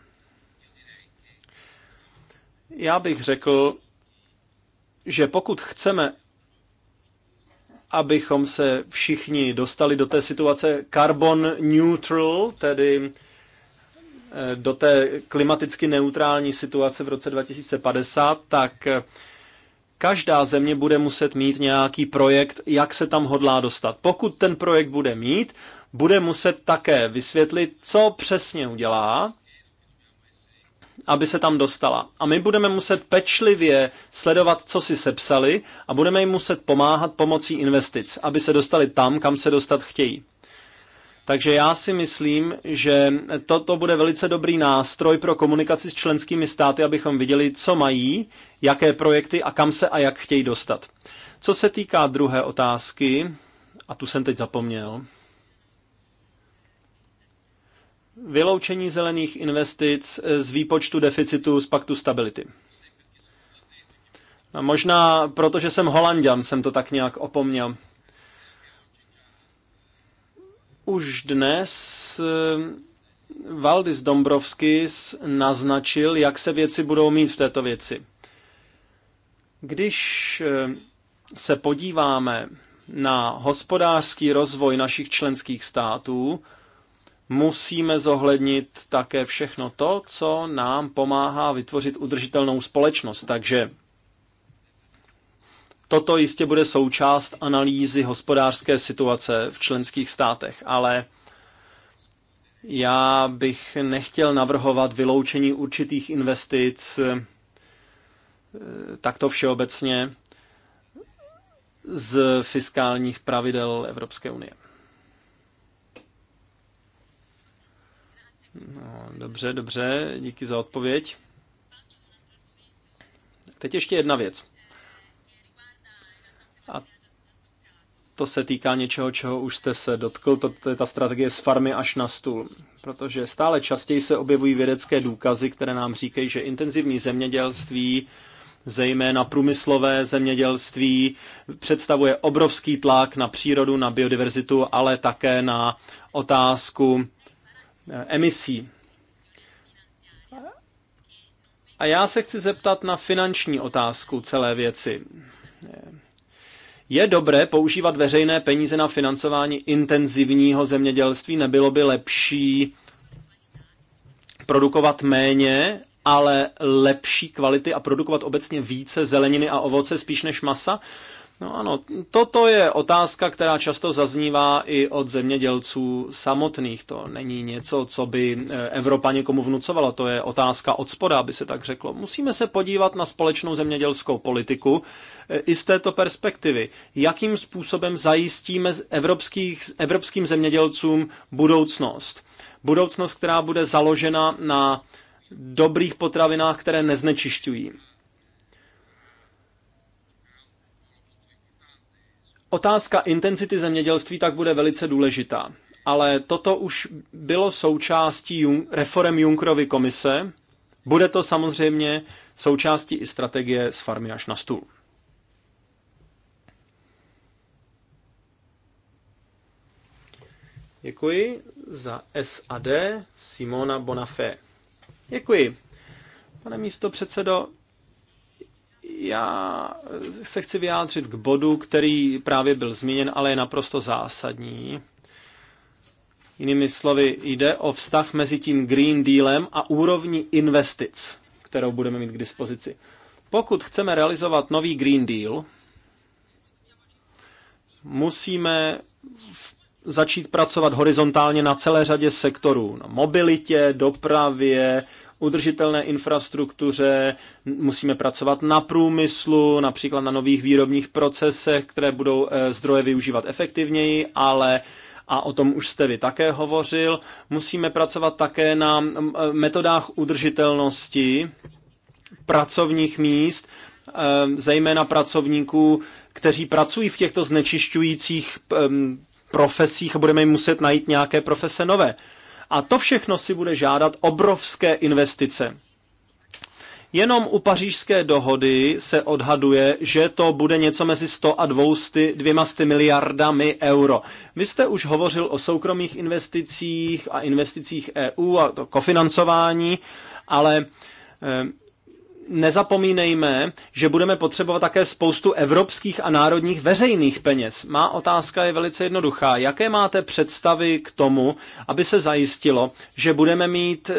Já bych řekl, že pokud chceme, abychom se všichni dostali do té situace carbon neutral, tedy do té klimaticky neutrální situace v roce 2050, tak každá země bude muset mít nějaký projekt, jak se tam hodlá dostat. Pokud ten projekt bude mít, bude muset také vysvětlit, co přesně udělá, aby se tam dostala. A my budeme muset pečlivě sledovat, co si sepsali a budeme jim muset pomáhat pomocí investic, aby se dostali tam, kam se dostat chtějí. Takže já si myslím, že toto bude velice dobrý nástroj pro komunikaci s členskými státy, abychom viděli, co mají, jaké projekty a kam se a jak chtějí dostat. Co se týká druhé otázky, a tu jsem teď zapomněl, vyloučení zelených investic z výpočtu deficitu z paktu stability. A no, možná, protože jsem holanděn, jsem to tak nějak opomněl. Už dnes eh, Valdis Dombrovskis naznačil, jak se věci budou mít v této věci. Když eh, se podíváme na hospodářský rozvoj našich členských států, musíme zohlednit také všechno to, co nám pomáhá vytvořit udržitelnou společnost. Takže Toto jistě bude součást analýzy hospodářské situace v členských státech, ale já bych nechtěl navrhovat vyloučení určitých investic eh, takto všeobecně z fiskálních pravidel Evropské unie. No, dobře, dobře, díky za odpověď. Teď ještě jedna věc. A to se týká něčeho, čeho už jste se dotkl, to, to je ta strategie z farmy až na stůl. Protože stále častěji se objevují vědecké důkazy, které nám říkají, že intenzivní zemědělství, zejména průmyslové zemědělství, představuje obrovský tlak na přírodu, na biodiverzitu, ale také na otázku eh, emisí. A já se chci zeptat na finanční otázku celé věci. Je dobré používat veřejné peníze na financování intenzivního zemědělství? Nebylo by lepší produkovat méně, ale lepší kvality a produkovat obecně více zeleniny a ovoce spíš než masa? No ano, toto je otázka, která často zaznívá i od zemědělců samotných. To není něco, co by eh, Evropa někomu vnucovala, to je otázka od spoda, aby se tak řeklo. Musíme se podívat na společnou zemědělskou politiku eh, i z této perspektivy. Jakým způsobem zajistíme evropských, evropským zemědělcům budoucnost? Budoucnost, která bude založena na dobrých potravinách, které neznečišťují. Otázka intenzity zemědělství tak bude velice důležitá, ale toto už bylo součástí reform Junkrovy komise. Bude to samozřejmě součástí i strategie z farmy až na stůl. Děkuji za SAD Simona Bonafé. Děkuji. Pane místo předsedo, já se chci vyjádřit k bodu, který právě byl zmíněn, ale je naprosto zásadní. Jinými slovy, jde o vztah mezi tím Green Dealem a úrovní investic, kterou budeme mít k dispozici. Pokud chceme realizovat nový Green Deal, musíme začít pracovat horizontálně na celé řadě sektorů. Na mobilitě, dopravě, udržitelné infrastruktuře, musíme pracovat na průmyslu, například na nových výrobních procesech, které budou eh, zdroje využívat efektivněji, ale a o tom už jste vy také hovořil. Musíme pracovat také na eh, metodách udržitelnosti pracovních míst, eh, zejména pracovníků, kteří pracují v těchto znečišťujících profesích a budeme jim muset najít nějaké profese nové. A to všechno si bude žádat obrovské investice. Jenom u pařížské dohody se odhaduje, že to bude něco mezi 100 a 200, 200 miliardami euro. Vy jste už hovořil o soukromých investicích a investicích EU a to kofinancování, ale eh, nezapomínejme, že budeme potřebovat také spoustu evropských a národních veřejných peněz. Má otázka je velice jednoduchá. Jaké máte představy k tomu, aby se zajistilo, že budeme mít eh,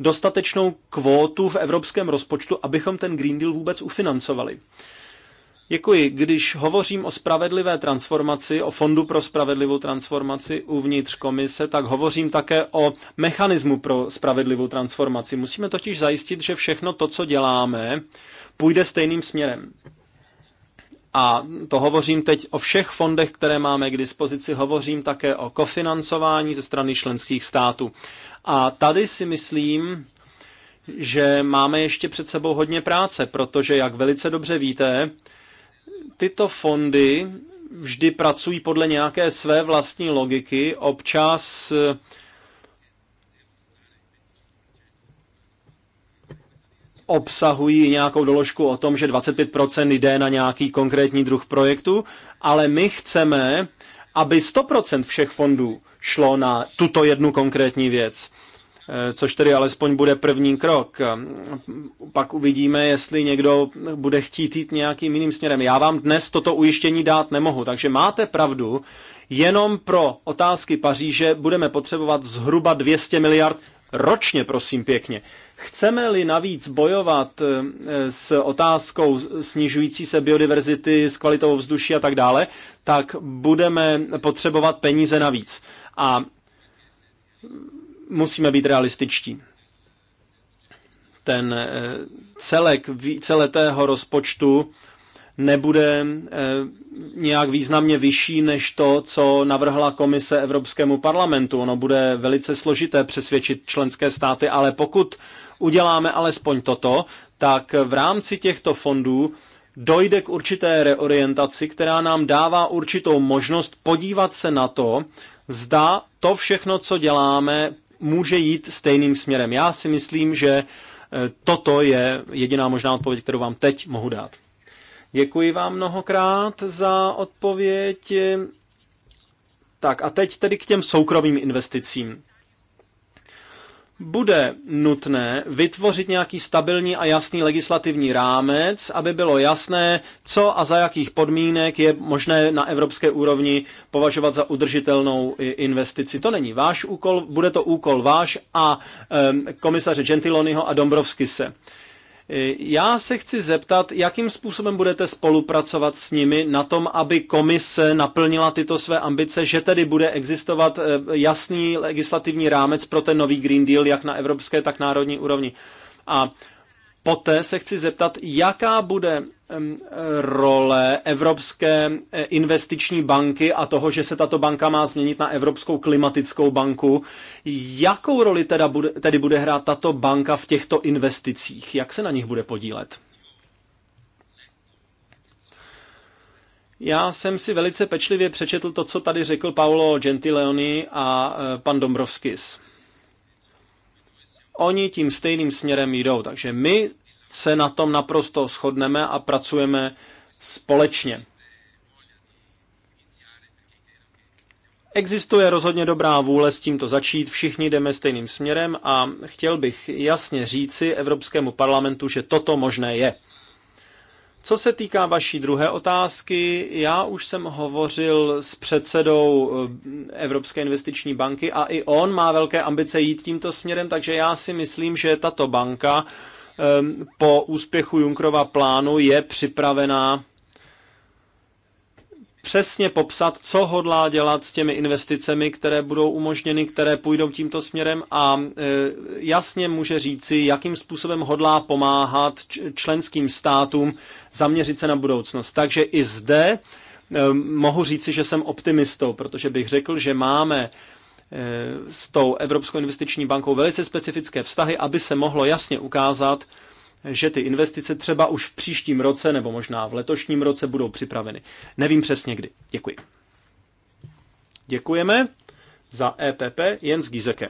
dostatečnou kvótu v evropském rozpočtu, abychom ten Green Deal vůbec ufinancovali? Děkuji. Když hovořím o spravedlivé transformaci, o Fondu pro spravedlivou transformaci uvnitř komise, tak hovořím také o mechanismu pro spravedlivou transformaci. Musíme totiž zajistit, že všechno to, co děláme, půjde stejným směrem. A to hovořím teď o všech fondech, které máme k dispozici, hovořím také o kofinancování ze strany členských států. A tady si myslím, že máme ještě před sebou hodně práce, protože, jak velice dobře víte, tyto fondy vždy pracují podle nějaké své vlastní logiky, občas eh, obsahují nějakou doložku o tom, že 25% jde na nějaký konkrétní druh projektu, ale my chceme, aby 100% všech fondů šlo na tuto jednu konkrétní věc. Eh, což tedy alespoň bude první krok. Pak uvidíme, jestli někdo bude chtít jít nějakým jiným směrem. Já vám dnes toto ujištění dát nemohu, takže máte pravdu, jenom pro otázky Paříže budeme potřebovat zhruba 200 miliard ročně, prosím pěkně. Chceme-li navíc bojovat eh, s otázkou snižující se biodiverzity, s kvalitou vzduší a tak dále, tak budeme potřebovat peníze navíc. A musíme být realističtí. Ten eh, celek víceletého rozpočtu nebude eh, nějak významně vyšší než to, co navrhla komise Evropskému parlamentu. Ono bude velice složité přesvědčit členské státy, ale pokud uděláme alespoň toto, tak v rámci těchto fondů dojde k určité reorientaci, která nám dává určitou možnost podívat se na to, zda to všechno, co děláme, může jít stejným směrem. Já si myslím, že e, toto je jediná možná odpověď, kterou vám teď mohu dát. Děkuji vám mnohokrát za odpověď. Tak a teď tedy k těm soukromým investicím bude nutné vytvořit nějaký stabilní a jasný legislativní rámec, aby bylo jasné, co a za jakých podmínek je možné na evropské úrovni považovat za udržitelnou investici. To není váš úkol, bude to úkol váš a komisaře Gentiloniho a Dombrovskise. se. Já se chci zeptat, jakým způsobem budete spolupracovat s nimi na tom, aby komise naplnila tyto své ambice, že tedy bude existovat eh, jasný legislativní rámec pro ten nový Green Deal, jak na evropské, tak národní úrovni. A Poté se chci zeptat, jaká bude role Evropské eh, investiční banky a toho, že se tato banka má změnit na Evropskou klimatickou banku. Jakou roli teda bude, tedy bude hrát tato banka v těchto investicích? Jak se na nich bude podílet? Já jsem si velice pečlivě přečetl to, co tady řekl Paolo Gentileoni a eh, pan Dombrovskis. Oni tím stejným směrem jdou, takže my se na tom naprosto shodneme a pracujeme společně. Existuje rozhodně dobrá vůle s tímto začít, všichni jdeme stejným směrem a chtěl bych jasně říci Evropskému parlamentu, že toto možné je. Co se týká vaší druhé otázky, já už jsem hovořil s předsedou eh, Evropské investiční banky a i on má velké ambice jít tímto směrem, takže já si myslím, že tato banka eh, po úspěchu Junkrova plánu je připravená přesně popsat, co hodlá dělat s těmi investicemi, které budou umožněny, které půjdou tímto směrem a e, jasně může říci, jakým způsobem hodlá pomáhat členským státům zaměřit se na budoucnost. Takže i zde e, mohu říci, že jsem optimistou, protože bych řekl, že máme e, s tou Evropskou investiční bankou velice specifické vztahy, aby se mohlo jasně ukázat, že ty investice třeba už v příštím roce nebo možná v letošním roce budou připraveny. Nevím přesně kdy. Děkuji. Děkujeme za EPP Jens Gizeke.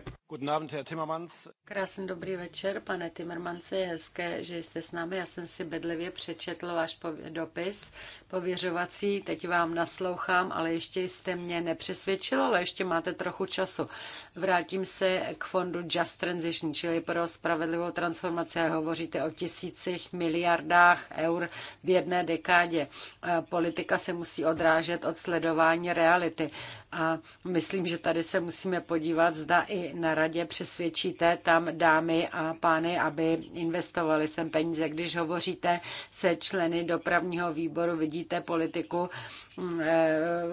Krásný dobrý večer, pane Timmermans, je hezké, že jste s námi. Já jsem si bedlivě přečetl váš dopis pověřovací, teď vám naslouchám, ale ještě jste mě nepřesvědčil, ale ještě máte trochu času. Vrátím se k fondu Just Transition, čili pro spravedlivou transformaci. Hovoříte o tisících miliardách eur v jedné dekádě. E, politika se musí odrážet od sledování reality. A myslím, že tady se musíme podívat, zda i na radě přesvědčíte tam dámy a pány, aby investovali sem peníze. Když hovoříte se členy dopravního výboru, vidíte politiku, mm, e,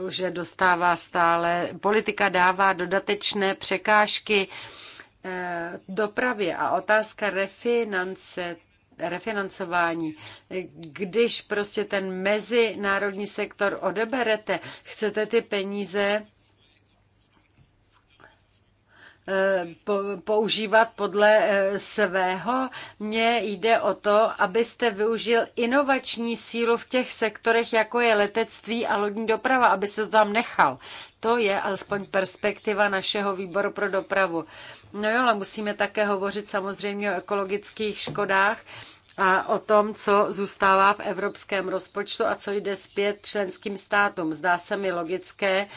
že dostává stále, politika dává dodatečné překážky e, dopravě a otázka refinance refinancování. Když prostě ten mezinárodní sektor odeberete, chcete ty peníze používat podle eh, svého. Mně jde o to, abyste využil inovační sílu v těch sektorech, jako je letectví a lodní doprava, abyste to tam nechal. To je alespoň perspektiva našeho výboru pro dopravu. No jo, ale musíme také hovořit samozřejmě o ekologických škodách a o tom, co zůstává v evropském rozpočtu a co jde zpět členským státům. Zdá se mi logické,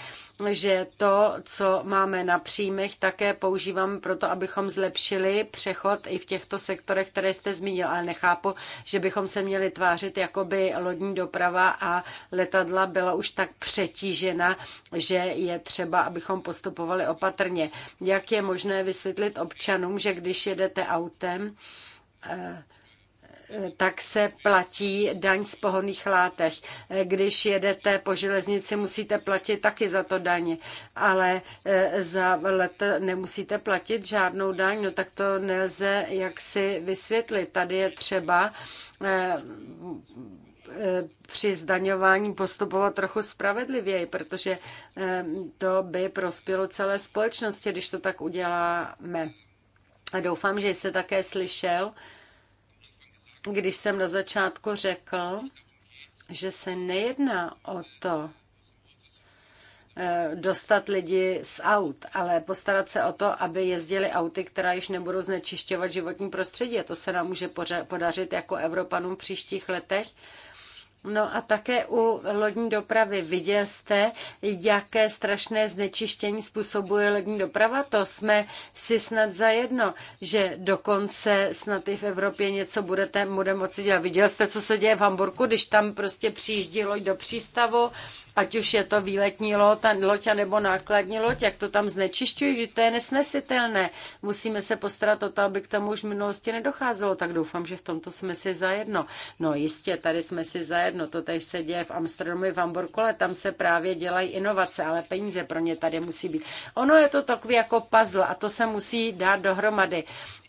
že to, co máme na příjmech, také používám pro to, abychom zlepšili přechod i v těchto sektorech, které jste zmínil, ale nechápu, že bychom se měli tvářit, jako by lodní doprava a letadla byla už tak přetížena, že je třeba, abychom postupovali opatrně. Jak je možné vysvětlit občanům, že když jedete autem, eh, tak se platí daň z pohonných látech. Když jedete po železnici, musíte platit taky za to daň, ale e, za let nemusíte platit žádnou daň, no tak to nelze jak si vysvětlit. Tady je třeba e, e, při zdaňování postupovat trochu spravedlivěji, protože to by prospělo celé společnosti, když to tak uděláme. A doufám, že jste také slyšel, když jsem na začátku řekl, že se nejedná o to eh, dostat lidi z aut, ale postarat se o to, aby jezdili auty, která již nebudou znečišťovat životní prostředí. A to se nám může podařit jako Evropanům v příštích letech No a také u lodní dopravy viděl jste, jaké strašné znečištění způsobuje lodní doprava. To jsme si snad zajedno, že dokonce snad i v Evropě něco budete, bude moci dělat. Viděl jste, co se děje v Hamburku, když tam prostě přijíždí loď do přístavu, ať už je to výletní loď, loď nebo nákladní loď, jak to tam znečišťují, že to je nesnesitelné. Musíme se postarat o to, aby k tomu už v minulosti nedocházelo. Tak doufám, že v tomto jsme si zajedno. No jistě, tady jsme si zajedno jedno. To tež se děje v Amsterdamu i v Hamburku, ale tam se právě dělají inovace, ale peníze pro ně tady musí být. Ono je to takový jako puzzle a to se musí dát dohromady.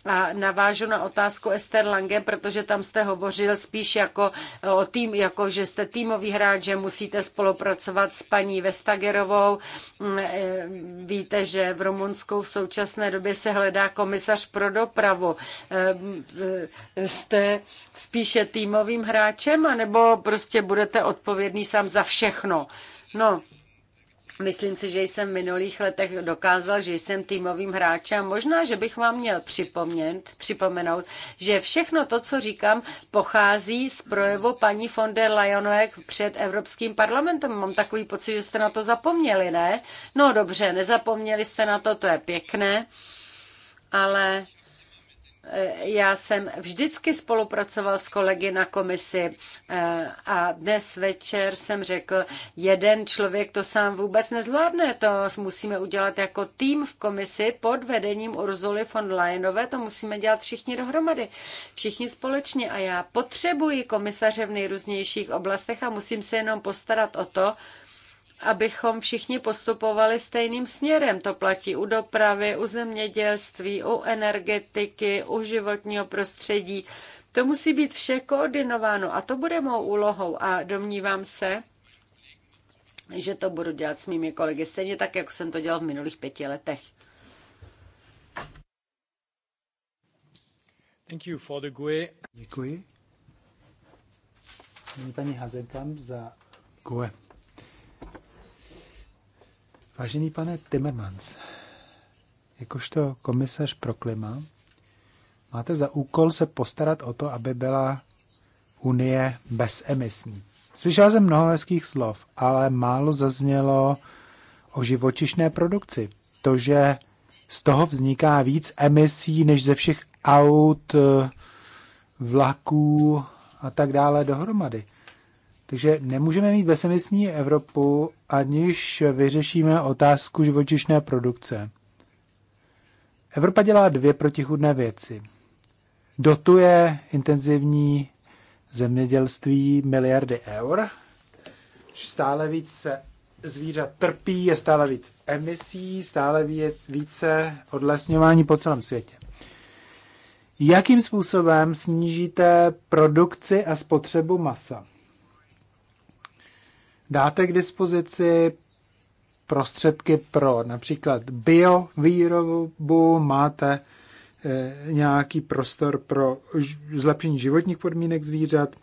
A navážu na otázku Ester Lange, protože tam jste hovořil spíš jako o tým, jako že jste týmový hráč, že musíte spolupracovat s paní Vestagerovou. Mm, e, víte, že v Rumunsku v současné době se hledá komisař pro dopravu. E, e, jste spíše týmovým hráčem, anebo prostě budete odpovědný sám za všechno? No, Myslím si, že jsem v minulých letech dokázal, že jsem týmovým hráčem možná, že bych vám měl připomenout, že všechno to, co říkám, pochází z projevu paní von der Leyenové před Evropským parlamentem. Mám takový pocit, že jste na to zapomněli, ne? No dobře, nezapomněli jste na to, to je pěkné, ale Eh, já jsem vždycky spolupracoval s kolegy na komisi eh, a dnes večer jsem řekl, jeden člověk to sám vůbec nezvládne, to musíme udělat jako tým v komisi pod vedením Urzuly von Leyenové, to musíme dělat všichni dohromady, všichni společně a já potřebuji komisaře v nejrůznějších oblastech a musím se jenom postarat o to, abychom všichni postupovali stejným směrem. To platí u dopravy, u zemědělství, u energetiky, u životního prostředí. To musí být vše koordinováno a to bude mou úlohou a domnívám se, že to budu dělat s mými kolegy, stejně tak, jako jsem to dělal v minulých pěti letech. Thank you for the GUE. Děkuji. Nyní paní Hazekamp za GUE. Vážený pane Timmermans, jakožto komisař pro klima, máte za úkol se postarat o to, aby byla Unie bezemisní. Slyšel jsem mnoho hezkých slov, ale málo zaznělo o živočišné produkci. To, že z toho vzniká víc emisí než ze všech aut, eh, vlaků a tak dále dohromady. Takže nemůžeme mít bezemisní Evropu, aniž vyřešíme otázku živočišné produkce. Evropa dělá dvě protichudné věci. Dotuje intenzivní zemědělství miliardy eur, stále více zvířat trpí, je stále víc emisí, stále víc, více odlesňování po celém světě. Jakým způsobem snížíte produkci a spotřebu masa? dáte k dispozici prostředky pro například biovýrobu, máte eh, nějaký prostor pro zlepšení životních podmínek zvířat.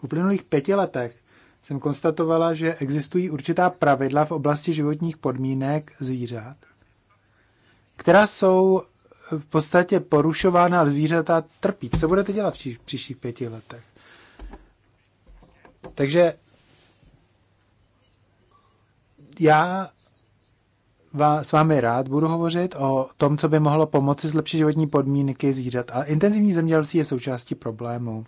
V uplynulých pěti letech jsem konstatovala, že existují určitá pravidla v oblasti životních podmínek zvířat, která jsou v podstatě porušována a zvířata trpí. Co budete dělat v příštích pěti letech? Takže já s vámi rád budu hovořit o tom, co by mohlo pomoci zlepšit životní podmínky zvířat. A intenzivní zemědělství je součástí problému.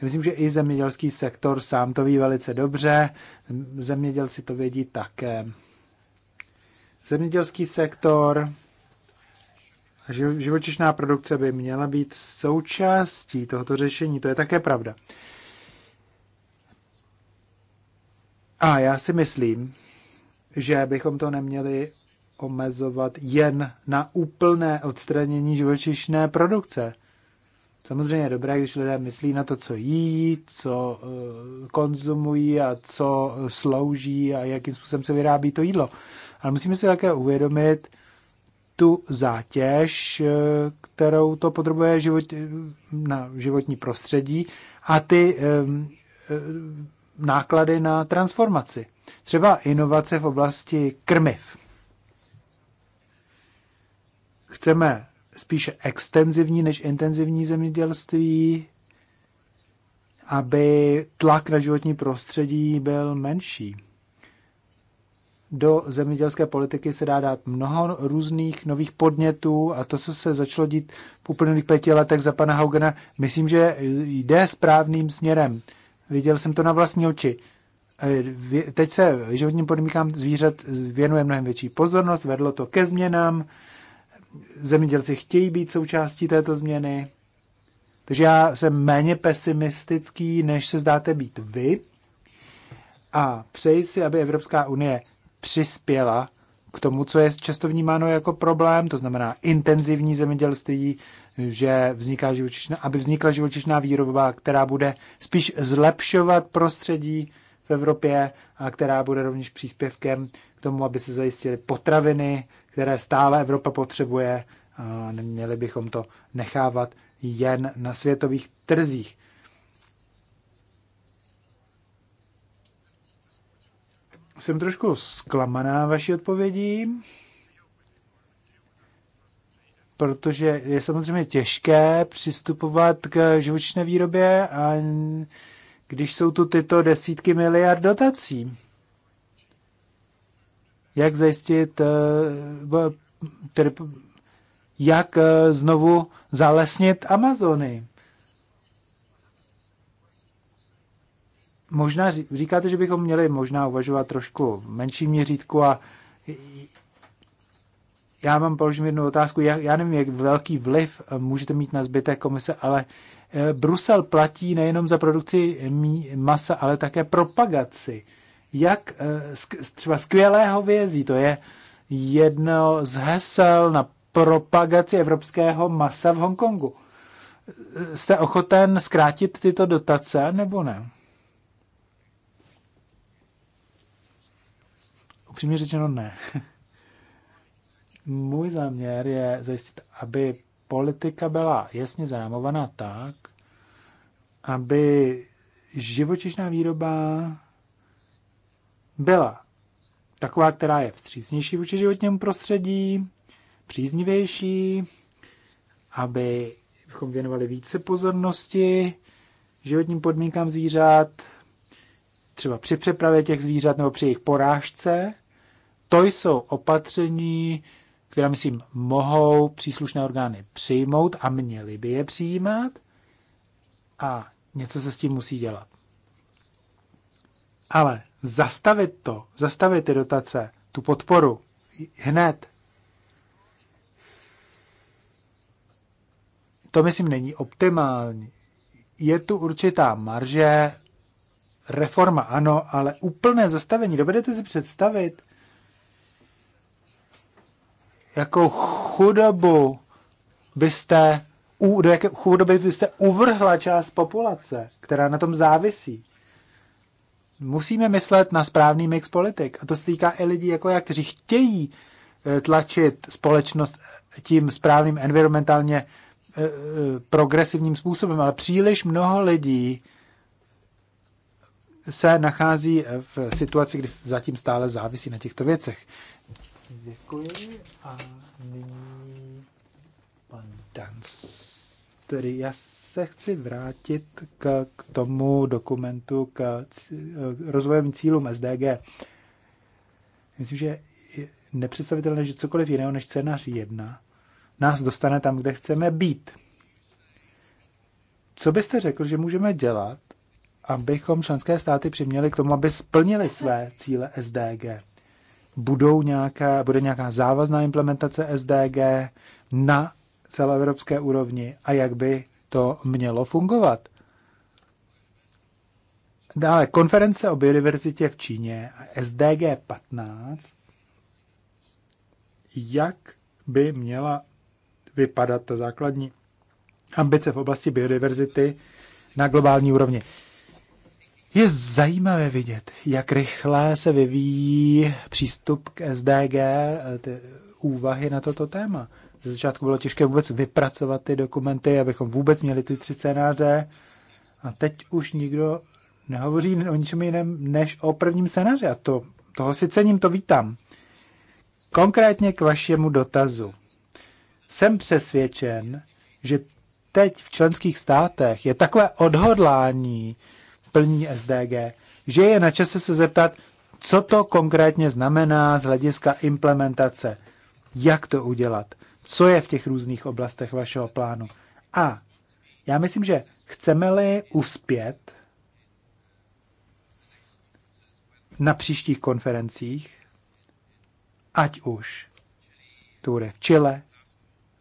Já myslím, že i zemědělský sektor sám to ví velice dobře, zemědělci to vědí také. Zemědělský sektor a živočišná produkce by měla být součástí tohoto řešení, to je také pravda. A já si myslím, že bychom to neměli omezovat jen na úplné odstranění živočišné produkce. Samozřejmě je dobré, když lidé myslí na to, co jí, co eh, konzumují a co slouží a jakým způsobem se vyrábí to jídlo. Ale musíme si také uvědomit tu zátěž, eh, kterou to podrobuje život, eh, na životní prostředí a ty náklady na transformaci. Třeba inovace v oblasti krmiv. Chceme spíše extenzivní než intenzivní zemědělství, aby tlak na životní prostředí byl menší. Do zemědělské politiky se dá dát mnoho různých nových podnětů a to, co se začalo dít v úplných pěti letech za pana Haugena, myslím, že jde správným směrem. Viděl jsem to na vlastní oči. Eh, teď se životním podmínkám zvířat věnuje mnohem větší pozornost, vedlo to ke změnám, zemědělci chtějí být součástí této změny, takže já jsem méně pesimistický, než se zdáte být vy a přeji si, aby Evropská unie přispěla k tomu, co je často vnímáno jako problém, to znamená intenzivní zemědělství, že vzniká živočišná, aby vznikla živočišná výroba, která bude spíš zlepšovat prostředí, Evropě a která bude rovněž příspěvkem k tomu, aby se zajistily potraviny, které stále Evropa potřebuje a neměli bychom to nechávat jen na světových trzích. Jsem trošku zklamaná vaší odpovědí, protože je samozřejmě těžké přistupovat k živočné výrobě a když jsou tu tyto desítky miliard dotací? Jak zajistit, eh, tedy, jak eh, znovu zalesnit Amazony? Možná říkáte, že bychom měli možná uvažovat trošku v menším měřítku a já mám položím jednu otázku. Já, já nevím, jak velký vliv můžete mít na zbytek komise, ale Eh, Brusel platí nejenom za produkci masa, ale také propagaci. Jak eh, třeba skvělého vězí, to je jedno z hesel na propagaci evropského masa v Hongkongu. Eh, jste ochoten zkrátit tyto dotace nebo ne? Upřímně řečeno ne. Můj záměr je zajistit, aby politika byla jasně zarámovaná tak, aby živočišná výroba byla taková, která je vstřícnější vůči životnímu prostředí, příznivější, aby bychom věnovali více pozornosti životním podmínkám zvířat, třeba při přepravě těch zvířat nebo při jejich porážce. To jsou opatření, která myslím, mohou příslušné orgány přijmout a měly by je přijímat a něco se s tím musí dělat. Ale zastavit to, zastavit ty dotace, tu podporu hned, to myslím není optimální. Je tu určitá marže, reforma ano, ale úplné zastavení. Dovedete si představit, jakou chudobu byste, do jaké chudoby byste uvrhla část populace, která na tom závisí. Musíme myslet na správný mix politik. A to se týká i lidí jako já, kteří chtějí eh, tlačit společnost tím správným environmentálně eh, eh, progresivním způsobem, ale příliš mnoho lidí se nachází v situaci, kdy zatím stále závisí na těchto věcech. Děkuji a nyní pan Dans. Tedy já se chci vrátit k, k tomu dokumentu, k, k rozvojovým cílům SDG. Myslím, že je nepředstavitelné, že cokoliv jiného než scénář jedna, nás dostane tam, kde chceme být. Co byste řekl, že můžeme dělat, abychom členské státy přiměli k tomu, aby splnili své cíle SDG? budou nějaká, bude nějaká závazná implementace SDG na celoevropské úrovni a jak by to mělo fungovat. Dále konference o biodiverzitě v Číně a SDG 15. Jak by měla vypadat ta základní ambice v oblasti biodiverzity na globální úrovni? Je zajímavé vidět, jak rychle se vyvíjí přístup k SDG, eh, ty úvahy na toto téma. Ze začátku bylo těžké vůbec vypracovat ty dokumenty, abychom vůbec měli ty tři scénáře. A teď už nikdo nehovoří o ničem jiném než o prvním scénáři. A to, toho si cením, to vítám. Konkrétně k vašemu dotazu. Jsem přesvědčen, že teď v členských státech je takové odhodlání plní SDG, že je na čase se zeptat, co to konkrétně znamená z hlediska implementace, jak to udělat, co je v těch různých oblastech vašeho plánu. A já myslím, že chceme-li uspět na příštích konferencích, ať už to bude v Chile,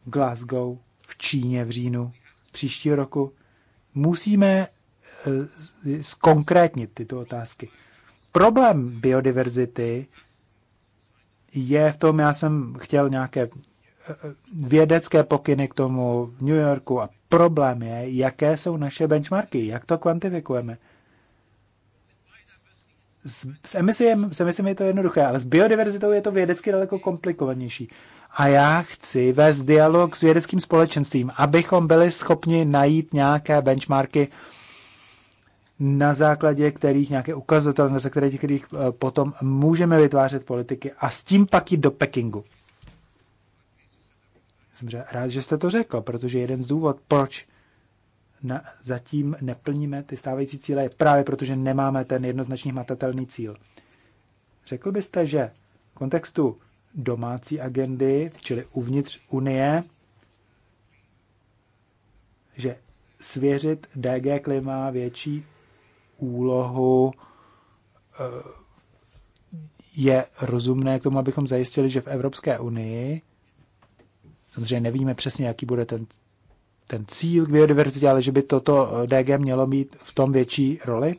v Glasgow, v Číně v říjnu příštího roku, musíme Eh, zkonkrétnit tyto otázky. Problém biodiverzity je v tom, já jsem chtěl nějaké eh, vědecké pokyny k tomu v New Yorku a problém je, jaké jsou naše benchmarky, jak to kvantifikujeme. S, s, emisiem, s emisemi je to jednoduché, ale s biodiverzitou je to vědecky daleko komplikovanější. A já chci vést dialog s vědeckým společenstvím, abychom byli schopni najít nějaké benchmarky, uh, na základě kterých nějaké ukazatele, na základě kterých eh, potom můžeme vytvářet politiky a s tím pak jít do Pekingu. Jsem rád, že jste to řekl, protože jeden z důvod, proč na, zatím neplníme ty stávající cíle, je právě proto, že nemáme ten jednoznačný matatelný cíl. Řekl byste, že v kontextu domácí agendy, čili uvnitř Unie, že svěřit DG klima větší úlohu eh, je rozumné k tomu, abychom zajistili, že v Evropské unii, samozřejmě nevíme přesně, jaký bude ten, ten cíl k biodiverzitě, ale že by toto eh, DG mělo být v tom větší roli.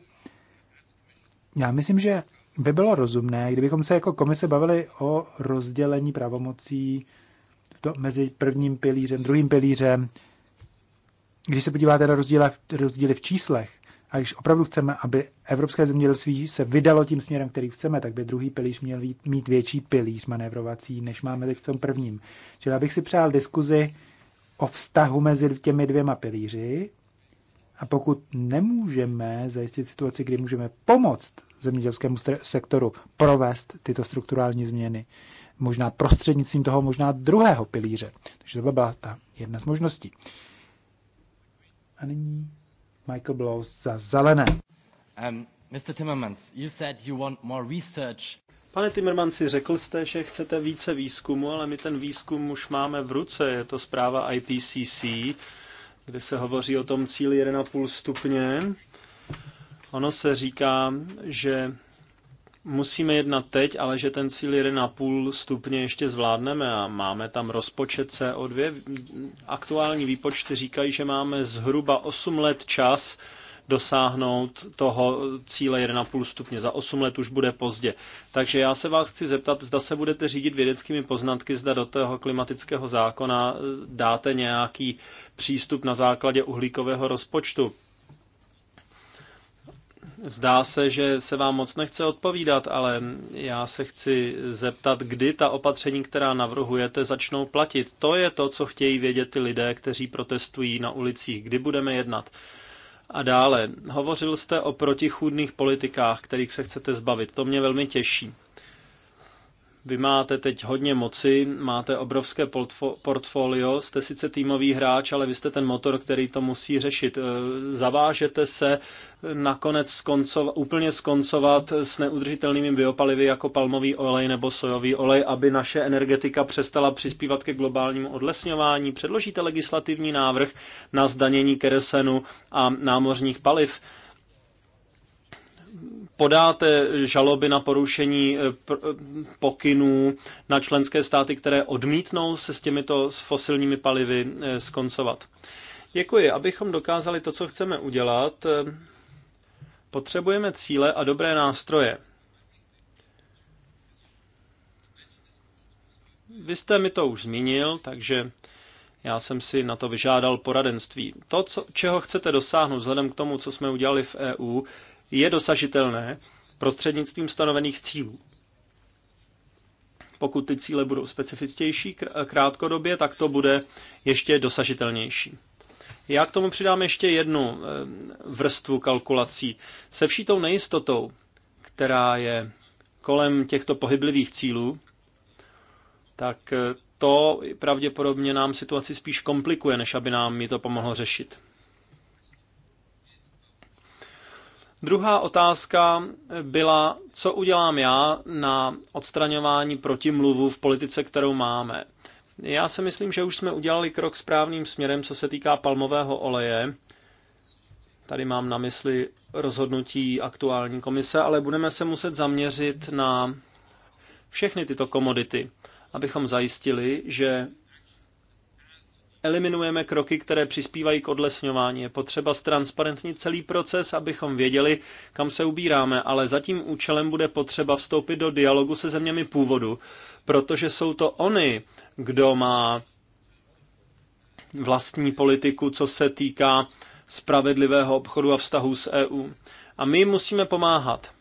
Já myslím, že by bylo rozumné, kdybychom se jako komise bavili o rozdělení pravomocí to, mezi prvním pilířem, druhým pilířem. Když se podíváte na rozdíly, rozdíly v číslech, a když opravdu chceme, aby evropské zemědělství se vydalo tím směrem, který chceme, tak by druhý pilíř měl mít větší pilíř manévrovací, než máme teď v tom prvním. Čili abych si přál diskuzi o vztahu mezi těmi dvěma pilíři. A pokud nemůžeme zajistit situaci, kdy můžeme pomoct zemědělskému sektoru provést tyto strukturální změny, možná prostřednictvím toho možná druhého pilíře. Takže to byla ta jedna z možností. A nyní Michael Blows za zelené. Um, Mr. Timmermans, you said you want more research. Pane Timmermansi, řekl jste, že chcete více výzkumu, ale my ten výzkum už máme v ruce. Je to zpráva IPCC, kde se hovoří o tom cíli 1,5 stupně. Ono se říká, že musíme jednat teď, ale že ten cíl 1,5 stupně ještě zvládneme a máme tam rozpočet CO2. Aktuální výpočty říkají, že máme zhruba 8 let čas dosáhnout toho cíle 1,5 stupně. Za 8 let už bude pozdě. Takže já se vás chci zeptat, zda se budete řídit vědeckými poznatky, zda do toho klimatického zákona dáte nějaký přístup na základě uhlíkového rozpočtu Zdá se, že se vám moc nechce odpovídat, ale já se chci zeptat, kdy ta opatření, která navrhujete, začnou platit. To je to, co chtějí vědět ty lidé, kteří protestují na ulicích. Kdy budeme jednat? A dále, hovořil jste o protichůdných politikách, kterých se chcete zbavit. To mě velmi těší. Vy máte teď hodně moci, máte obrovské portfolio, jste sice týmový hráč, ale vy jste ten motor, který to musí řešit. E, zavážete se nakonec skoncov, úplně skoncovat s neudržitelnými biopalivy jako palmový olej nebo sojový olej, aby naše energetika přestala přispívat ke globálnímu odlesňování. Předložíte legislativní návrh na zdanění keresenu a námořních paliv podáte žaloby na porušení eh, pokynů na členské státy, které odmítnou se s těmito fosilními palivy eh, skoncovat. Děkuji. Abychom dokázali to, co chceme udělat, eh, potřebujeme cíle a dobré nástroje. Vy jste mi to už zmínil, takže já jsem si na to vyžádal poradenství. To, co, čeho chcete dosáhnout vzhledem k tomu, co jsme udělali v EU, je dosažitelné prostřednictvím stanovených cílů. Pokud ty cíle budou specifičtější krátkodobě, tak to bude ještě dosažitelnější. Já k tomu přidám ještě jednu eh, vrstvu kalkulací. Se vší tou nejistotou, která je kolem těchto pohyblivých cílů, tak eh, to pravděpodobně nám situaci spíš komplikuje, než aby nám ji to pomohlo řešit. Druhá otázka byla, co udělám já na odstraňování protimluvu v politice, kterou máme. Já si myslím, že už jsme udělali krok správným směrem, co se týká palmového oleje. Tady mám na mysli rozhodnutí aktuální komise, ale budeme se muset zaměřit na všechny tyto komodity, abychom zajistili, že eliminujeme kroky, které přispívají k odlesňování. Je potřeba ztransparentnit celý proces, abychom věděli, kam se ubíráme, ale za tím účelem bude potřeba vstoupit do dialogu se zeměmi původu, protože jsou to oni, kdo má vlastní politiku, co se týká spravedlivého obchodu a vztahu s EU. A my musíme pomáhat.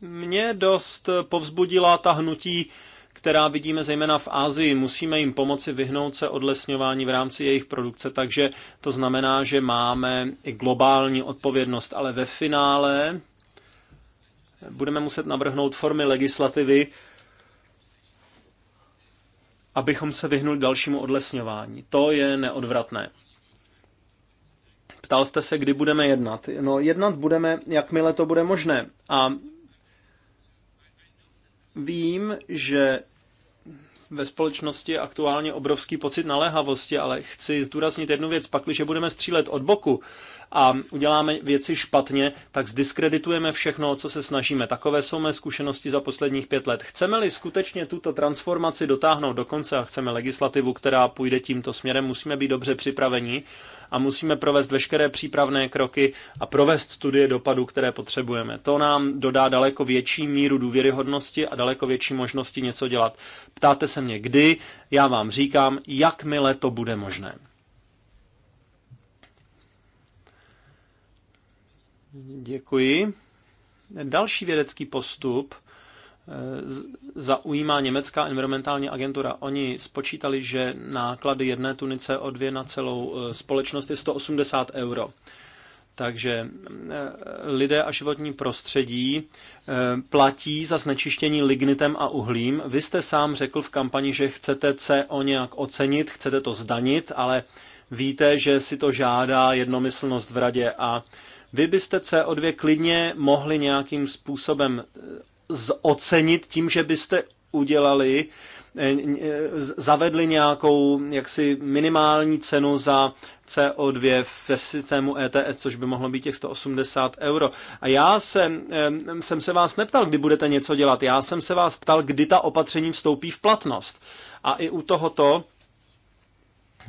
Mě dost povzbudila ta hnutí která vidíme zejména v Asii. Musíme jim pomoci vyhnout se odlesňování v rámci jejich produkce, takže to znamená, že máme i globální odpovědnost, ale ve finále budeme muset navrhnout formy legislativy, abychom se vyhnuli dalšímu odlesňování. To je neodvratné. Ptal jste se, kdy budeme jednat. No, jednat budeme, jakmile to bude možné. A vím, že ve společnosti je aktuálně obrovský pocit naléhavosti, ale chci zdůraznit jednu věc. Pak, když budeme střílet od boku a uděláme věci špatně, tak zdiskreditujeme všechno, co se snažíme. Takové jsou mé zkušenosti za posledních pět let. Chceme-li skutečně tuto transformaci dotáhnout do konce a chceme legislativu, která půjde tímto směrem, musíme být dobře připraveni a musíme provést veškeré přípravné kroky a provést studie dopadu, které potřebujeme. To nám dodá daleko větší míru důvěryhodnosti a daleko větší možnosti něco dělat. Ptáte se mě kdy, já vám říkám, jakmile to bude možné. Děkuji. Další vědecký postup Eh, zaujímá německá environmentální agentura. Oni spočítali, že náklady jedné tunice o dvě na celou eh, společnost je 180 euro. Takže eh, lidé a životní prostředí platí za znečištění lignitem a uhlím. Vy jste sám řekl v kampani, že chcete CO nějak ocenit, chcete to zdanit, ale víte, že si to žádá jednomyslnost v radě a vy byste CO2 klidně mohli nějakým způsobem ocenit tím, že byste udělali, eh, eh, zavedli nějakou jaksi minimální cenu za CO2 ve systému ETS, což by mohlo být těch 180 euro. A já jsem, eh, jsem se vás neptal, kdy budete něco dělat. Já jsem se vás ptal, kdy ta opatření vstoupí v platnost. A i u tohoto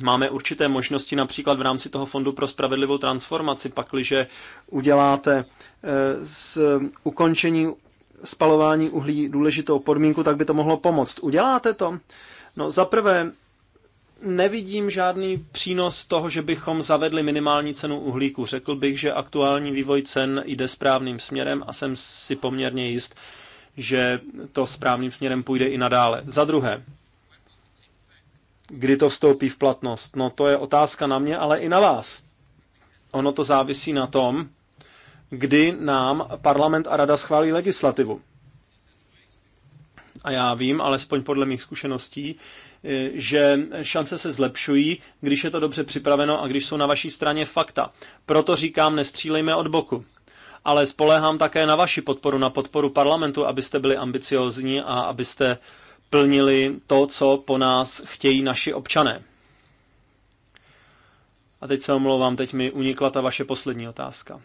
máme určité možnosti, například v rámci toho Fondu pro spravedlivou transformaci, pakliže uděláte z ukončení spalování uhlí důležitou podmínku, tak by to mohlo pomoct. Uděláte to? No za prvé, nevidím žádný přínos toho, že bychom zavedli minimální cenu uhlíku. Řekl bych, že aktuální vývoj cen jde správným směrem a jsem si poměrně jist, že to správným směrem půjde i nadále. Za druhé, kdy to vstoupí v platnost? No to je otázka na mě, ale i na vás. Ono to závisí na tom, kdy nám parlament a rada schválí legislativu. A já vím, alespoň podle mých zkušeností, eh, že šance se zlepšují, když je to dobře připraveno a když jsou na vaší straně fakta. Proto říkám, nestřílejme od boku. Ale spoléhám také na vaši podporu, na podporu parlamentu, abyste byli ambiciozní a abyste plnili to, co po nás chtějí naši občané. A teď se omlouvám, teď mi unikla ta vaše poslední otázka.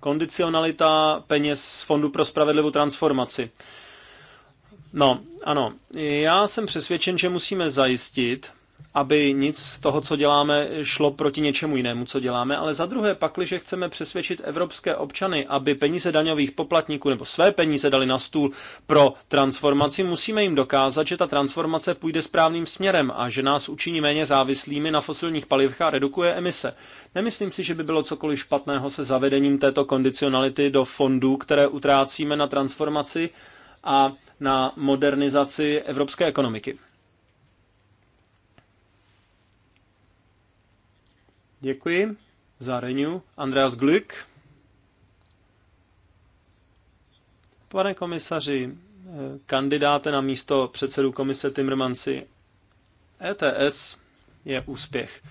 Kondicionalita peněz z Fondu pro spravedlivou transformaci. No, ano, já jsem přesvědčen, že musíme zajistit, aby nic z toho, co děláme, šlo proti něčemu jinému, co děláme, ale za druhé pakli, že chceme přesvědčit evropské občany, aby peníze daňových poplatníků nebo své peníze dali na stůl pro transformaci, musíme jim dokázat, že ta transformace půjde správným směrem a že nás učiní méně závislými na fosilních palivech a redukuje emise. Nemyslím si, že by bylo cokoliv špatného se zavedením této kondicionality do fondů, které utrácíme na transformaci a na modernizaci evropské ekonomiky. Děkuji za Renew. Andreas Glück. Pane komisaři, eh, kandidáte na místo předsedu komise Timmermansi, ETS je úspěch.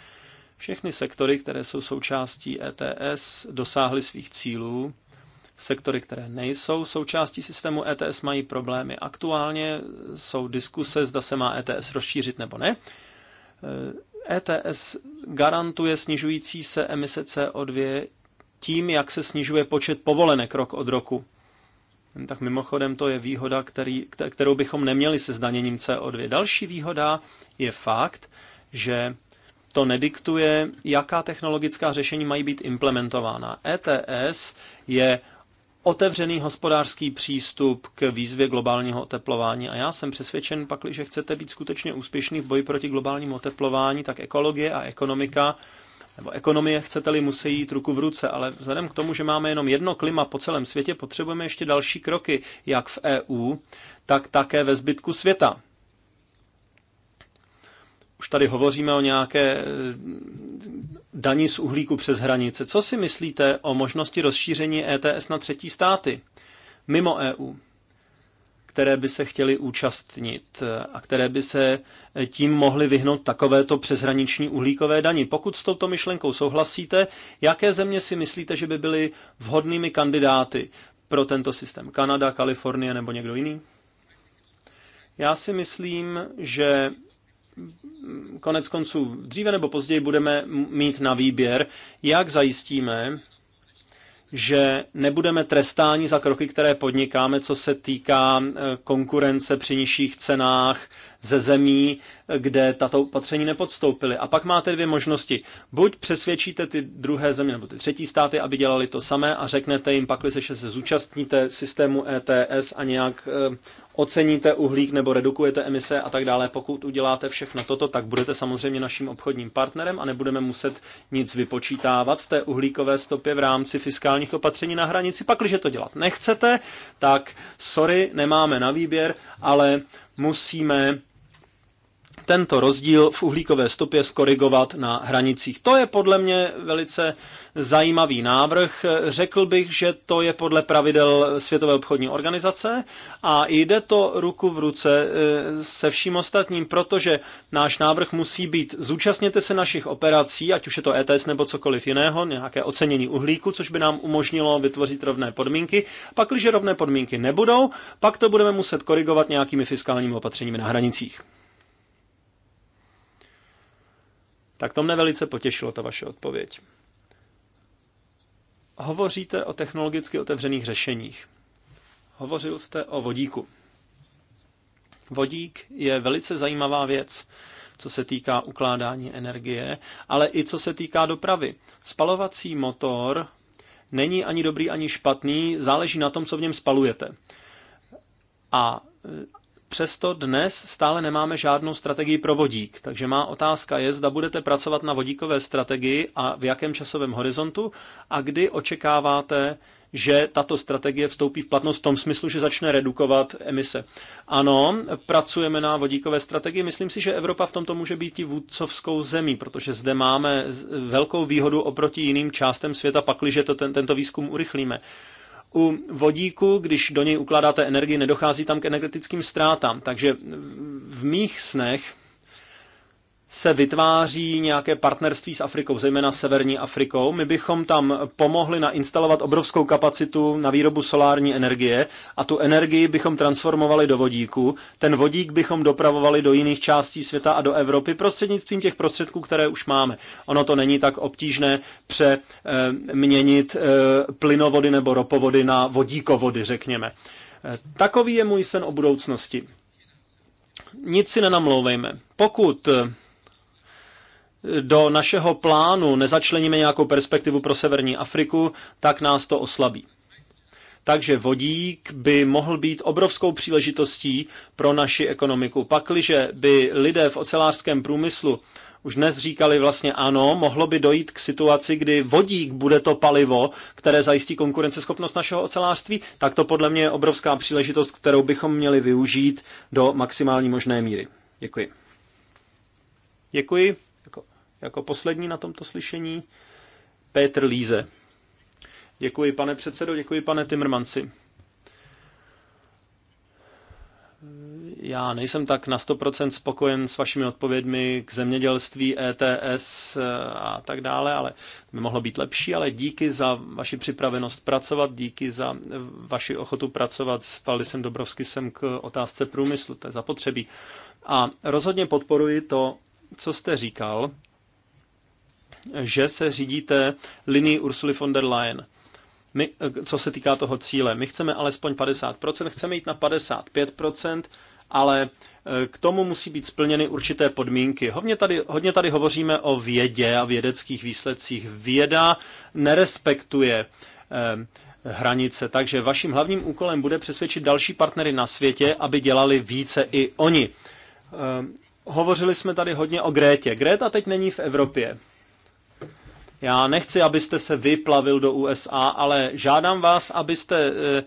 Všechny sektory, které jsou součástí ETS, dosáhly svých cílů. Sektory, které nejsou součástí systému ETS, mají problémy. Aktuálně jsou diskuse, zda se má ETS rozšířit nebo ne. Eh, ETS garantuje snižující se emise CO2 tím, jak se snižuje počet povolenek rok od roku. Tak mimochodem to je výhoda, který, kterou bychom neměli se zdaněním CO2. Další výhoda je fakt, že to nediktuje, jaká technologická řešení mají být implementována. ETS je otevřený hospodářský přístup k výzvě globálního oteplování. A já jsem přesvědčen, pak, že chcete být skutečně úspěšný v boji proti globálnímu oteplování, tak ekologie a ekonomika nebo ekonomie, chcete-li, musí jít ruku v ruce, ale vzhledem k tomu, že máme jenom jedno klima po celém světě, potřebujeme ještě další kroky, jak v EU, tak také ve zbytku světa. Už tady hovoříme o nějaké daní z uhlíku přes hranice. Co si myslíte o možnosti rozšíření ETS na třetí státy mimo EU, které by se chtěly účastnit a které by se tím mohly vyhnout takovéto přeshraniční uhlíkové daní? Pokud s touto myšlenkou souhlasíte, jaké země si myslíte, že by byly vhodnými kandidáty pro tento systém? Kanada, Kalifornie nebo někdo jiný? Já si myslím, že konec konců dříve nebo později budeme mít na výběr, jak zajistíme, že nebudeme trestáni za kroky, které podnikáme, co se týká eh, konkurence při nižších cenách ze zemí, kde tato opatření nepodstoupily. A pak máte dvě možnosti. Buď přesvědčíte ty druhé země nebo ty třetí státy, aby dělali to samé a řeknete jim, pakli se, že se zúčastníte systému ETS a nějak e, oceníte uhlík nebo redukujete emise a tak dále. Pokud uděláte všechno toto, tak budete samozřejmě naším obchodním partnerem a nebudeme muset nic vypočítávat v té uhlíkové stopě v rámci fiskálních opatření na hranici. Pak, když to dělat nechcete, tak sorry, nemáme na výběr, ale musíme tento rozdíl v uhlíkové stopě skorigovat na hranicích. To je podle mě velice zajímavý návrh. Řekl bych, že to je podle pravidel Světové obchodní organizace a jde to ruku v ruce eh, se vším ostatním, protože náš návrh musí být zúčastněte se našich operací, ať už je to ETS nebo cokoliv jiného, nějaké ocenění uhlíku, což by nám umožnilo vytvořit rovné podmínky. Pak, když rovné podmínky nebudou, pak to budeme muset korigovat nějakými fiskálními opatřeními na hranicích. Tak to mne velice potěšilo, ta vaše odpověď. Hovoříte o technologicky otevřených řešeních. Hovořil jste o vodíku. Vodík je velice zajímavá věc, co se týká ukládání energie, ale i co se týká dopravy. Spalovací motor není ani dobrý, ani špatný, záleží na tom, co v něm spalujete. A Přesto dnes stále nemáme žádnou strategii pro vodík, takže má otázka je, zda budete pracovat na vodíkové strategii a v jakém časovém horizontu a kdy očekáváte, že tato strategie vstoupí v platnost v tom smyslu, že začne redukovat emise. Ano, pracujeme na vodíkové strategii. Myslím si, že Evropa v tomto může být i vůdcovskou zemí, protože zde máme velkou výhodu oproti jiným částem světa, pakliže to ten, tento výzkum urychlíme u vodíku, když do něj ukládáte energii, nedochází tam k energetickým ztrátám. Takže v mých snech se vytváří nějaké partnerství s Afrikou, zejména Severní Afrikou. My bychom tam pomohli nainstalovat obrovskou kapacitu na výrobu solární energie a tu energii bychom transformovali do vodíku. Ten vodík bychom dopravovali do jiných částí světa a do Evropy prostřednictvím těch prostředků, které už máme. Ono to není tak obtížné přeměnit eh, eh, plynovody nebo ropovody na vodíkovody, řekněme. Eh, takový je můj sen o budoucnosti nic si nenamlouvejme. Pokud do našeho plánu nezačleníme nějakou perspektivu pro severní Afriku, tak nás to oslabí. Takže vodík by mohl být obrovskou příležitostí pro naši ekonomiku. Pakliže by lidé v ocelářském průmyslu už dnes říkali vlastně ano, mohlo by dojít k situaci, kdy vodík bude to palivo, které zajistí konkurenceschopnost našeho ocelářství, tak to podle mě je obrovská příležitost, kterou bychom měli využít do maximální možné míry. Děkuji. Děkuji. Jako poslední na tomto slyšení Petr Líze. Děkuji, pane předsedo, děkuji, pane Timmermansi. Já nejsem tak na 100% spokojen s vašimi odpovědmi k zemědělství, ETS eh, a tak dále, ale by mohlo být lepší, ale díky za vaši připravenost pracovat, díky za eh, vaši ochotu pracovat s Valdisem Dobrovskisem k otázce průmyslu, to je zapotřebí. A rozhodně podporuji to, co jste říkal, že se řídíte linii Ursuly von der Leyen. My, eh, co se týká toho cíle, my chceme alespoň 50%, chceme jít na 55%, ale eh, k tomu musí být splněny určité podmínky. Hodně tady, hodně tady hovoříme o vědě a vědeckých výsledcích. Věda nerespektuje eh, hranice. Takže vaším hlavním úkolem bude přesvědčit další partnery na světě, aby dělali více i oni. Eh, hovořili jsme tady hodně o Grétě. Gréta teď není v Evropě. Já nechci, abyste se vyplavil do USA, ale žádám vás, abyste eh,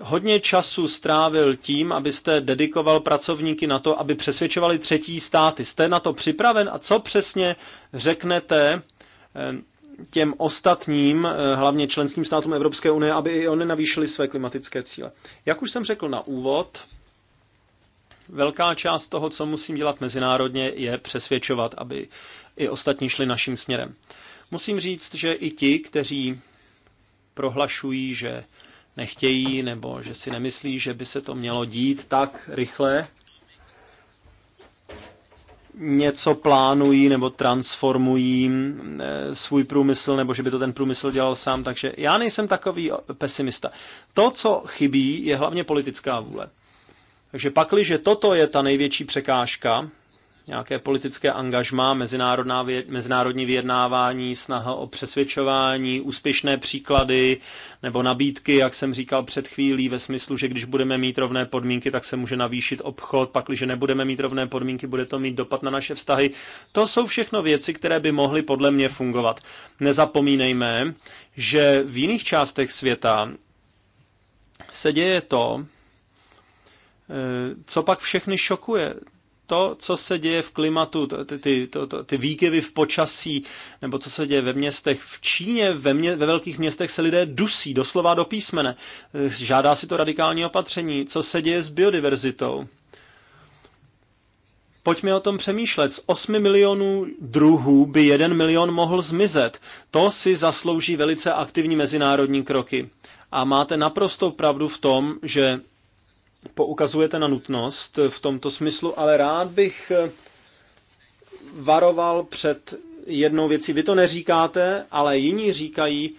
hodně času strávil tím, abyste dedikoval pracovníky na to, aby přesvědčovali třetí státy. Jste na to připraven a co přesně řeknete eh, těm ostatním, eh, hlavně členským státům Evropské unie, aby i oni navýšili své klimatické cíle. Jak už jsem řekl na úvod, velká část toho, co musím dělat mezinárodně, je přesvědčovat, aby i ostatní šli naším směrem. Musím říct, že i ti, kteří prohlašují, že nechtějí nebo že si nemyslí, že by se to mělo dít tak rychle, něco plánují nebo transformují eh, svůj průmysl, nebo že by to ten průmysl dělal sám. Takže já nejsem takový pesimista. To, co chybí, je hlavně politická vůle. Takže pakli, že toto je ta největší překážka, nějaké politické angažma, mezinárodná, mezinárodní vyjednávání, snaha o přesvědčování, úspěšné příklady nebo nabídky, jak jsem říkal před chvílí, ve smyslu, že když budeme mít rovné podmínky, tak se může navýšit obchod, pak když nebudeme mít rovné podmínky, bude to mít dopad na naše vztahy. To jsou všechno věci, které by mohly podle mě fungovat. Nezapomínejme, že v jiných částech světa se děje to, eh, co pak všechny šokuje to, co se děje v klimatu, ty, ty, to, to, ty výkyvy v počasí, nebo co se děje ve městech. V Číně, ve, mě, ve velkých městech se lidé dusí, doslova do písmene. Eh, žádá si to radikální opatření. Co se děje s biodiverzitou? Pojďme o tom přemýšlet. Z 8 milionů druhů by 1 milion mohl zmizet. To si zaslouží velice aktivní mezinárodní kroky. A máte naprosto pravdu v tom, že poukazujete na nutnost v tomto smyslu, ale rád bych eh, varoval před jednou věcí. Vy to neříkáte, ale jiní říkají,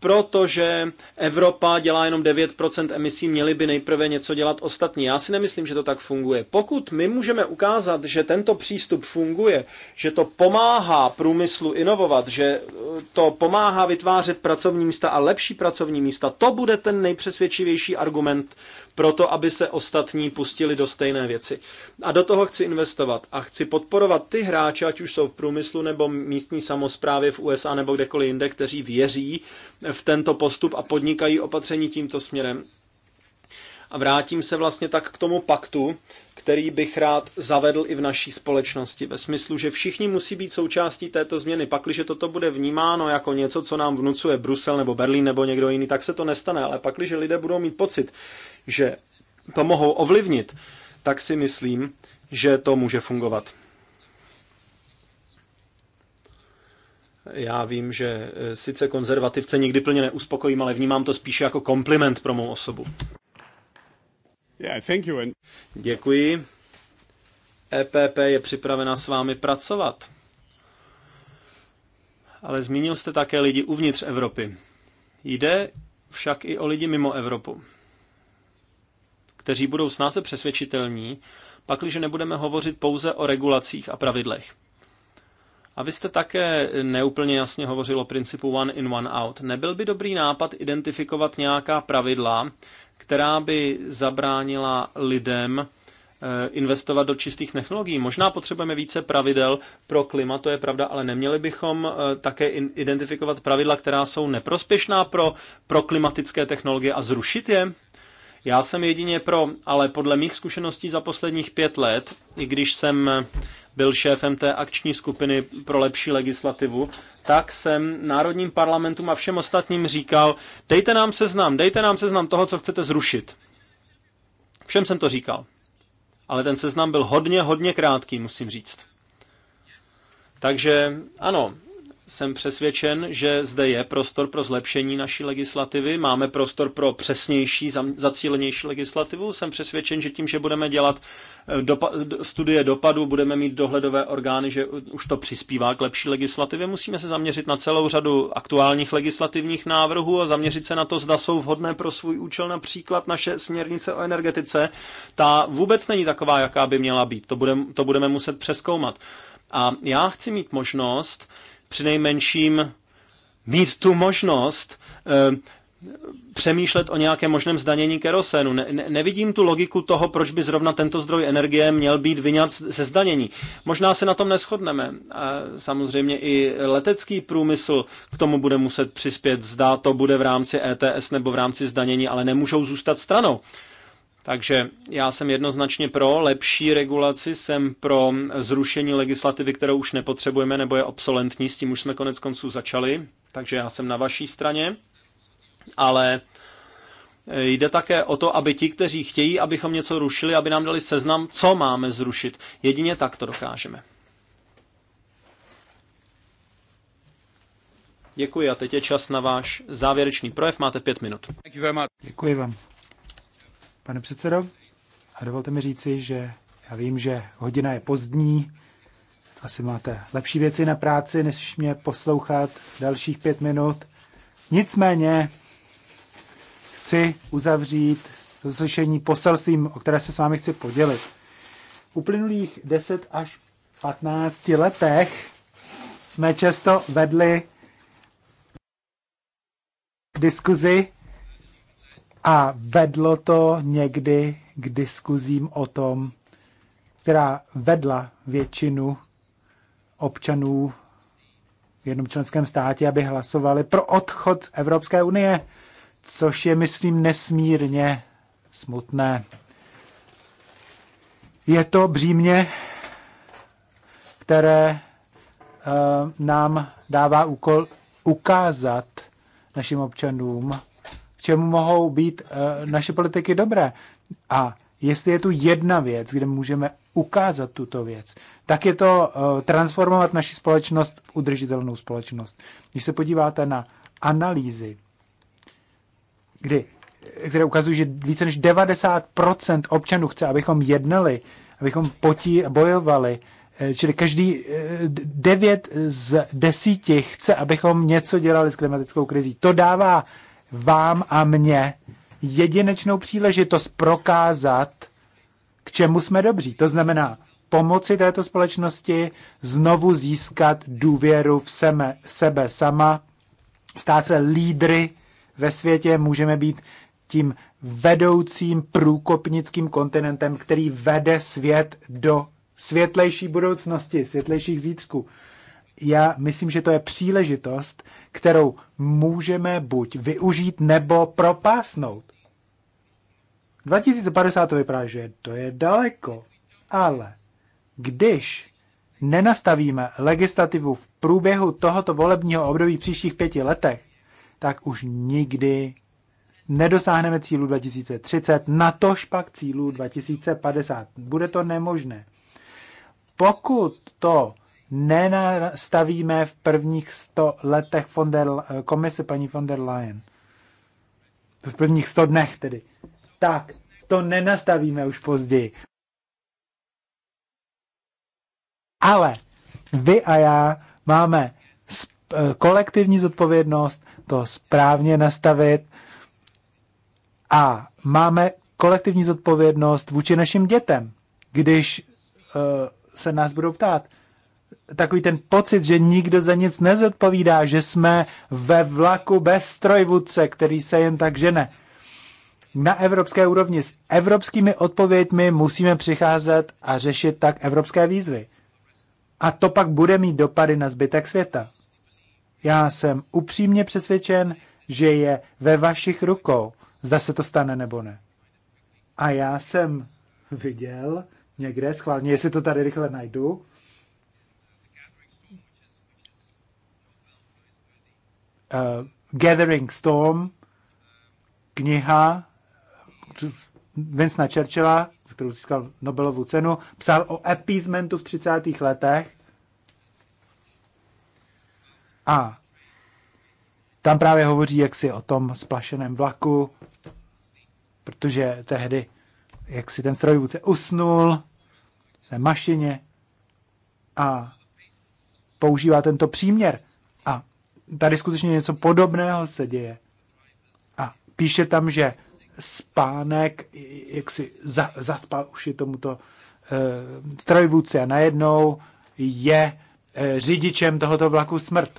protože Evropa dělá jenom 9% emisí, měli by nejprve něco dělat ostatní. Já si nemyslím, že to tak funguje. Pokud my můžeme ukázat, že tento přístup funguje, že to pomáhá průmyslu inovovat, že eh, to pomáhá vytvářet pracovní místa a lepší pracovní místa, to bude ten nejpřesvědčivější argument proto aby se ostatní pustili do stejné věci. A do toho chci investovat a chci podporovat ty hráče, ať už jsou v průmyslu nebo místní samozprávě v USA nebo kdekoliv jinde, kteří věří v tento postup a podnikají opatření tímto směrem. A vrátím se vlastně tak k tomu paktu, který bych rád zavedl i v naší společnosti, ve smyslu, že všichni musí být součástí této změny. Pakliže toto bude vnímáno jako něco, co nám vnucuje Brusel nebo Berlín nebo někdo jiný, tak se to nestane. Ale pakliže lidé budou mít pocit, že to mohou ovlivnit, tak si myslím, že to může fungovat. Já vím, že eh, sice konzervativce nikdy plně neuspokojím, ale vnímám to spíše jako kompliment pro mou osobu. Yeah, thank you. Děkuji. EPP je připravena s vámi pracovat. Ale zmínil jste také lidi uvnitř Evropy. Jde však i o lidi mimo Evropu kteří budou snáze přesvědčitelní, pakliže nebudeme hovořit pouze o regulacích a pravidlech. A vy jste také neúplně jasně hovořil o principu one in, one out. Nebyl by dobrý nápad identifikovat nějaká pravidla, která by zabránila lidem eh, investovat do čistých technologií. Možná potřebujeme více pravidel pro klima, to je pravda, ale neměli bychom eh, také identifikovat pravidla, která jsou neprospěšná pro, pro klimatické technologie a zrušit je? Já jsem jedině pro, ale podle mých zkušeností za posledních pět let, i když jsem byl šéfem té akční skupiny pro lepší legislativu, tak jsem národním parlamentům a všem ostatním říkal, dejte nám seznam, dejte nám seznam toho, co chcete zrušit. Všem jsem to říkal. Ale ten seznam byl hodně, hodně krátký, musím říct. Takže ano, jsem přesvědčen, že zde je prostor pro zlepšení naší legislativy, máme prostor pro přesnější, zacílenější legislativu. Jsem přesvědčen, že tím, že budeme dělat eh, dopa- studie dopadu, budeme mít dohledové orgány, že už to přispívá k lepší legislativě. Musíme se zaměřit na celou řadu aktuálních legislativních návrhů a zaměřit se na to, zda jsou vhodné pro svůj účel, například naše směrnice o energetice. Ta vůbec není taková, jaká by měla být. To, budem, to budeme muset přeskoumat. A já chci mít možnost, přinejmenším mít tu možnost eh, přemýšlet o nějakém možném zdanění kerosenu. Ne, ne, nevidím tu logiku toho, proč by zrovna tento zdroj energie měl být vyňat ze zdanění. Možná se na tom neschodneme. A samozřejmě i letecký průmysl k tomu bude muset přispět. Zdá to bude v rámci ETS nebo v rámci zdanění, ale nemůžou zůstat stranou. Takže já jsem jednoznačně pro lepší regulaci, jsem pro zrušení legislativy, kterou už nepotřebujeme nebo je obsolentní, s tím už jsme konec konců začali, takže já jsem na vaší straně, ale eh, Jde také o to, aby ti, kteří chtějí, abychom něco rušili, aby nám dali seznam, co máme zrušit. Jedině tak to dokážeme. Děkuji a teď je čas na váš závěrečný projev. Máte pět minut. Děkuji vám pane předsedo. A dovolte mi říci, že já vím, že hodina je pozdní, asi máte lepší věci na práci, než mě poslouchat dalších pět minut. Nicméně chci uzavřít to slyšení poselstvím, o které se s vámi chci podělit. V uplynulých 10 až 15 letech jsme často vedli diskuzi a vedlo to někdy k diskuzím o tom, která vedla většinu občanů v jednom členském státě, aby hlasovali pro odchod z Evropské unie, což je, myslím, nesmírně smutné. Je to břímě, které eh, nám dává úkol ukázat našim občanům, čemu mohou být eh, naše politiky dobré. A jestli je tu jedna věc, kde můžeme ukázat tuto věc, tak je to eh, transformovat naši společnost v udržitelnou společnost. Když se podíváte na analýzy, kdy, které ukazují, že více než 90% občanů chce, abychom jednali, abychom potí, bojovali, eh, čili každý devět z desíti chce, abychom něco dělali s klimatickou krizí. To dává vám a mně jedinečnou příležitost prokázat, k čemu jsme dobří. To znamená pomoci této společnosti znovu získat důvěru v seme, sebe sama, stát se lídry ve světě, můžeme být tím vedoucím průkopnickým kontinentem, který vede svět do světlejší budoucnosti, světlejších zítřků já myslím, že to je příležitost, kterou můžeme buď využít nebo propásnout. 2050 to vypadá, že to je daleko, ale když nenastavíme legislativu v průběhu tohoto volebního období příštích pěti letech, tak už nikdy nedosáhneme cílu 2030, natož pak cílu 2050. Bude to nemožné. Pokud to nenastavíme v prvních 100 letech von der, eh, komise paní von der Leyen. V prvních 100 dnech tedy. Tak, to nenastavíme už později. Ale vy a já máme eh, kolektivní zodpovědnost to správně nastavit a máme kolektivní zodpovědnost vůči našim dětem, když uh, se nás budou ptát, takový ten pocit, že nikdo za nic nezodpovídá, že jsme ve vlaku bez strojvůdce, který se jen tak žene. Na evropské úrovni s evropskými odpověďmi musíme přicházet a řešit tak evropské výzvy. A to pak bude mít dopady na zbytek světa. Já jsem upřímně přesvědčen, že je ve vašich rukou, zda se to stane nebo ne. A já jsem viděl někde, schválně, jestli to tady rychle najdu, uh, Gathering Storm, kniha Vincenta Churchilla, kterou získal Nobelovu cenu, psal o appeasementu v 30. letech. A tam právě hovoří jaksi o tom splašeném vlaku, protože tehdy jak si ten strojvůdce usnul v té mašině a používá tento příměr tady skutečně něco podobného se děje. A píše tam, že spánek, jak si za, už je tomuto e, eh, strojvůdce a najednou je e, řidičem tohoto vlaku smrt.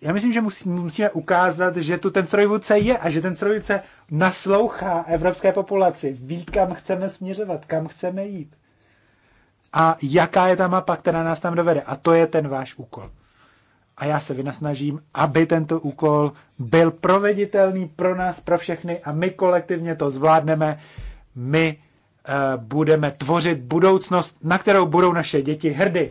Já myslím, že musí, musíme ukázat, že tu ten strojvůdce je a že ten strojvůdce naslouchá evropské populaci, ví, kam chceme směřovat, kam chceme jít. A jaká je ta mapa, která nás tam dovede. A to je ten váš úkol a já se vynasnažím, aby tento úkol byl proveditelný pro nás, pro všechny a my kolektivně to zvládneme. My eh, budeme tvořit budoucnost, na kterou budou naše děti hrdy.